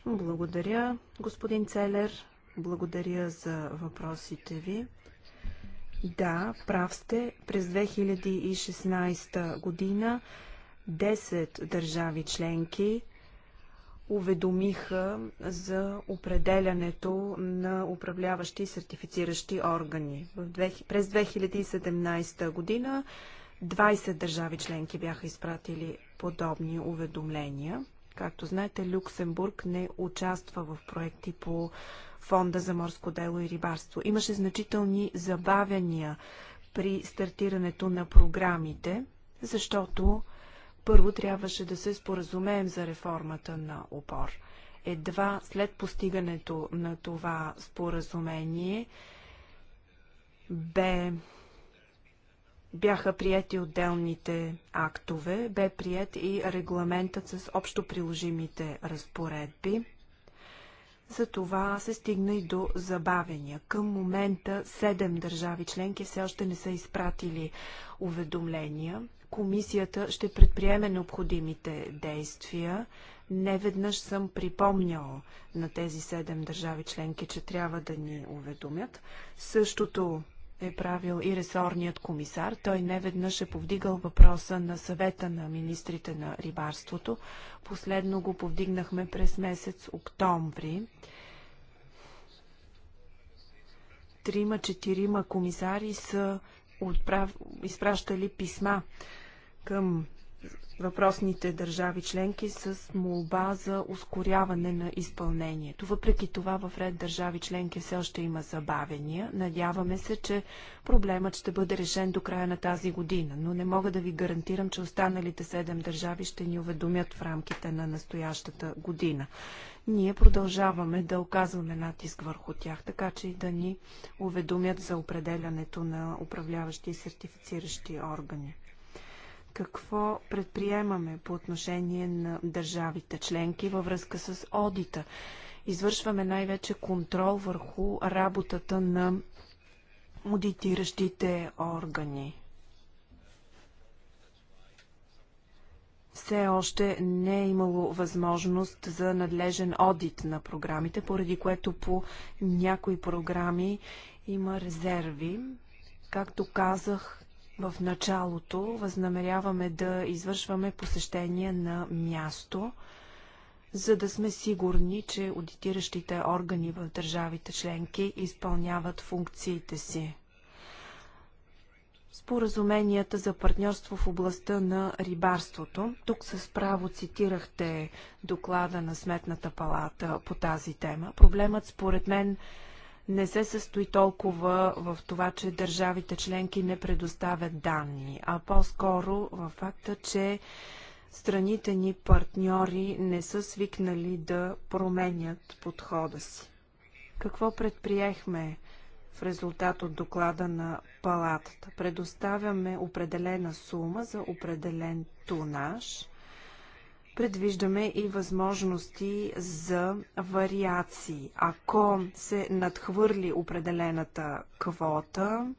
Благодаря, господин Целер. Благодаря за въпросите ви. Да, прав сте. През 2016 година 10 държави членки уведомиха за определянето на управляващи и сертифициращи органи. През 2017 година 20 държави членки бяха изпратили подобни уведомления. Както знаете, Люксембург не участва в проекти по Фонда за морско дело и рибарство. Имаше значителни забавяния при стартирането на програмите, защото първо трябваше да се споразумеем за реформата на опор. Едва след постигането на това споразумение бе бяха приети отделните актове, бе прият и регламентът с общо приложимите разпоредби. За това се стигна и до забавения. Към момента седем държави членки все още не са изпратили уведомления. Комисията ще предприеме необходимите действия. Неведнъж съм припомнял на тези седем държави членки, че трябва да ни уведомят. Същото е правил и ресорният комисар. Той неведнъж е повдигал въпроса на съвета на министрите на рибарството. Последно го повдигнахме през месец октомври. Трима-четирима комисари са отправ... изпращали писма към въпросните държави членки с молба за ускоряване на изпълнението. Въпреки това в ред държави членки все още има забавения. Надяваме се, че проблемът ще бъде решен до края на тази година, но не мога да ви гарантирам, че останалите седем държави ще ни уведомят в рамките на настоящата година. Ние продължаваме да оказваме натиск върху тях, така че и да ни уведомят за определянето на управляващи и сертифициращи органи какво предприемаме по отношение на държавите членки във връзка с одита. Извършваме най-вече контрол върху работата на аудитиращите органи. все още не е имало възможност за надлежен одит на програмите, поради което по някои програми има резерви. Както казах, в началото възнамеряваме да извършваме посещения на място, за да сме сигурни, че аудитиращите органи в държавите членки изпълняват функциите си. Споразуменията за партньорство в областта на рибарството. Тук с право цитирахте доклада на Сметната палата по тази тема. Проблемът според мен е не се състои толкова в това, че държавите членки не предоставят данни, а по-скоро в факта, че страните ни партньори не са свикнали да променят подхода си. Какво предприехме в резултат от доклада на палатата? Предоставяме определена сума за определен тунаж – предвиждаме и възможности за вариации. Ако се надхвърли определената квота,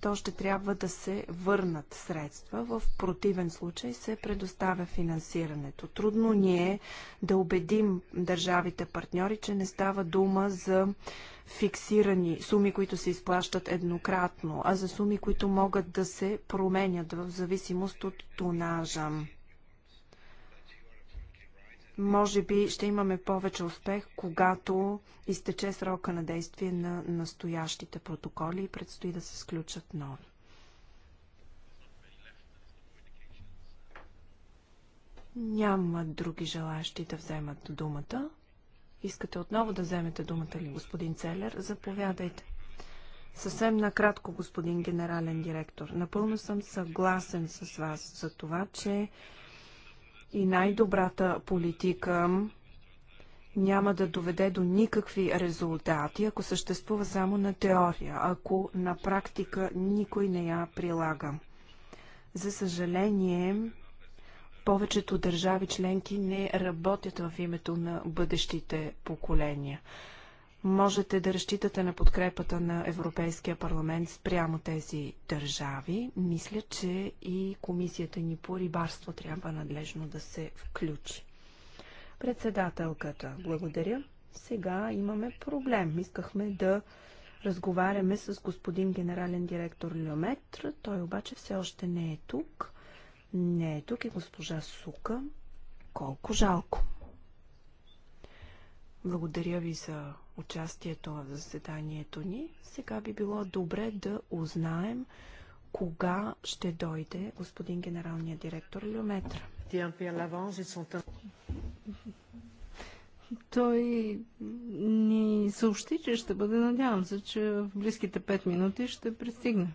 то ще трябва да се върнат средства. В противен случай се предоставя финансирането. Трудно ни е да убедим държавите партньори, че не става дума за фиксирани суми, които се изплащат еднократно, а за суми, които могат да се променят в зависимост от тонажа. Може би ще имаме повече успех, когато изтече срока на действие на настоящите протоколи и предстои да се сключат нови. Няма други желаящи да вземат думата. Искате отново да вземете думата ли, господин Целер? Заповядайте. Съвсем накратко, господин генерален директор. Напълно съм съгласен с вас за това, че и най-добрата политика няма да доведе до никакви резултати, ако съществува само на теория, ако на практика никой не я прилага. За съжаление, повечето държави членки не работят в името на бъдещите поколения можете да разчитате на подкрепата на Европейския парламент спрямо тези държави. Мисля, че и комисията ни по рибарство трябва надлежно да се включи. Председателката, благодаря. Сега имаме проблем. Искахме да разговаряме с господин генерален директор Люметр. Той обаче все още не е тук. Не е тук и госпожа Сука. Колко жалко. Благодаря ви за участието в заседанието ни. Сега би било добре да узнаем кога ще дойде господин генералния директор Люметра. Той ни съобщи, че ще бъде, надявам се, че в близките 5 минути ще пристигне.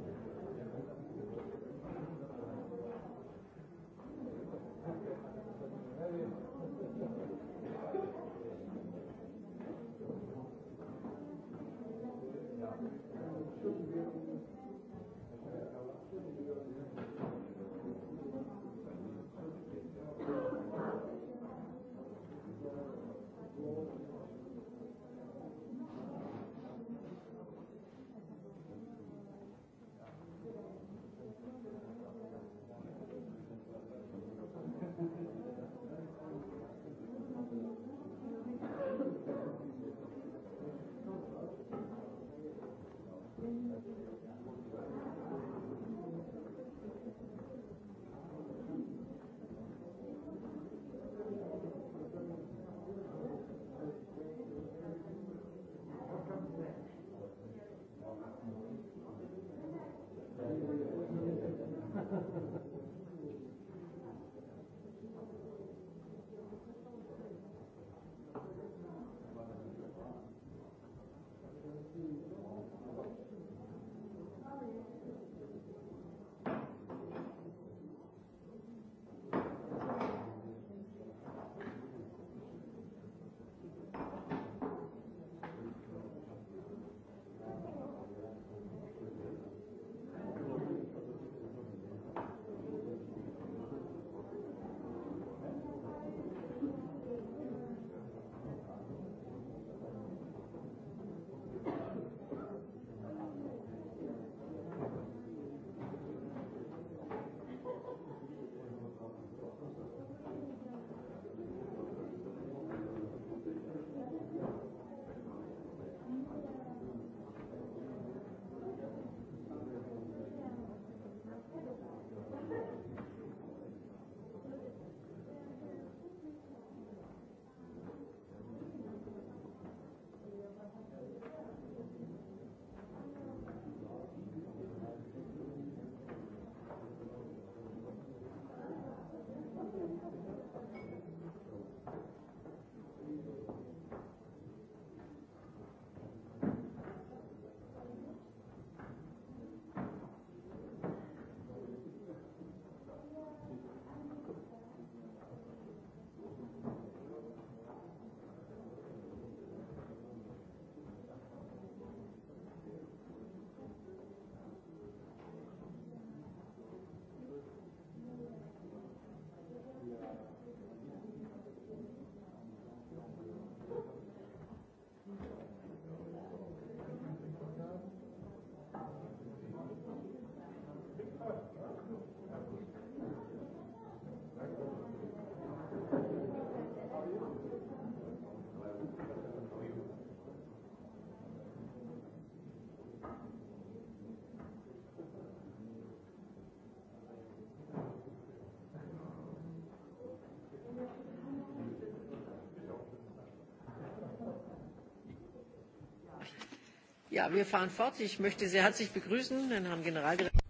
Ja, wir fahren fort. Ich möchte sehr herzlich begrüßen den Herrn Generaldirektor.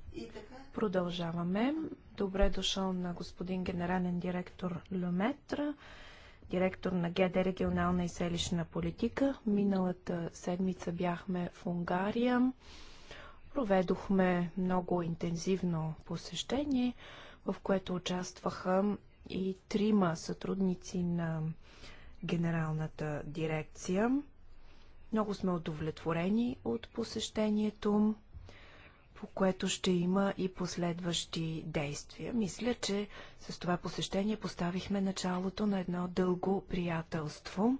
Продължаваме. Добре дошъл на господин генерален директор Люметра, директор на ГД регионална и селищна политика. Миналата седмица бяхме в Унгария. Проведохме много интензивно посещение, в което участваха и трима сътрудници на генералната дирекция. Много сме удовлетворени от посещението, по което ще има и последващи действия. Мисля, че с това посещение поставихме началото на едно дълго приятелство.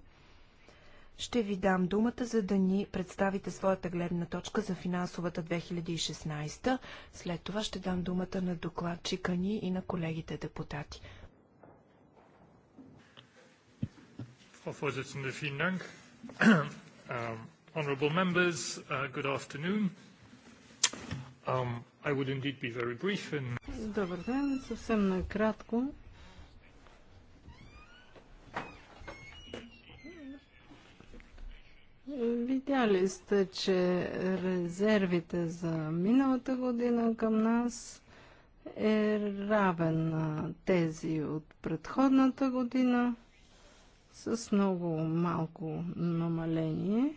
Ще ви дам думата, за да ни представите своята гледна точка за финансовата 2016. След това ще дам думата на докладчика ни и на колегите депутати. Um, honorable members, uh, good afternoon. Um, I would indeed be very brief and... Добър ден, съвсем накратко. Видяли сте, че резервите за миналата година към нас е равен на тези от предходната година с много малко намаление,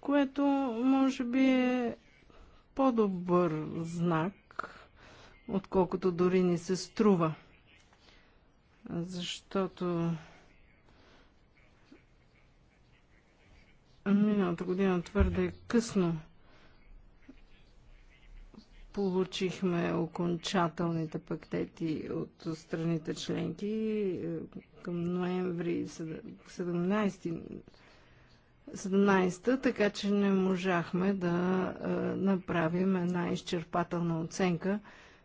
което може би е по-добър знак, отколкото дори ни се струва. Защото миналата година твърде късно Получихме окончателните пакети от страните членки към ноември 17 17-та, така че не можахме да направим една изчерпателна оценка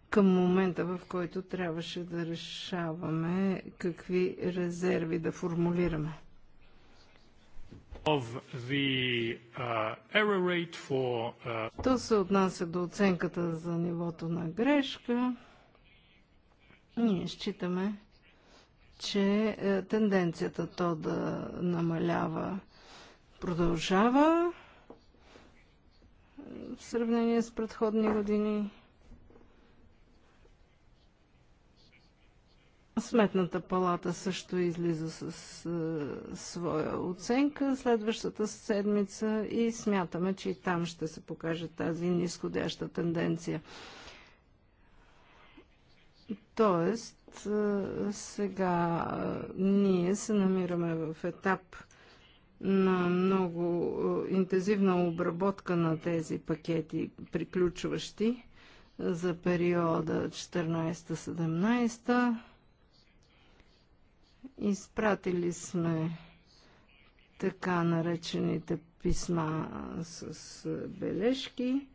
към момента, в който трябваше да решаваме какви резерви да формулираме. Uh, uh, то се отнася до оценката за нивото на грешка. Ние считаме, че е, тенденцията то да намалява продължава в сравнение с предходни години. Сметната палата също излиза с е, своя оценка следващата седмица и смятаме, че и там ще се покаже тази нисходяща тенденция. Тоест, е, сега е, ние се намираме в етап на много е, интензивна обработка на тези пакети, приключващи за периода 14-17. Изпратили сме така наречените писма с бележки,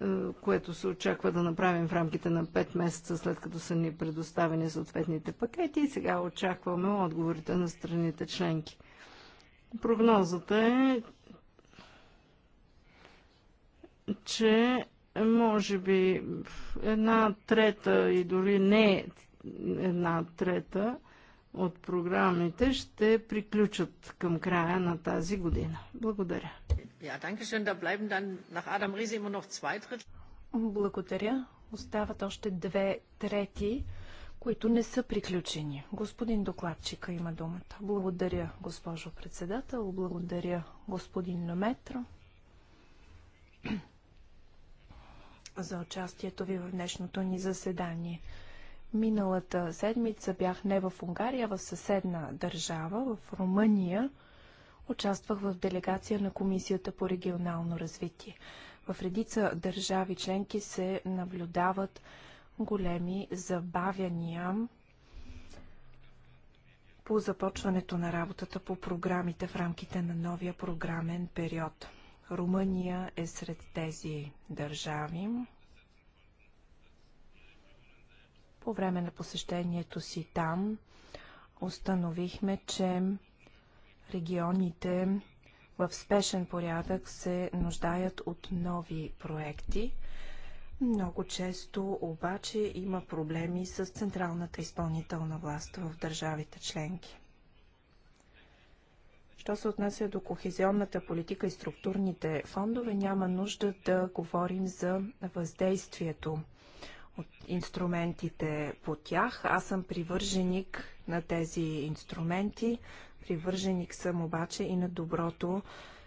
е, което се очаква да направим в рамките на 5 месеца след като са ни предоставени съответните пакети и сега очакваме отговорите на страните членки. Прогнозата е, че може би една трета и дори не една трета от програмите ще приключат към края на тази година. Благодаря. Благодаря. Остават още две трети, които не са приключени. Господин докладчика има думата. Благодаря, госпожо председател. Благодаря, господин Нометро, за участието ви в днешното ни заседание. Миналата седмица бях не в Унгария, в съседна държава, в Румъния. Участвах в делегация на Комисията по регионално развитие. В редица държави членки се наблюдават големи забавяния по започването на работата по програмите в рамките на новия програмен период. Румъния е сред тези държави. По време на посещението си там установихме, че регионите в спешен порядък се нуждаят от нови проекти. Много често обаче има проблеми с централната изпълнителна власт в държавите членки. Що се отнася до кохезионната политика и структурните фондове, няма нужда да говорим за въздействието от инструментите по тях. Аз съм привърженик на тези инструменти. Привърженик съм обаче и на доброто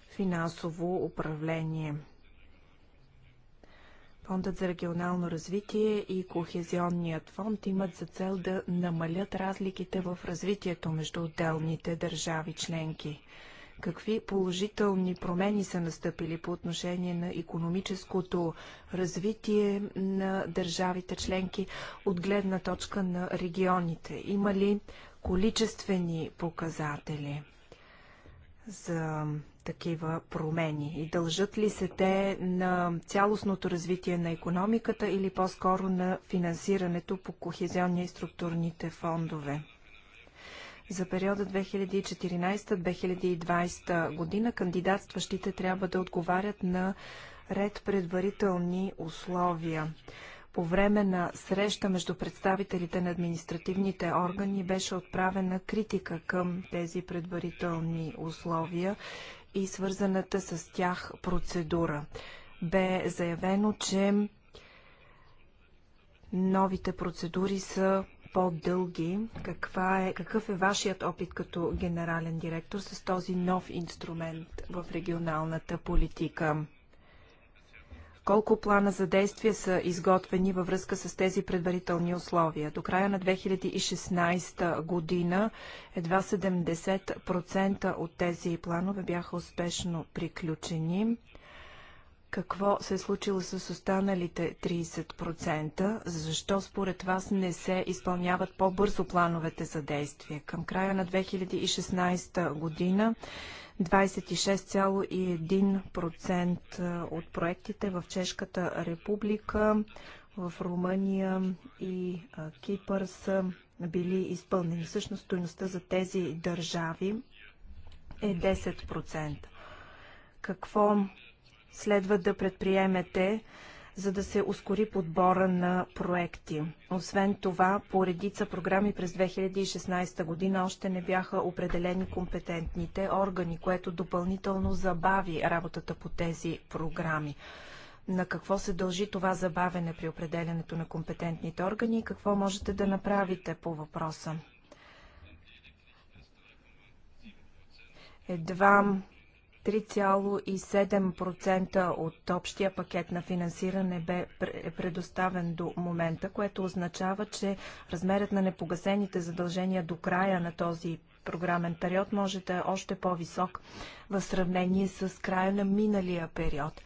финансово управление. Фондът за регионално развитие и Кохезионният фонд имат за цел да намалят разликите в развитието между отделните държави членки. Какви положителни промени са настъпили по отношение на економическото развитие на държавите членки от гледна точка на регионите? Има ли количествени показатели за такива промени? И дължат ли се те на цялостното развитие на економиката или по-скоро на финансирането по кохезионни и структурните фондове? За периода 2014-2020 година кандидатстващите трябва да отговарят на ред предварителни условия. По време на среща между представителите на административните органи беше отправена критика към тези предварителни условия и свързаната с тях процедура. Бе заявено, че новите процедури са по-дълги. Е, какъв е вашият опит като генерален директор с този нов инструмент в регионалната политика? Колко плана за действие са изготвени във връзка с тези предварителни условия? До края на 2016 година едва 70% от тези планове бяха успешно приключени какво се е случило с останалите 30%? Защо според вас не се изпълняват по-бързо плановете за действие? Към края на 2016 година 26,1% от проектите в Чешката република, в Румъния и Кипър са били изпълнени. Всъщност стоеността за тези държави е 10%. Какво следва да предприемете, за да се ускори подбора на проекти? Освен това, по редица програми през 2016 година още не бяха определени компетентните органи, което допълнително забави работата по тези програми. На какво се дължи това забавене при определенето на компетентните органи и какво можете да направите по въпроса? Едва 3,7% от общия пакет на финансиране бе е предоставен до момента, което означава, че размерът на непогасените задължения до края на този програмен период може да е още по-висок в сравнение с края на миналия период.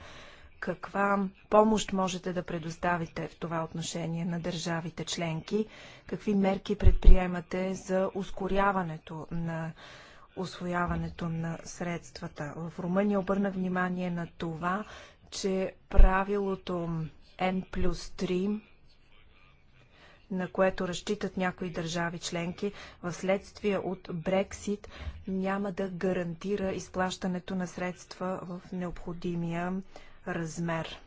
Каква помощ можете да предоставите в това отношение на държавите членки? Какви мерки предприемате за ускоряването на освояването на средствата. В Румъния обърна внимание на това, че правилото N плюс 3 на което разчитат някои държави членки, в следствие от Брексит няма да гарантира изплащането на средства в необходимия размер.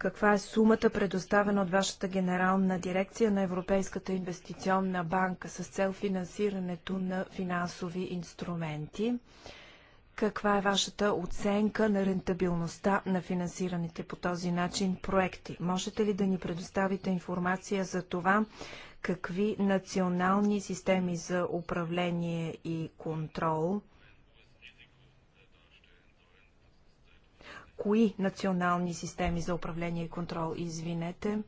каква е сумата предоставена от вашата генерална дирекция на Европейската инвестиционна банка с цел финансирането на финансови инструменти? Каква е вашата оценка на рентабилността на финансираните по този начин проекти? Можете ли да ни предоставите информация за това, какви национални системи за управление и контрол кои национални системи за управление и контрол, извинете,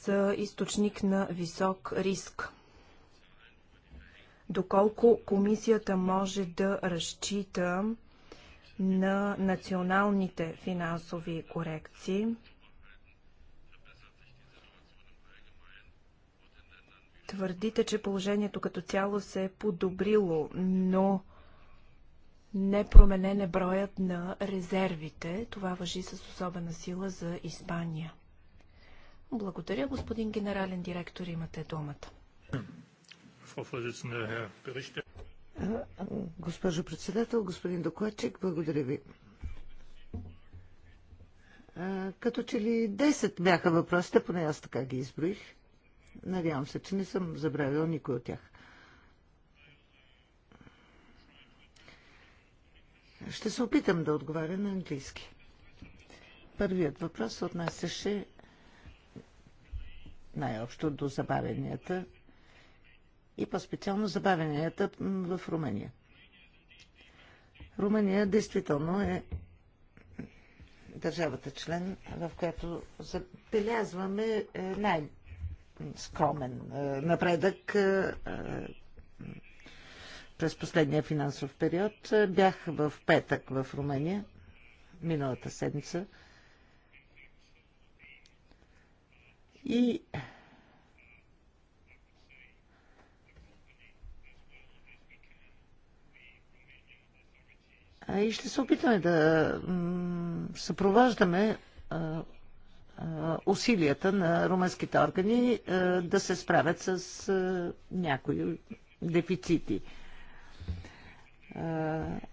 са източник на висок риск. Доколко комисията може да разчита на националните финансови корекции, Твърдите, че положението като цяло се е подобрило, но непроменен е броят на резервите. Това въжи с особена сила за Испания. Благодаря, господин генерален директор, имате думата. Госпожо председател, господин докладчик, благодаря ви. Като че ли 10 бяха въпросите, поне аз така ги изброих. Надявам се, че не съм забравил никой от тях. Ще се опитам да отговаря на английски. Първият въпрос отнасяше най-общо до забавенията и по-специално забавенията в Румъния. Румъния действително е държавата член, в която забелязваме е, най-скромен е, напредък е, през последния финансов период. Бях в петък в Румъния, миналата седмица. И И ще се опитаме да съпровождаме усилията на румънските органи да се справят с някои дефицити.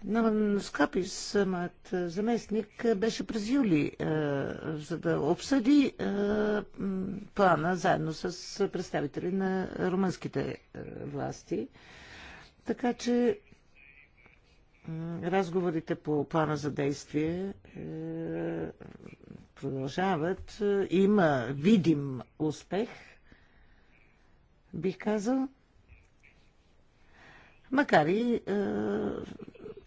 Наман Скапис, самият заместник, беше през юли, за да обсъди плана заедно с представители на румънските власти. Така че разговорите по плана за действие продължават. Има видим успех, бих казал. Макар и е,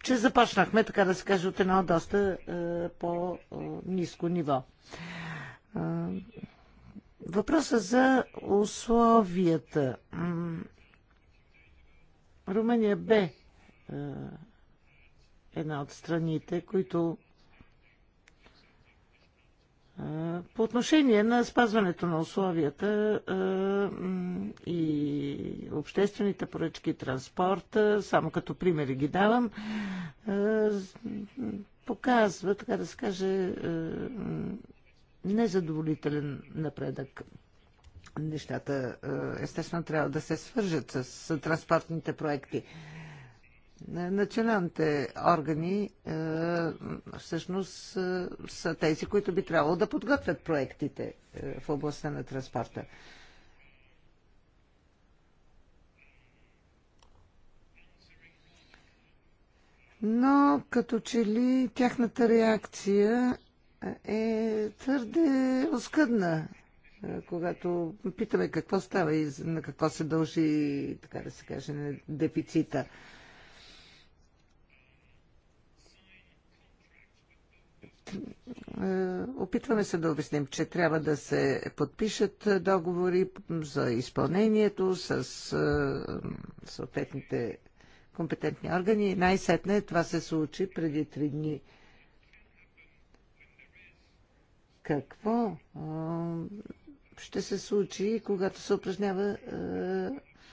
че започнахме, така да се каже, от едно доста е, по-низко ниво. Е, въпроса за условията. Румъния бе една от страните, които по отношение на спазването на условията и обществените поръчки, транспорта, само като примери ги давам, показва, така да се каже, незадоволителен напредък. Нещата естествено трябва да се свържат с транспортните проекти националните органи е, всъщност е, са тези, които би трябвало да подготвят проектите е, в областта на транспорта. Но като че ли тяхната реакция е твърде оскъдна, когато питаме какво става и на какво се дължи, така да се каже, дефицита. Е, опитваме се да обясним, че трябва да се подпишат е, договори за изпълнението с е, съответните компетентни органи. Най-сетне това се случи преди три дни. Какво ще се случи, когато се упражнява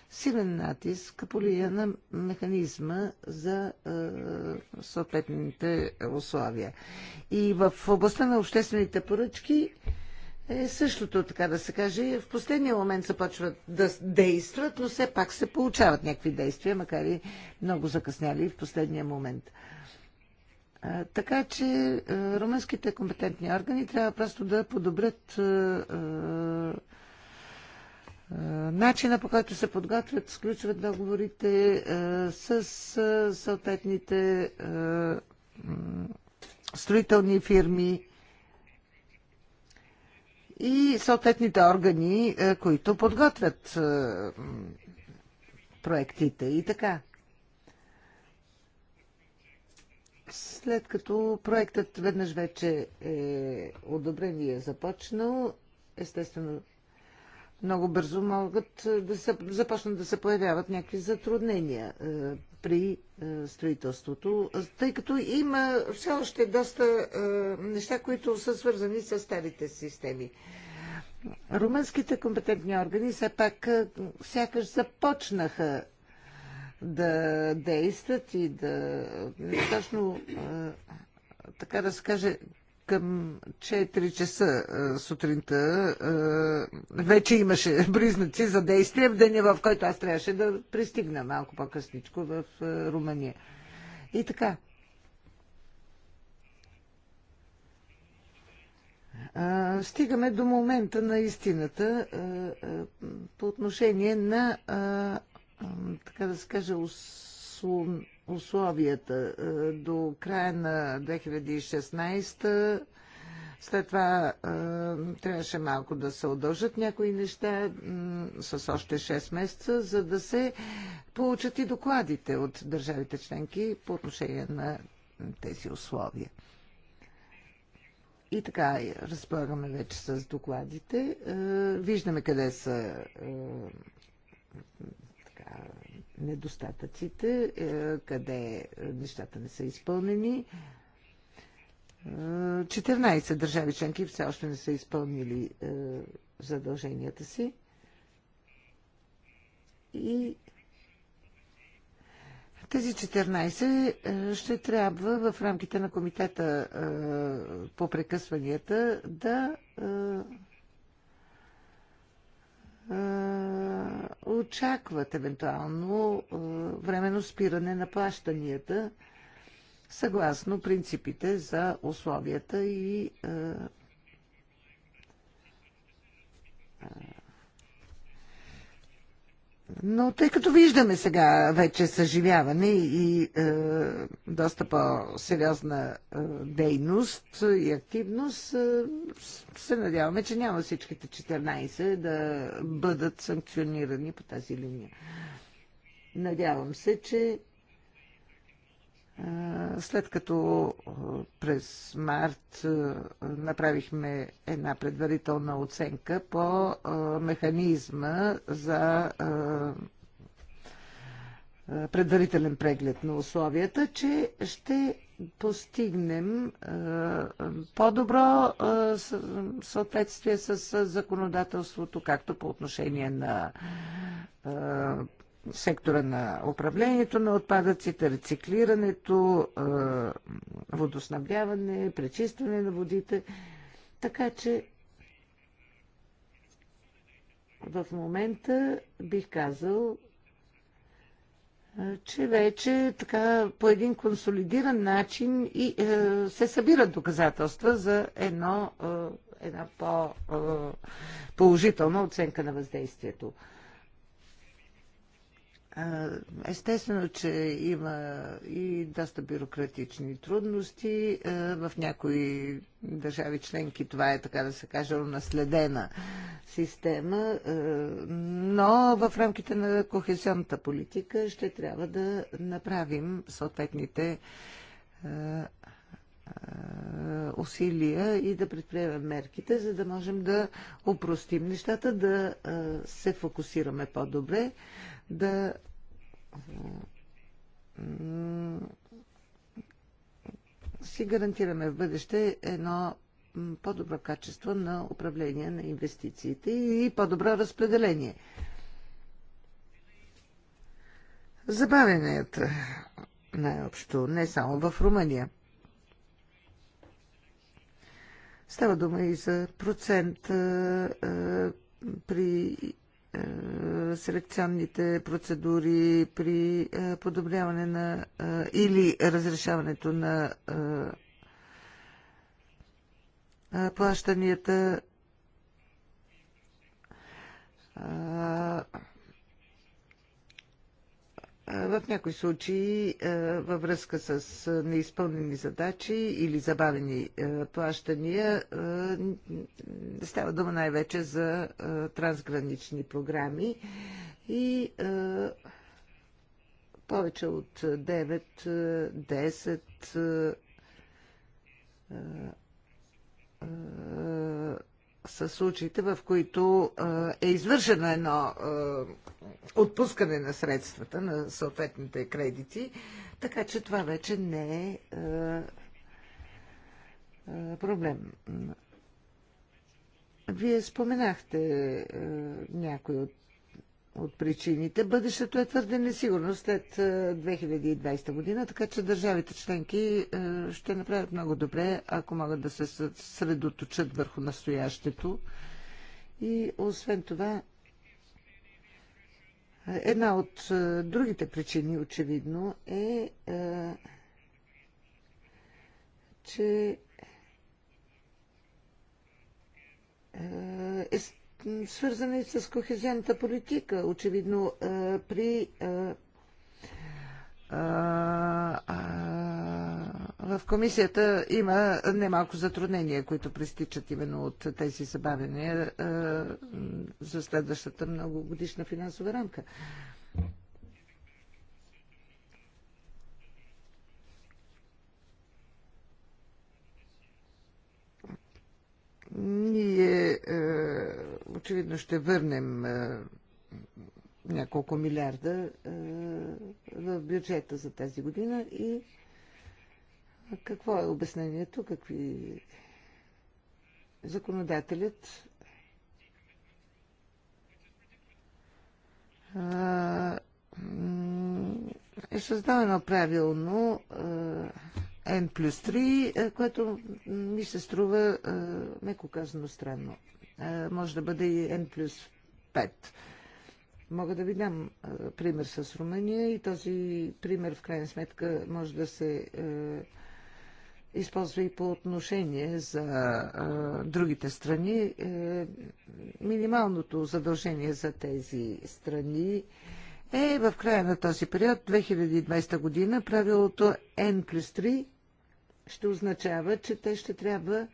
силен натиск по линия на механизма за е, съответните условия. И в областта на обществените поръчки е същото, така да се каже. В последния момент започват да действат, но все пак се получават някакви действия, макар и много закъсняли в последния момент. Така че румънските компетентни органи трябва просто да подобрят е, начина по който се подготвят, сключват договорите е, с е, съответните строителни фирми и съответните органи, които подготвят проектите и така. След като проектът веднъж вече е одобрен и е започнал, естествено много бързо могат е, да се, започнат да се появяват някакви затруднения е, при е, строителството, тъй като има все още доста е, неща, които са свързани с старите системи. Румънските компетентни органи все пак е, сякаш започнаха да действат и да точно, е, така да се каже, към 4 часа е, сутринта е, вече имаше признаци [LAUGHS] за действие в деня, в който аз трябваше да пристигна малко по-късничко в е, Румъния. И така. Стигаме до момента на истината по отношение на, така да се каже, условията е, до края на 2016 след това е, трябваше малко да се удължат някои неща с още 6 месеца, за да се получат и докладите от държавите членки по отношение на тези условия. И така, е, разполагаме вече с докладите. Виждаме къде са така, недостатъците, е, къде нещата не са изпълнени. 14 е, държави членки все още не са изпълнили е, задълженията си. И тези 14 ще трябва в рамките на комитета по прекъсванията да очакват евентуално временно спиране на плащанията съгласно принципите за условията и Но тъй като виждаме сега вече съживяване и е, доста по-сериозна е, дейност и активност, е, се надяваме, че няма всичките 14 да бъдат санкционирани по тази линия. Надявам се, че след като през март направихме една предварителна оценка по механизма за предварителен преглед на условията, че ще постигнем по-добро съответствие с законодателството, както по отношение на сектора на управлението на отпадъците, рециклирането, водоснабдяване, пречистване на водите. Така че в момента бих казал, че вече така по един консолидиран начин и е, се събират доказателства за едно, е, една по-положителна оценка на въздействието. Естествено, че има и доста бюрократични трудности. В някои държави членки това е, така да се каже, наследена система, но в рамките на кохезионната политика ще трябва да направим съответните усилия и да предприемем мерките, за да можем да опростим нещата, да се фокусираме по-добре, да си гарантираме в бъдеще едно по-добро качество на управление на инвестициите и по-добро разпределение. Забавенията най-общо, не само в Румъния. Става дума и за процент при е, селекционните процедури, при е, подобряване на е, или разрешаването на плащанията в някои случаи във връзка с неизпълнени задачи или забавени плащания става дума най-вече за трансгранични програми и повече от 9, 10 са случаите, в които е извършено едно отпускане на средствата на съответните кредити, така че това вече не е проблем. Вие споменахте някои от от причините. Бъдещето е твърде несигурно след 2020 е, година, така че държавите членки е, ще направят много добре, ако могат да се средоточат върху настоящето. И освен това, една от е, другите причини, очевидно, е, че е Свързани с кохезионната политика. Очевидно, е, при е, е, в комисията има немалко затруднения, които пристичат именно от тези забавения за следващата многогодишна финансова рамка. Ние очевидно ще върнем е, няколко милиарда е, в бюджета за тази година и какво е обяснението, какви законодателят е, е създадено правилно N плюс 3, което ми се струва, меко казано, странно. Е, може да бъде и N плюс 5. Мога да ви дам е, пример с Румъния и този пример в крайна сметка може да се е, използва и по отношение за другите страни. минималното задължение за тези страни е в края на този период, 2020 година, правилото N плюс 3 ще означава, че те ще трябва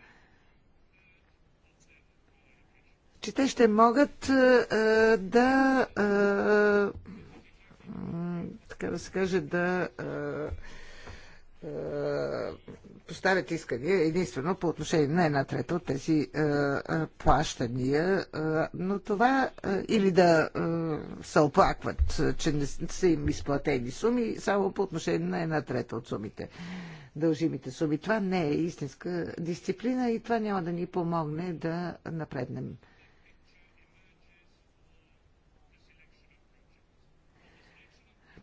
че те ще могат е, е, да е, така да се каже, да поставят искания единствено по отношение на една трета от тези а, плащания, а, но това или да се оплакват, че не са им изплатени суми, само по отношение на една трета от сумите, дължимите суми. Това не е истинска дисциплина и това няма да ни помогне да напреднем.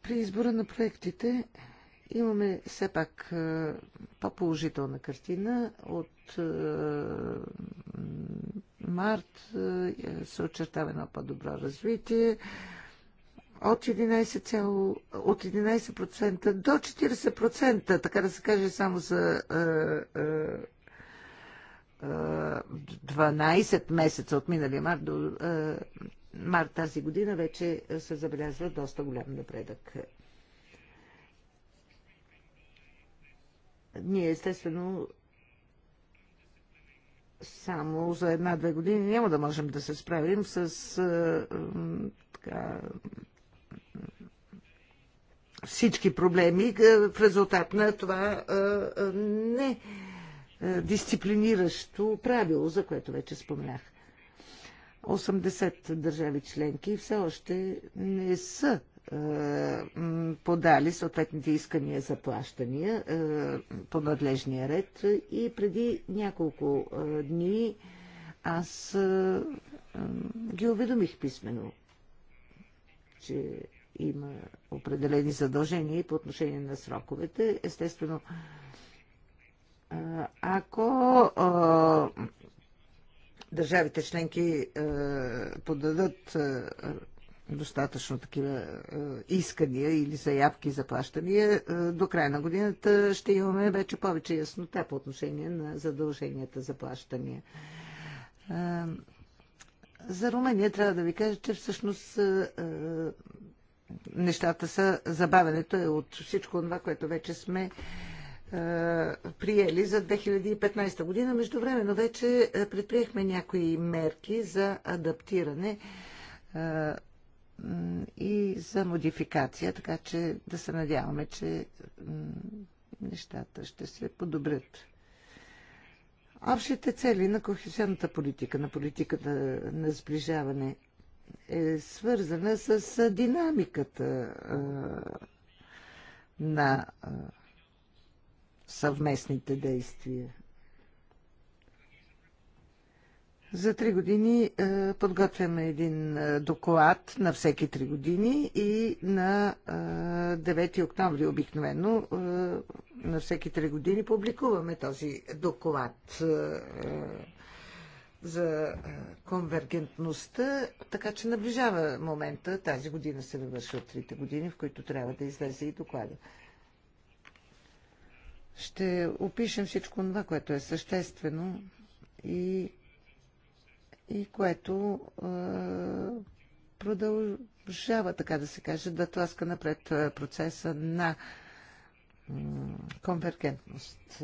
при избора на проектите имаме все пак е, по-положителна картина. От е, март е, се очертава едно по-добро развитие. От 11, от 11% до 40%, така да се каже само за 12 месеца от миналия март до март тази година вече се забелязва доста голям напредък. Ние естествено само за една-две години няма да можем да се справим с така, всички проблеми в резултат на това не дисциплиниращо правило, за което вече споменах. 80 държави членки все още не са е, подали съответните искания за плащания е, по надлежния ред и преди няколко е, дни аз ги уведомих писменно, че има определени задължения по отношение на сроковете. Естествено, ако държавите членки е, подадат е, достатъчно такива е, искания или заявки за плащания, до края на годината ще имаме вече повече яснота по отношение на задълженията за плащания. За Румъния трябва да ви кажа, че всъщност нещата са, забавенето е от всичко това, което вече сме е, приели за 2015 година. Междувременно вече е, предприехме някои мерки за адаптиране е, и за модификация, така че да се надяваме, че нещата ще се подобрят. Общите цели на кохесионната политика, на политиката на сближаване е свързана с динамиката на съвместните действия. За три години е, подготвяме един е, доклад на всеки три години и на 9 е, октомври обикновено на всеки три години публикуваме този доклад за конвергентността, така че наближава момента. Тази година се от трите години, в които трябва да излезе и доклада. Ще опишем всичко това, което е съществено и, и което е, продължава, така да се каже, да тласка напред процеса на конвергентност.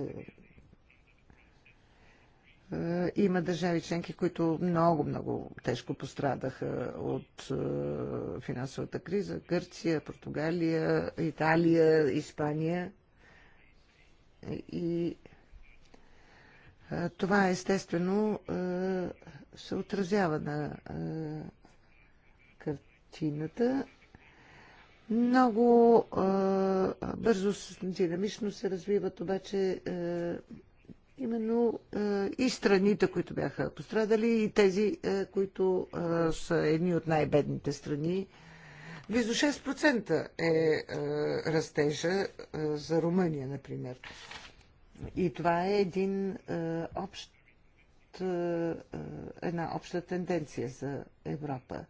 Има държави членки, които много, много тежко пострадаха от финансовата криза. Гърция, Португалия, Италия, Испания. И това естествено се отразява на картината. Много бързо, динамично се развиват обаче именно и страните, които бяха пострадали, и тези, които са едни от най-бедните страни Близо 6% е, е растежа е, за Румъния, например. И това е един е, общ, е, е, една обща тенденция за Европа.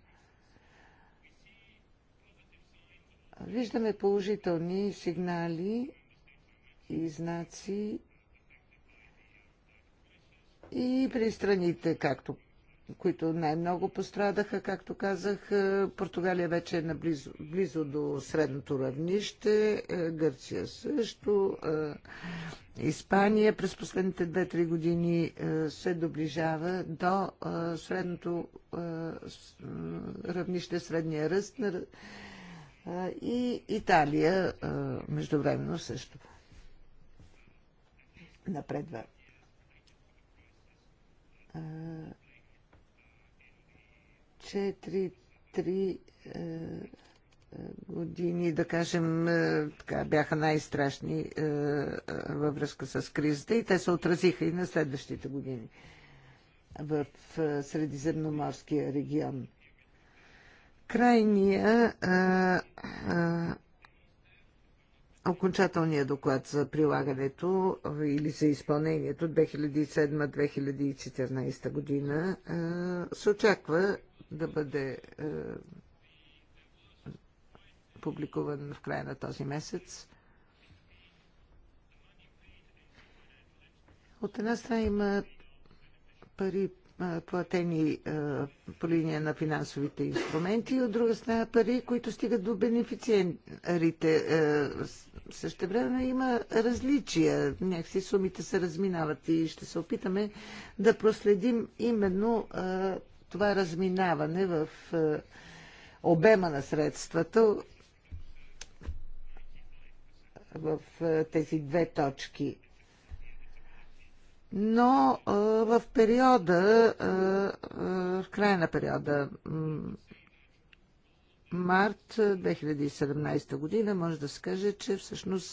Виждаме положителни сигнали и знаци и при страните, както които най-много пострадаха, както казах. Е, Португалия вече е наблизо, близо до средното равнище, е, Гърция също, е, Испания през последните 2-3 години се доближава до средното равнище, средния ръст на и Италия междувременно също напредва 4-3 е, е, години, да кажем, е, така, бяха най-страшни във връзка с кризата и те се отразиха и на следващите години в Средиземноморския регион. Крайния а, окончателния доклад за прилагането или за изпълнението 2007-2014 година се очаква да бъде е, публикуван в края на този месец. От една страна има пари е, платени е, по линия на финансовите инструменти и от друга страна пари, които стигат до бенефициентарите. Е, също време има различия. Някакси сумите се разминават и ще се опитаме да проследим именно е, това разминаване в е, обема на средствата в е, тези две точки. Но е, в периода, в края на периода, март 2017 година, може да се каже, че всъщност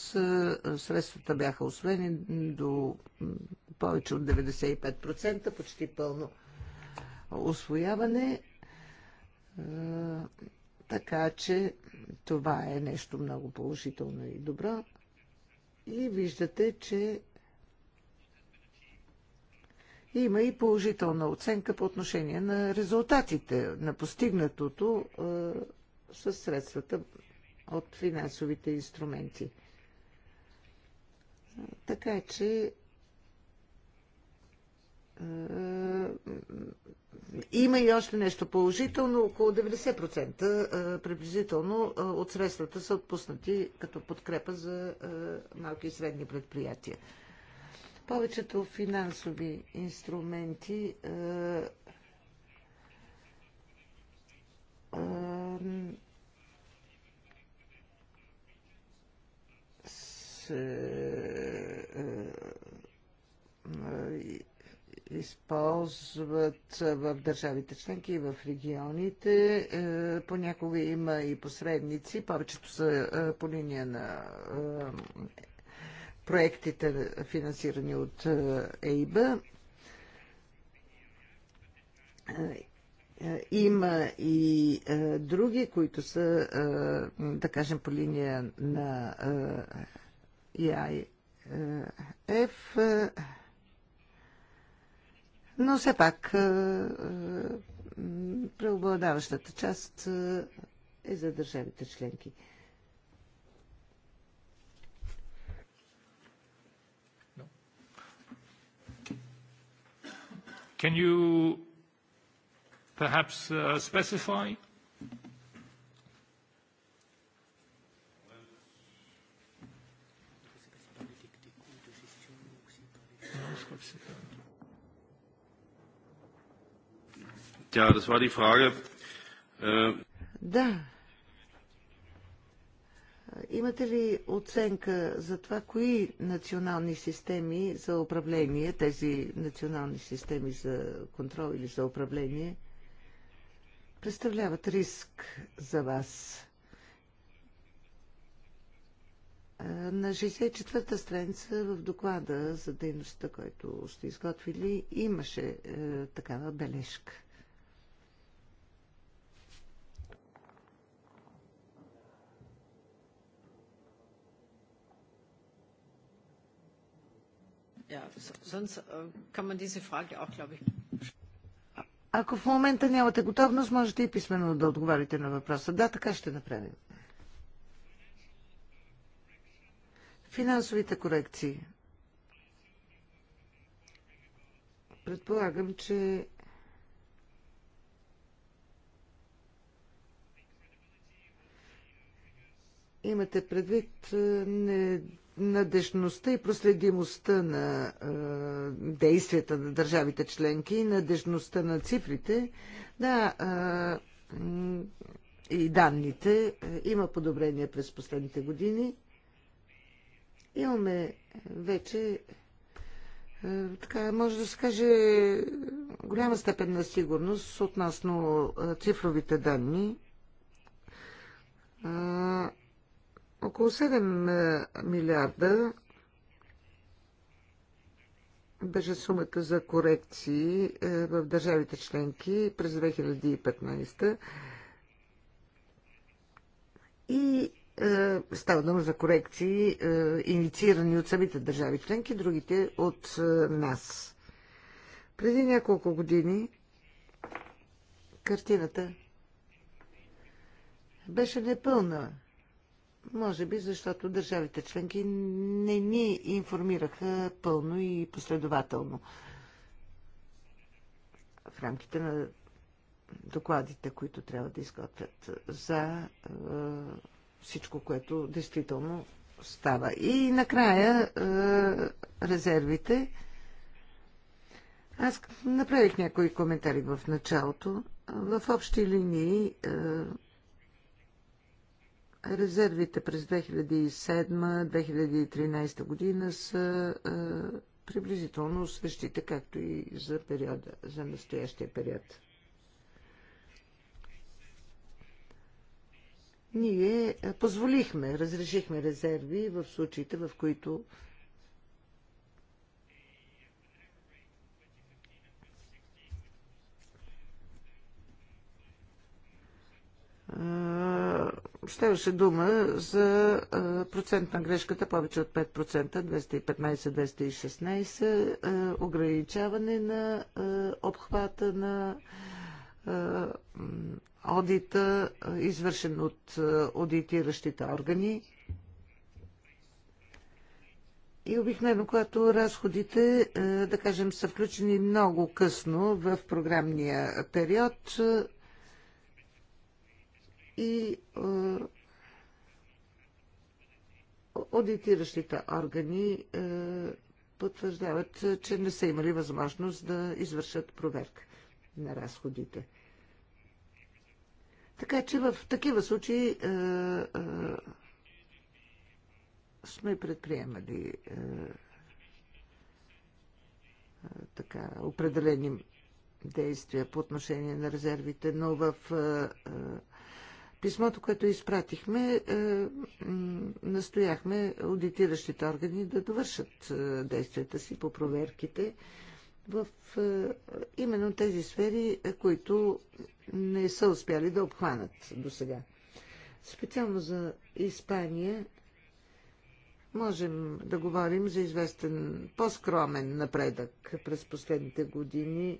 средствата бяха освоени до повече от 95%, почти пълно освояване. Е, така че това е нещо много положително и добро. И виждате, че има и положителна оценка по отношение на резултатите на постигнатото е, с средствата от финансовите инструменти. Е, така че е, има и още нещо положително. Около 90% е, приблизително е, от средствата са отпуснати като подкрепа за малки и средни предприятия. Повечето финансови инструменти се използват в държавите членки и в регионите. Е, понякога има и посредници, повечето са е, по линия на е, проектите, финансирани от ЕИБ. Има и други, които са, да кажем, по линия на EIF но все пак е, е, преобладаващата част е, е за държавите членки. Can you perhaps uh, specify Ja, das war die Frage. Äh... Да. Имате ли оценка за това, кои национални системи за управление, тези национални системи за контрол или за управление, представляват риск за вас? Е, на 64-та страница в доклада за дейността, който сте изготвили, имаше е, такава бележка. Ja, sonst äh, kann man diese Frage auch, glaube ich, ако в момента нямате готовност, можете и писменно да отговарите на въпроса. Да, така ще направим. Финансовите корекции. Предполагам, че имате предвид е, не надежността и проследимостта на а, действията на държавите членки, надежността на цифрите, да, а, и данните, има подобрение през последните години. Имаме вече, а, така може да се каже, голяма степен на сигурност относно цифровите данни. А, около 7 е, милиарда беше сумата за корекции е, в държавите членки през 2015 и е, става дума за корекции, е, инициирани от самите държави членки, другите от е, нас. Преди няколко години картината беше непълна. Може би защото държавите членки не ни информираха пълно и последователно в рамките на докладите, които трябва да изготвят за е, всичко, което действително става. И накрая е, резервите. Аз направих някои коментари в началото. В общи линии е, Резервите през 2007-2013 година са а, е, приблизително същите, както и за, периода, за настоящия период. Ние е, позволихме, разрешихме резерви в случаите, в които Ставаше дума за процент на грешката повече от 5%, 215-216, ограничаване на обхвата на одита, извършен от аудитиращите органи. И обикновено, когато разходите, да кажем, са включени много късно в програмния период, и аудитиращите органи потвърждават, че не са имали възможност да извършат проверка на разходите. Така че в такива случаи е, е, сме предприемали е, е, така, определени действия по отношение на резервите, но в е, е, писмото, което изпратихме, е, настояхме аудитиращите органи да довършат е, действията си по проверките в е, именно тези сфери, които не са успяли да обхванат до сега. Специално за Испания можем да говорим за известен по-скромен напредък през последните години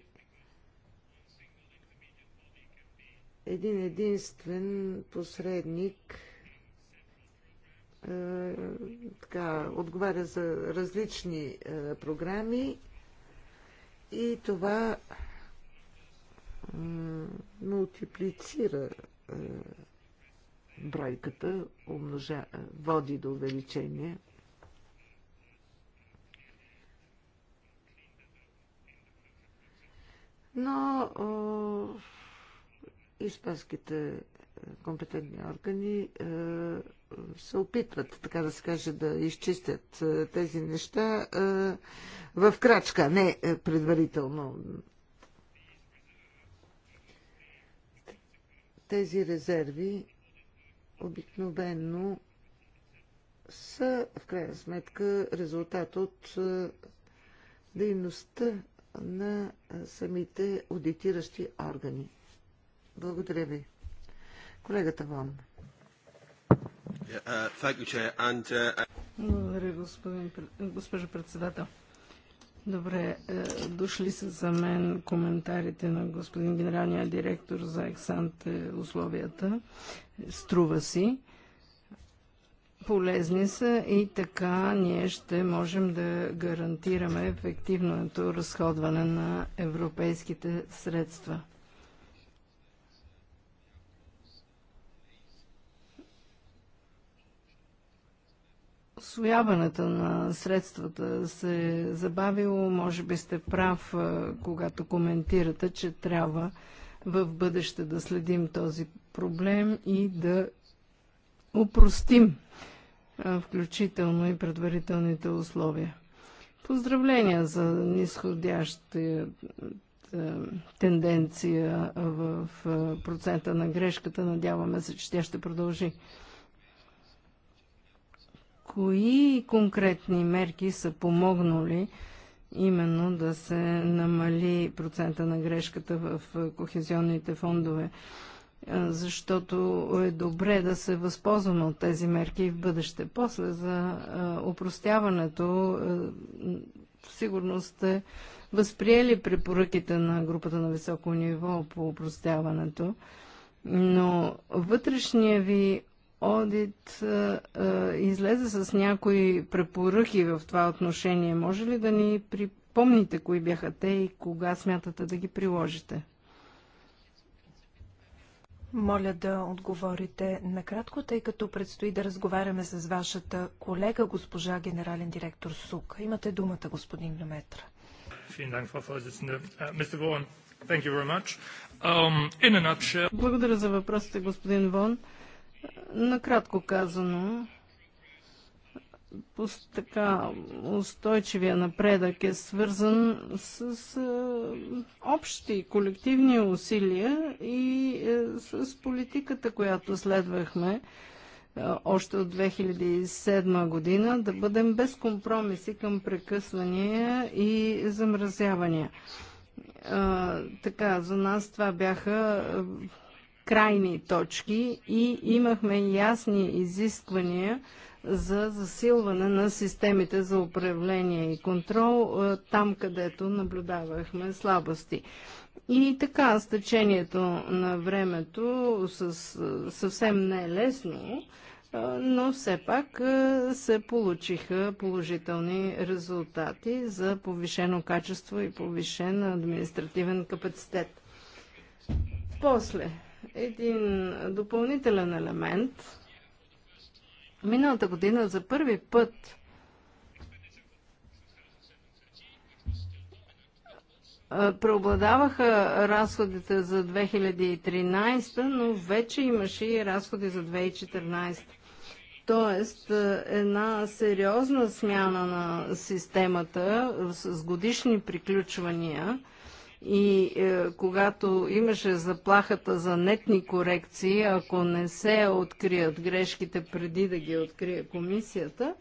един единствен посредник е, така, отговаря за различни е, програми и това е, мултиплицира е, бройката, умножа, е, води до увеличение. Но е, испанските е, компетентни органи е, се опитват, така да се каже, да изчистят е, тези неща в крачка, не предварително. Тези резерви обикновено са, в крайна сметка, резултат от дейността на самите аудитиращи органи. Благодаря ви. Колегата Вон. Uh, uh, Благодаря, господин, госпожо председател. Добре, е, дошли са за мен коментарите на господин генералния директор за ексанте условията. Струва си. Полезни са и така ние ще можем да гарантираме ефективното разходване на европейските средства. освояването на средствата се е забавило. Може би сте прав, когато коментирате, че трябва в бъдеще да следим този проблем и да упростим включително и предварителните условия. Поздравления за нисходящата тенденция в процента на грешката. Надяваме се, че тя ще продължи кои конкретни мерки са помогнали именно да се намали процента на грешката в кохезионните фондове? защото е добре да се възползваме от тези мерки в бъдеще. После за опростяването сигурно сте възприели препоръките на групата на високо ниво по опростяването, но вътрешния ви одит излезе с някои препоръки в това отношение. Може ли да ни припомните кои бяха те и кога смятате да ги приложите? Моля да отговорите накратко, тъй като предстои да разговаряме с вашата колега, госпожа генерален директор СУК. Имате думата, господин Люметра. Äh, ähm, Благодаря за въпросите, господин Вон. Накратко казано, така устойчивия напредък е свързан с, с общи колективни усилия и е, с политиката, която следвахме е, още от 2007 година, да бъдем без компромиси към прекъсвания и замразявания. Е, така, за нас това бяха крайни точки и имахме ясни изисквания за засилване на системите за управление и контрол е, там, където наблюдавахме слабости. И така, с течението на времето с, е, съвсем не е лесно, е, но все пак се получиха положителни резултати за повишено качество и повишен административен капацитет. После един допълнителен елемент. Миналата година за първи път преобладаваха разходите за 2013, но вече имаше и разходи за 2014. Тоест, една сериозна смяна на системата с годишни приключвания – и е, когато имаше заплахата за нетни корекции, ако не се открият грешките преди да ги открие комисията,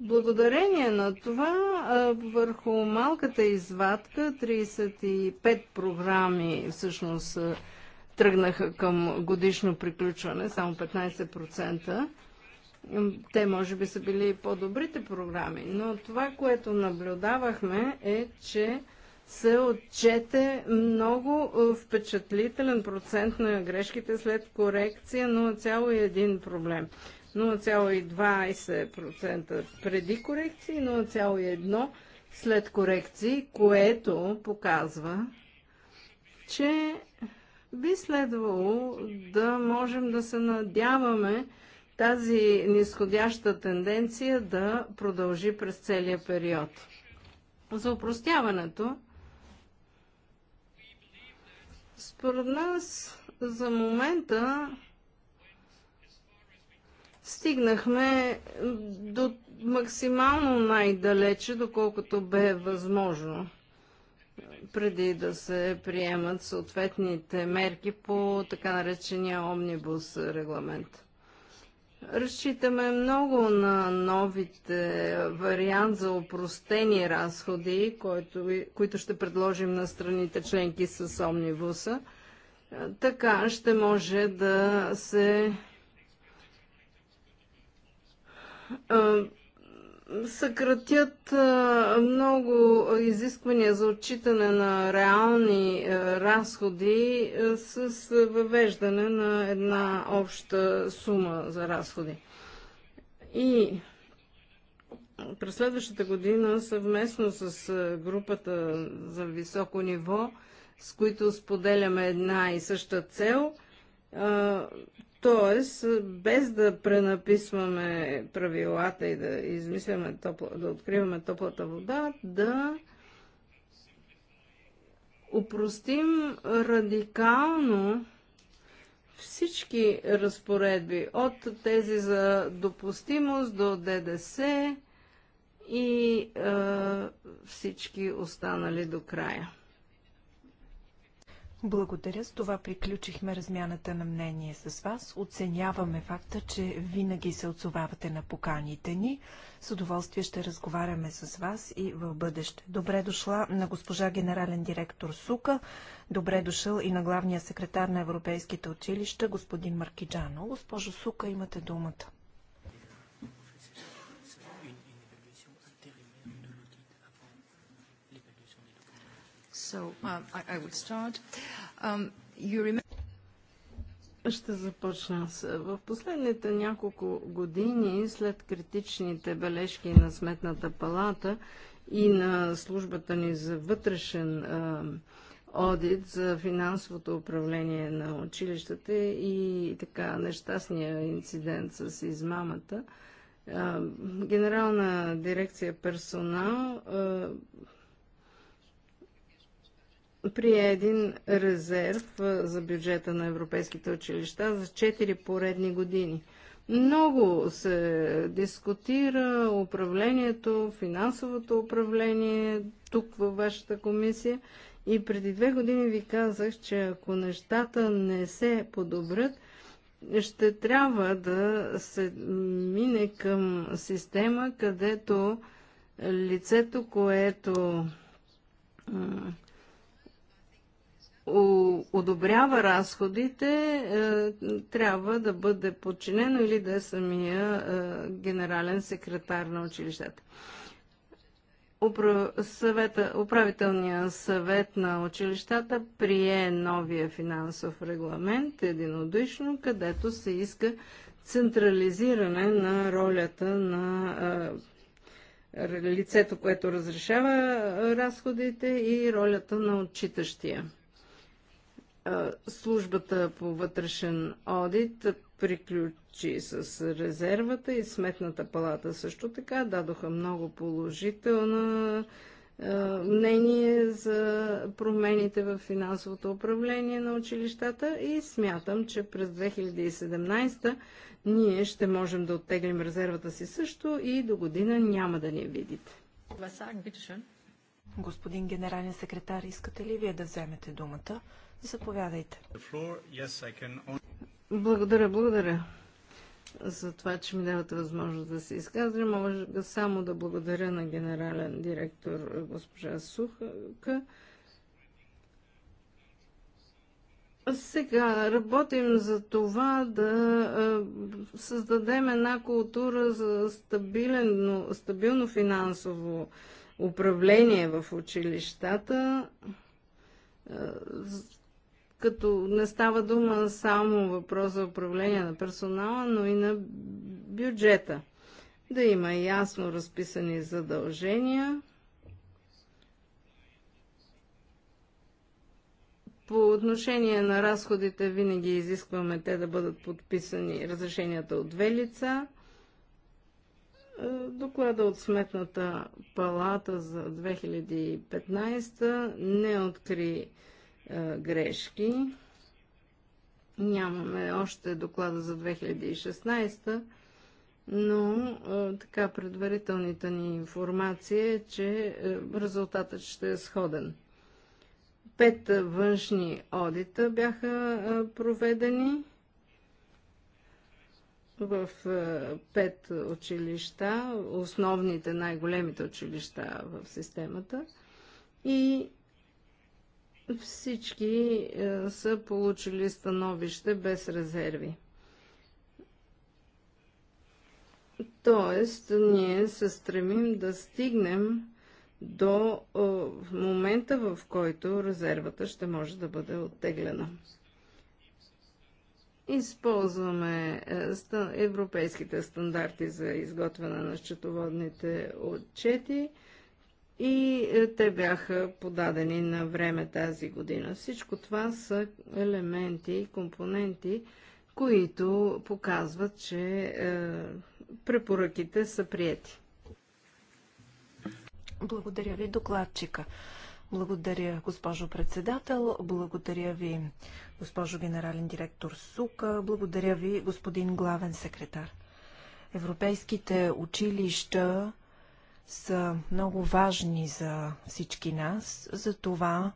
благодарение на това е, върху малката извадка 35 програми всъщност е, тръгнаха към годишно приключване, само 15%. Те може би са били и по-добрите програми, но това, което наблюдавахме е, че се отчете много е, впечатлителен процент на грешките след корекция 0,1 проблем. 0,20% преди корекции, 0,1% след корекции, което показва, че би следвало да можем да се надяваме тази нисходяща тенденция да продължи през целия период. За упростяването, според нас за момента стигнахме до максимално най-далече, доколкото бе възможно, преди да се приемат съответните мерки по така наречения омнибус регламент. Разчитаме много на новите вариант за опростени разходи, който, които ще предложим на страните членки с Омнивуса. Е, така ще може да се е, съкратят много изисквания за отчитане на реални разходи с въвеждане на една обща сума за разходи. И през следващата година съвместно с групата за високо ниво, с които споделяме една и съща цел, Тоест, без да пренаписваме правилата и да измисляме топла, да откриваме топлата вода, да упростим радикално всички разпоредби, от тези за допустимост до ДДС и е, всички останали до края. Благодаря. С това приключихме размяната на мнение с вас. Оценяваме факта, че винаги се отзовавате на поканите ни. С удоволствие ще разговаряме с вас и в бъдеще. Добре дошла на госпожа генерален директор Сука. Добре дошъл и на главния секретар на Европейските училища, господин Маркиджано. Госпожо Сука, имате думата. Um, I, start. Um, you remember... Ще започна с. В последните няколко години, след критичните бележки на Сметната палата и на службата ни за вътрешен а, одит за финансовото управление на училищата и така нещастния инцидент с измамата, а, Генерална дирекция персонал а, прие един резерв за бюджета на европейските училища за 4 поредни години. Много се дискутира управлението, финансовото управление тук във вашата комисия и преди две години ви казах, че ако нещата не се подобрят, ще трябва да се мине към система, където лицето, което одобрява разходите, е, трябва да бъде подчинено или да е самия е, генерален секретар на училищата. Съвета, управителния съвет на училищата прие новия финансов регламент единодушно, където се иска централизиране на ролята на е, лицето, което разрешава разходите и ролята на отчитащия. Службата по вътрешен одит приключи с резервата и Сметната палата също така дадоха много положителна мнение за промените в финансовото управление на училищата и смятам, че през 2017 ние ще можем да оттеглим резервата си също и до година няма да ни видите. Господин генерален секретар, искате ли вие да вземете думата? Заповядайте. Благодаря, благодаря за това, че ми давате възможност да се изказвам. Може да само да благодаря на генерален директор е, госпожа Сухака. Сега работим за това да е, създадем една култура за стабилно, стабилно финансово управление в училищата е, като не става дума само въпрос за управление на персонала, но и на бюджета. Да има ясно разписани задължения. По отношение на разходите винаги изискваме те да бъдат подписани разрешенията от две лица. Е, доклада от Сметната палата за 2015 не откри грешки. Нямаме още доклада за 2016, но така предварителната ни информация е, че резултатът ще е сходен. Пет външни одита бяха проведени в пет училища, основните, най-големите училища в системата. И всички е, са получили становище без резерви. Тоест, ние се стремим да стигнем до е, момента, в който резервата ще може да бъде оттеглена. Използваме е, европейските стандарти за изготвяне на счетоводните отчети – и е, те бяха подадени на време тази година. Всичко това са елементи и компоненти, които показват, че е, препоръките са прияти. Благодаря ви, докладчика. Благодаря, госпожо председател. Благодаря ви, госпожо генерален директор Сука. Благодаря ви, господин главен секретар. Европейските училища са много важни за всички нас, За това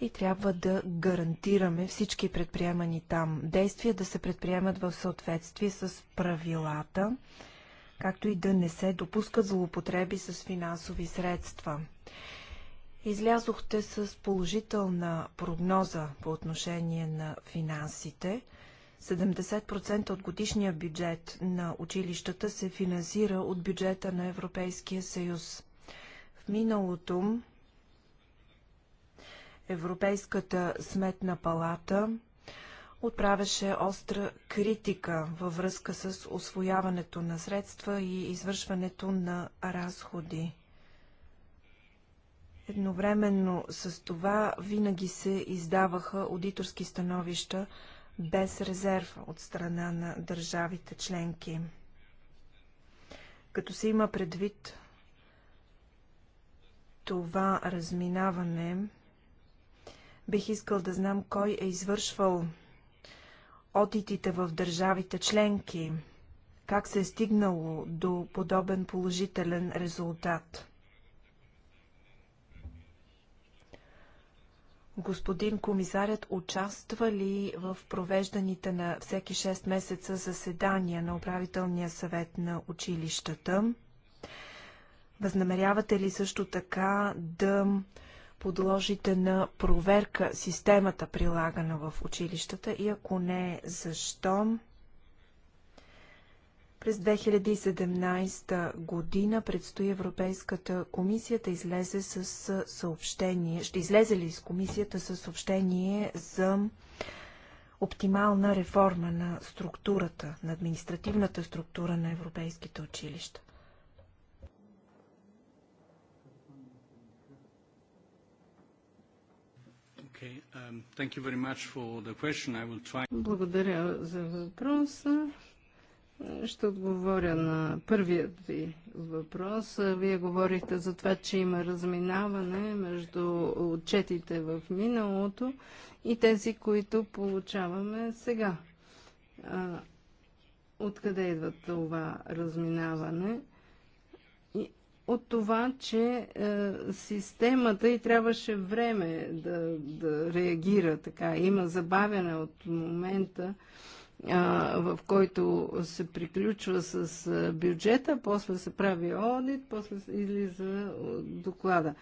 и трябва да гарантираме всички предприемани там действия да се предприемат в съответствие с правилата, както и да не се допускат злоупотреби с финансови средства. Излязохте с положителна прогноза по отношение на финансите – 70% от годишния бюджет на училищата се финансира от бюджета на Европейския съюз. В миналото Европейската сметна палата отправяше остра критика във връзка с освояването на средства и извършването на разходи. Едновременно с това винаги се издаваха аудиторски становища без резерв от страна на държавите членки. Като се има предвид това разминаване, бих искал да знам кой е извършвал одитите в държавите членки, как се е стигнало до подобен положителен резултат. Господин комисарят участва ли в провежданите на всеки 6 месеца заседания на управителния съвет на училищата? Възнамерявате ли също така да подложите на проверка системата прилагана в училищата и ако не, защо? През 2017 година предстои Европейската комисия да излезе с съобщение. Ще излезе ли из комисията с съобщение за оптимална реформа на структурата, на административната структура на европейските училища? Um, Благодаря за въпроса. Ще отговоря на първият ви въпрос. Вие говорихте за това, че има разминаване между отчетите в миналото и тези, които получаваме сега. Откъде идва това разминаване? от това, че е, системата и трябваше време да, да реагира така. Има забавяне от момента, в който се приключва с бюджета, после се прави одит, после излиза доклада.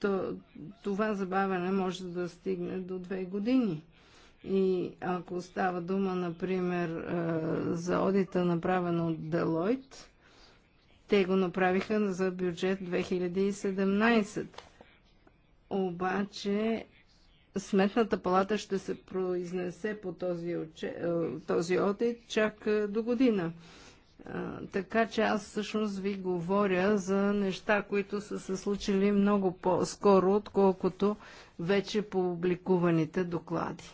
То, това забавяне може да стигне до две години. И ако става дума, например, за одита, направен от Делойт, те го направиха за бюджет 2017. Обаче Сметната палата ще се произнесе по този, е, този одит чак е, до година. Така че аз всъщност ви говоря за неща, които са се случили много по-скоро, отколкото вече публикуваните доклади.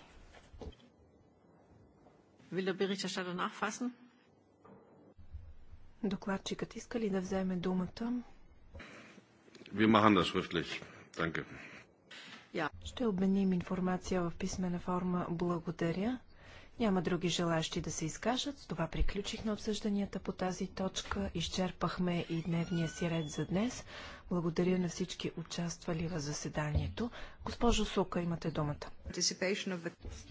Докладчикът иска ли да вземе думата? Wir machen das schriftlich. Danke. Ще обменим информация в писмена форма. Благодаря. Няма други желащи да се изкажат. С това приключихме обсъжданията по тази точка. Изчерпахме и дневния си ред за днес. Благодаря на всички участвали в заседанието. Госпожо Сука, имате думата.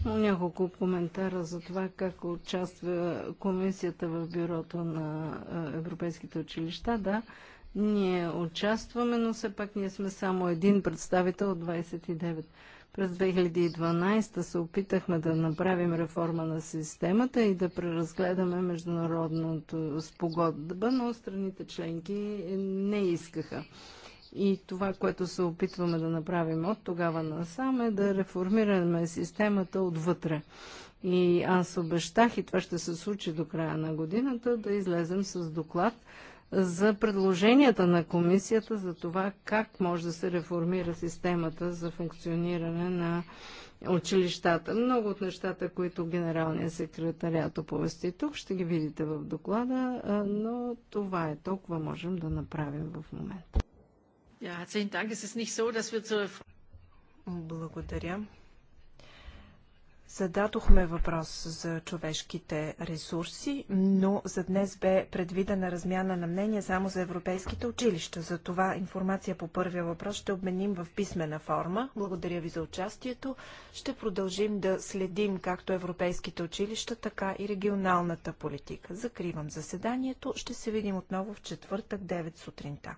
Няколко коментара за това как участва комисията в бюрото на европейските училища. Да, ние участваме, но все пак ние сме само един представител от 29. През 2012 се опитахме да направим реформа на системата и да преразгледаме международното спогодба, но страните членки не искаха. И това, което се опитваме да направим от тогава насам е да реформираме системата отвътре. И аз обещах, и това ще се случи до края на годината, да излезем с доклад за предложенията на комисията за това как може да се реформира системата за функциониране на училищата. Много от нещата, които генералният секретарят оповести тук, ще ги видите в доклада, но това е толкова можем да направим в момента. Благодаря. Зададохме въпрос за човешките ресурси, но за днес бе предвидена размяна на мнение само за европейските училища. За това информация по първия въпрос ще обменим в писмена форма. Благодаря ви за участието. Ще продължим да следим както европейските училища, така и регионалната политика. Закривам заседанието. Ще се видим отново в четвъртък 9 сутринта.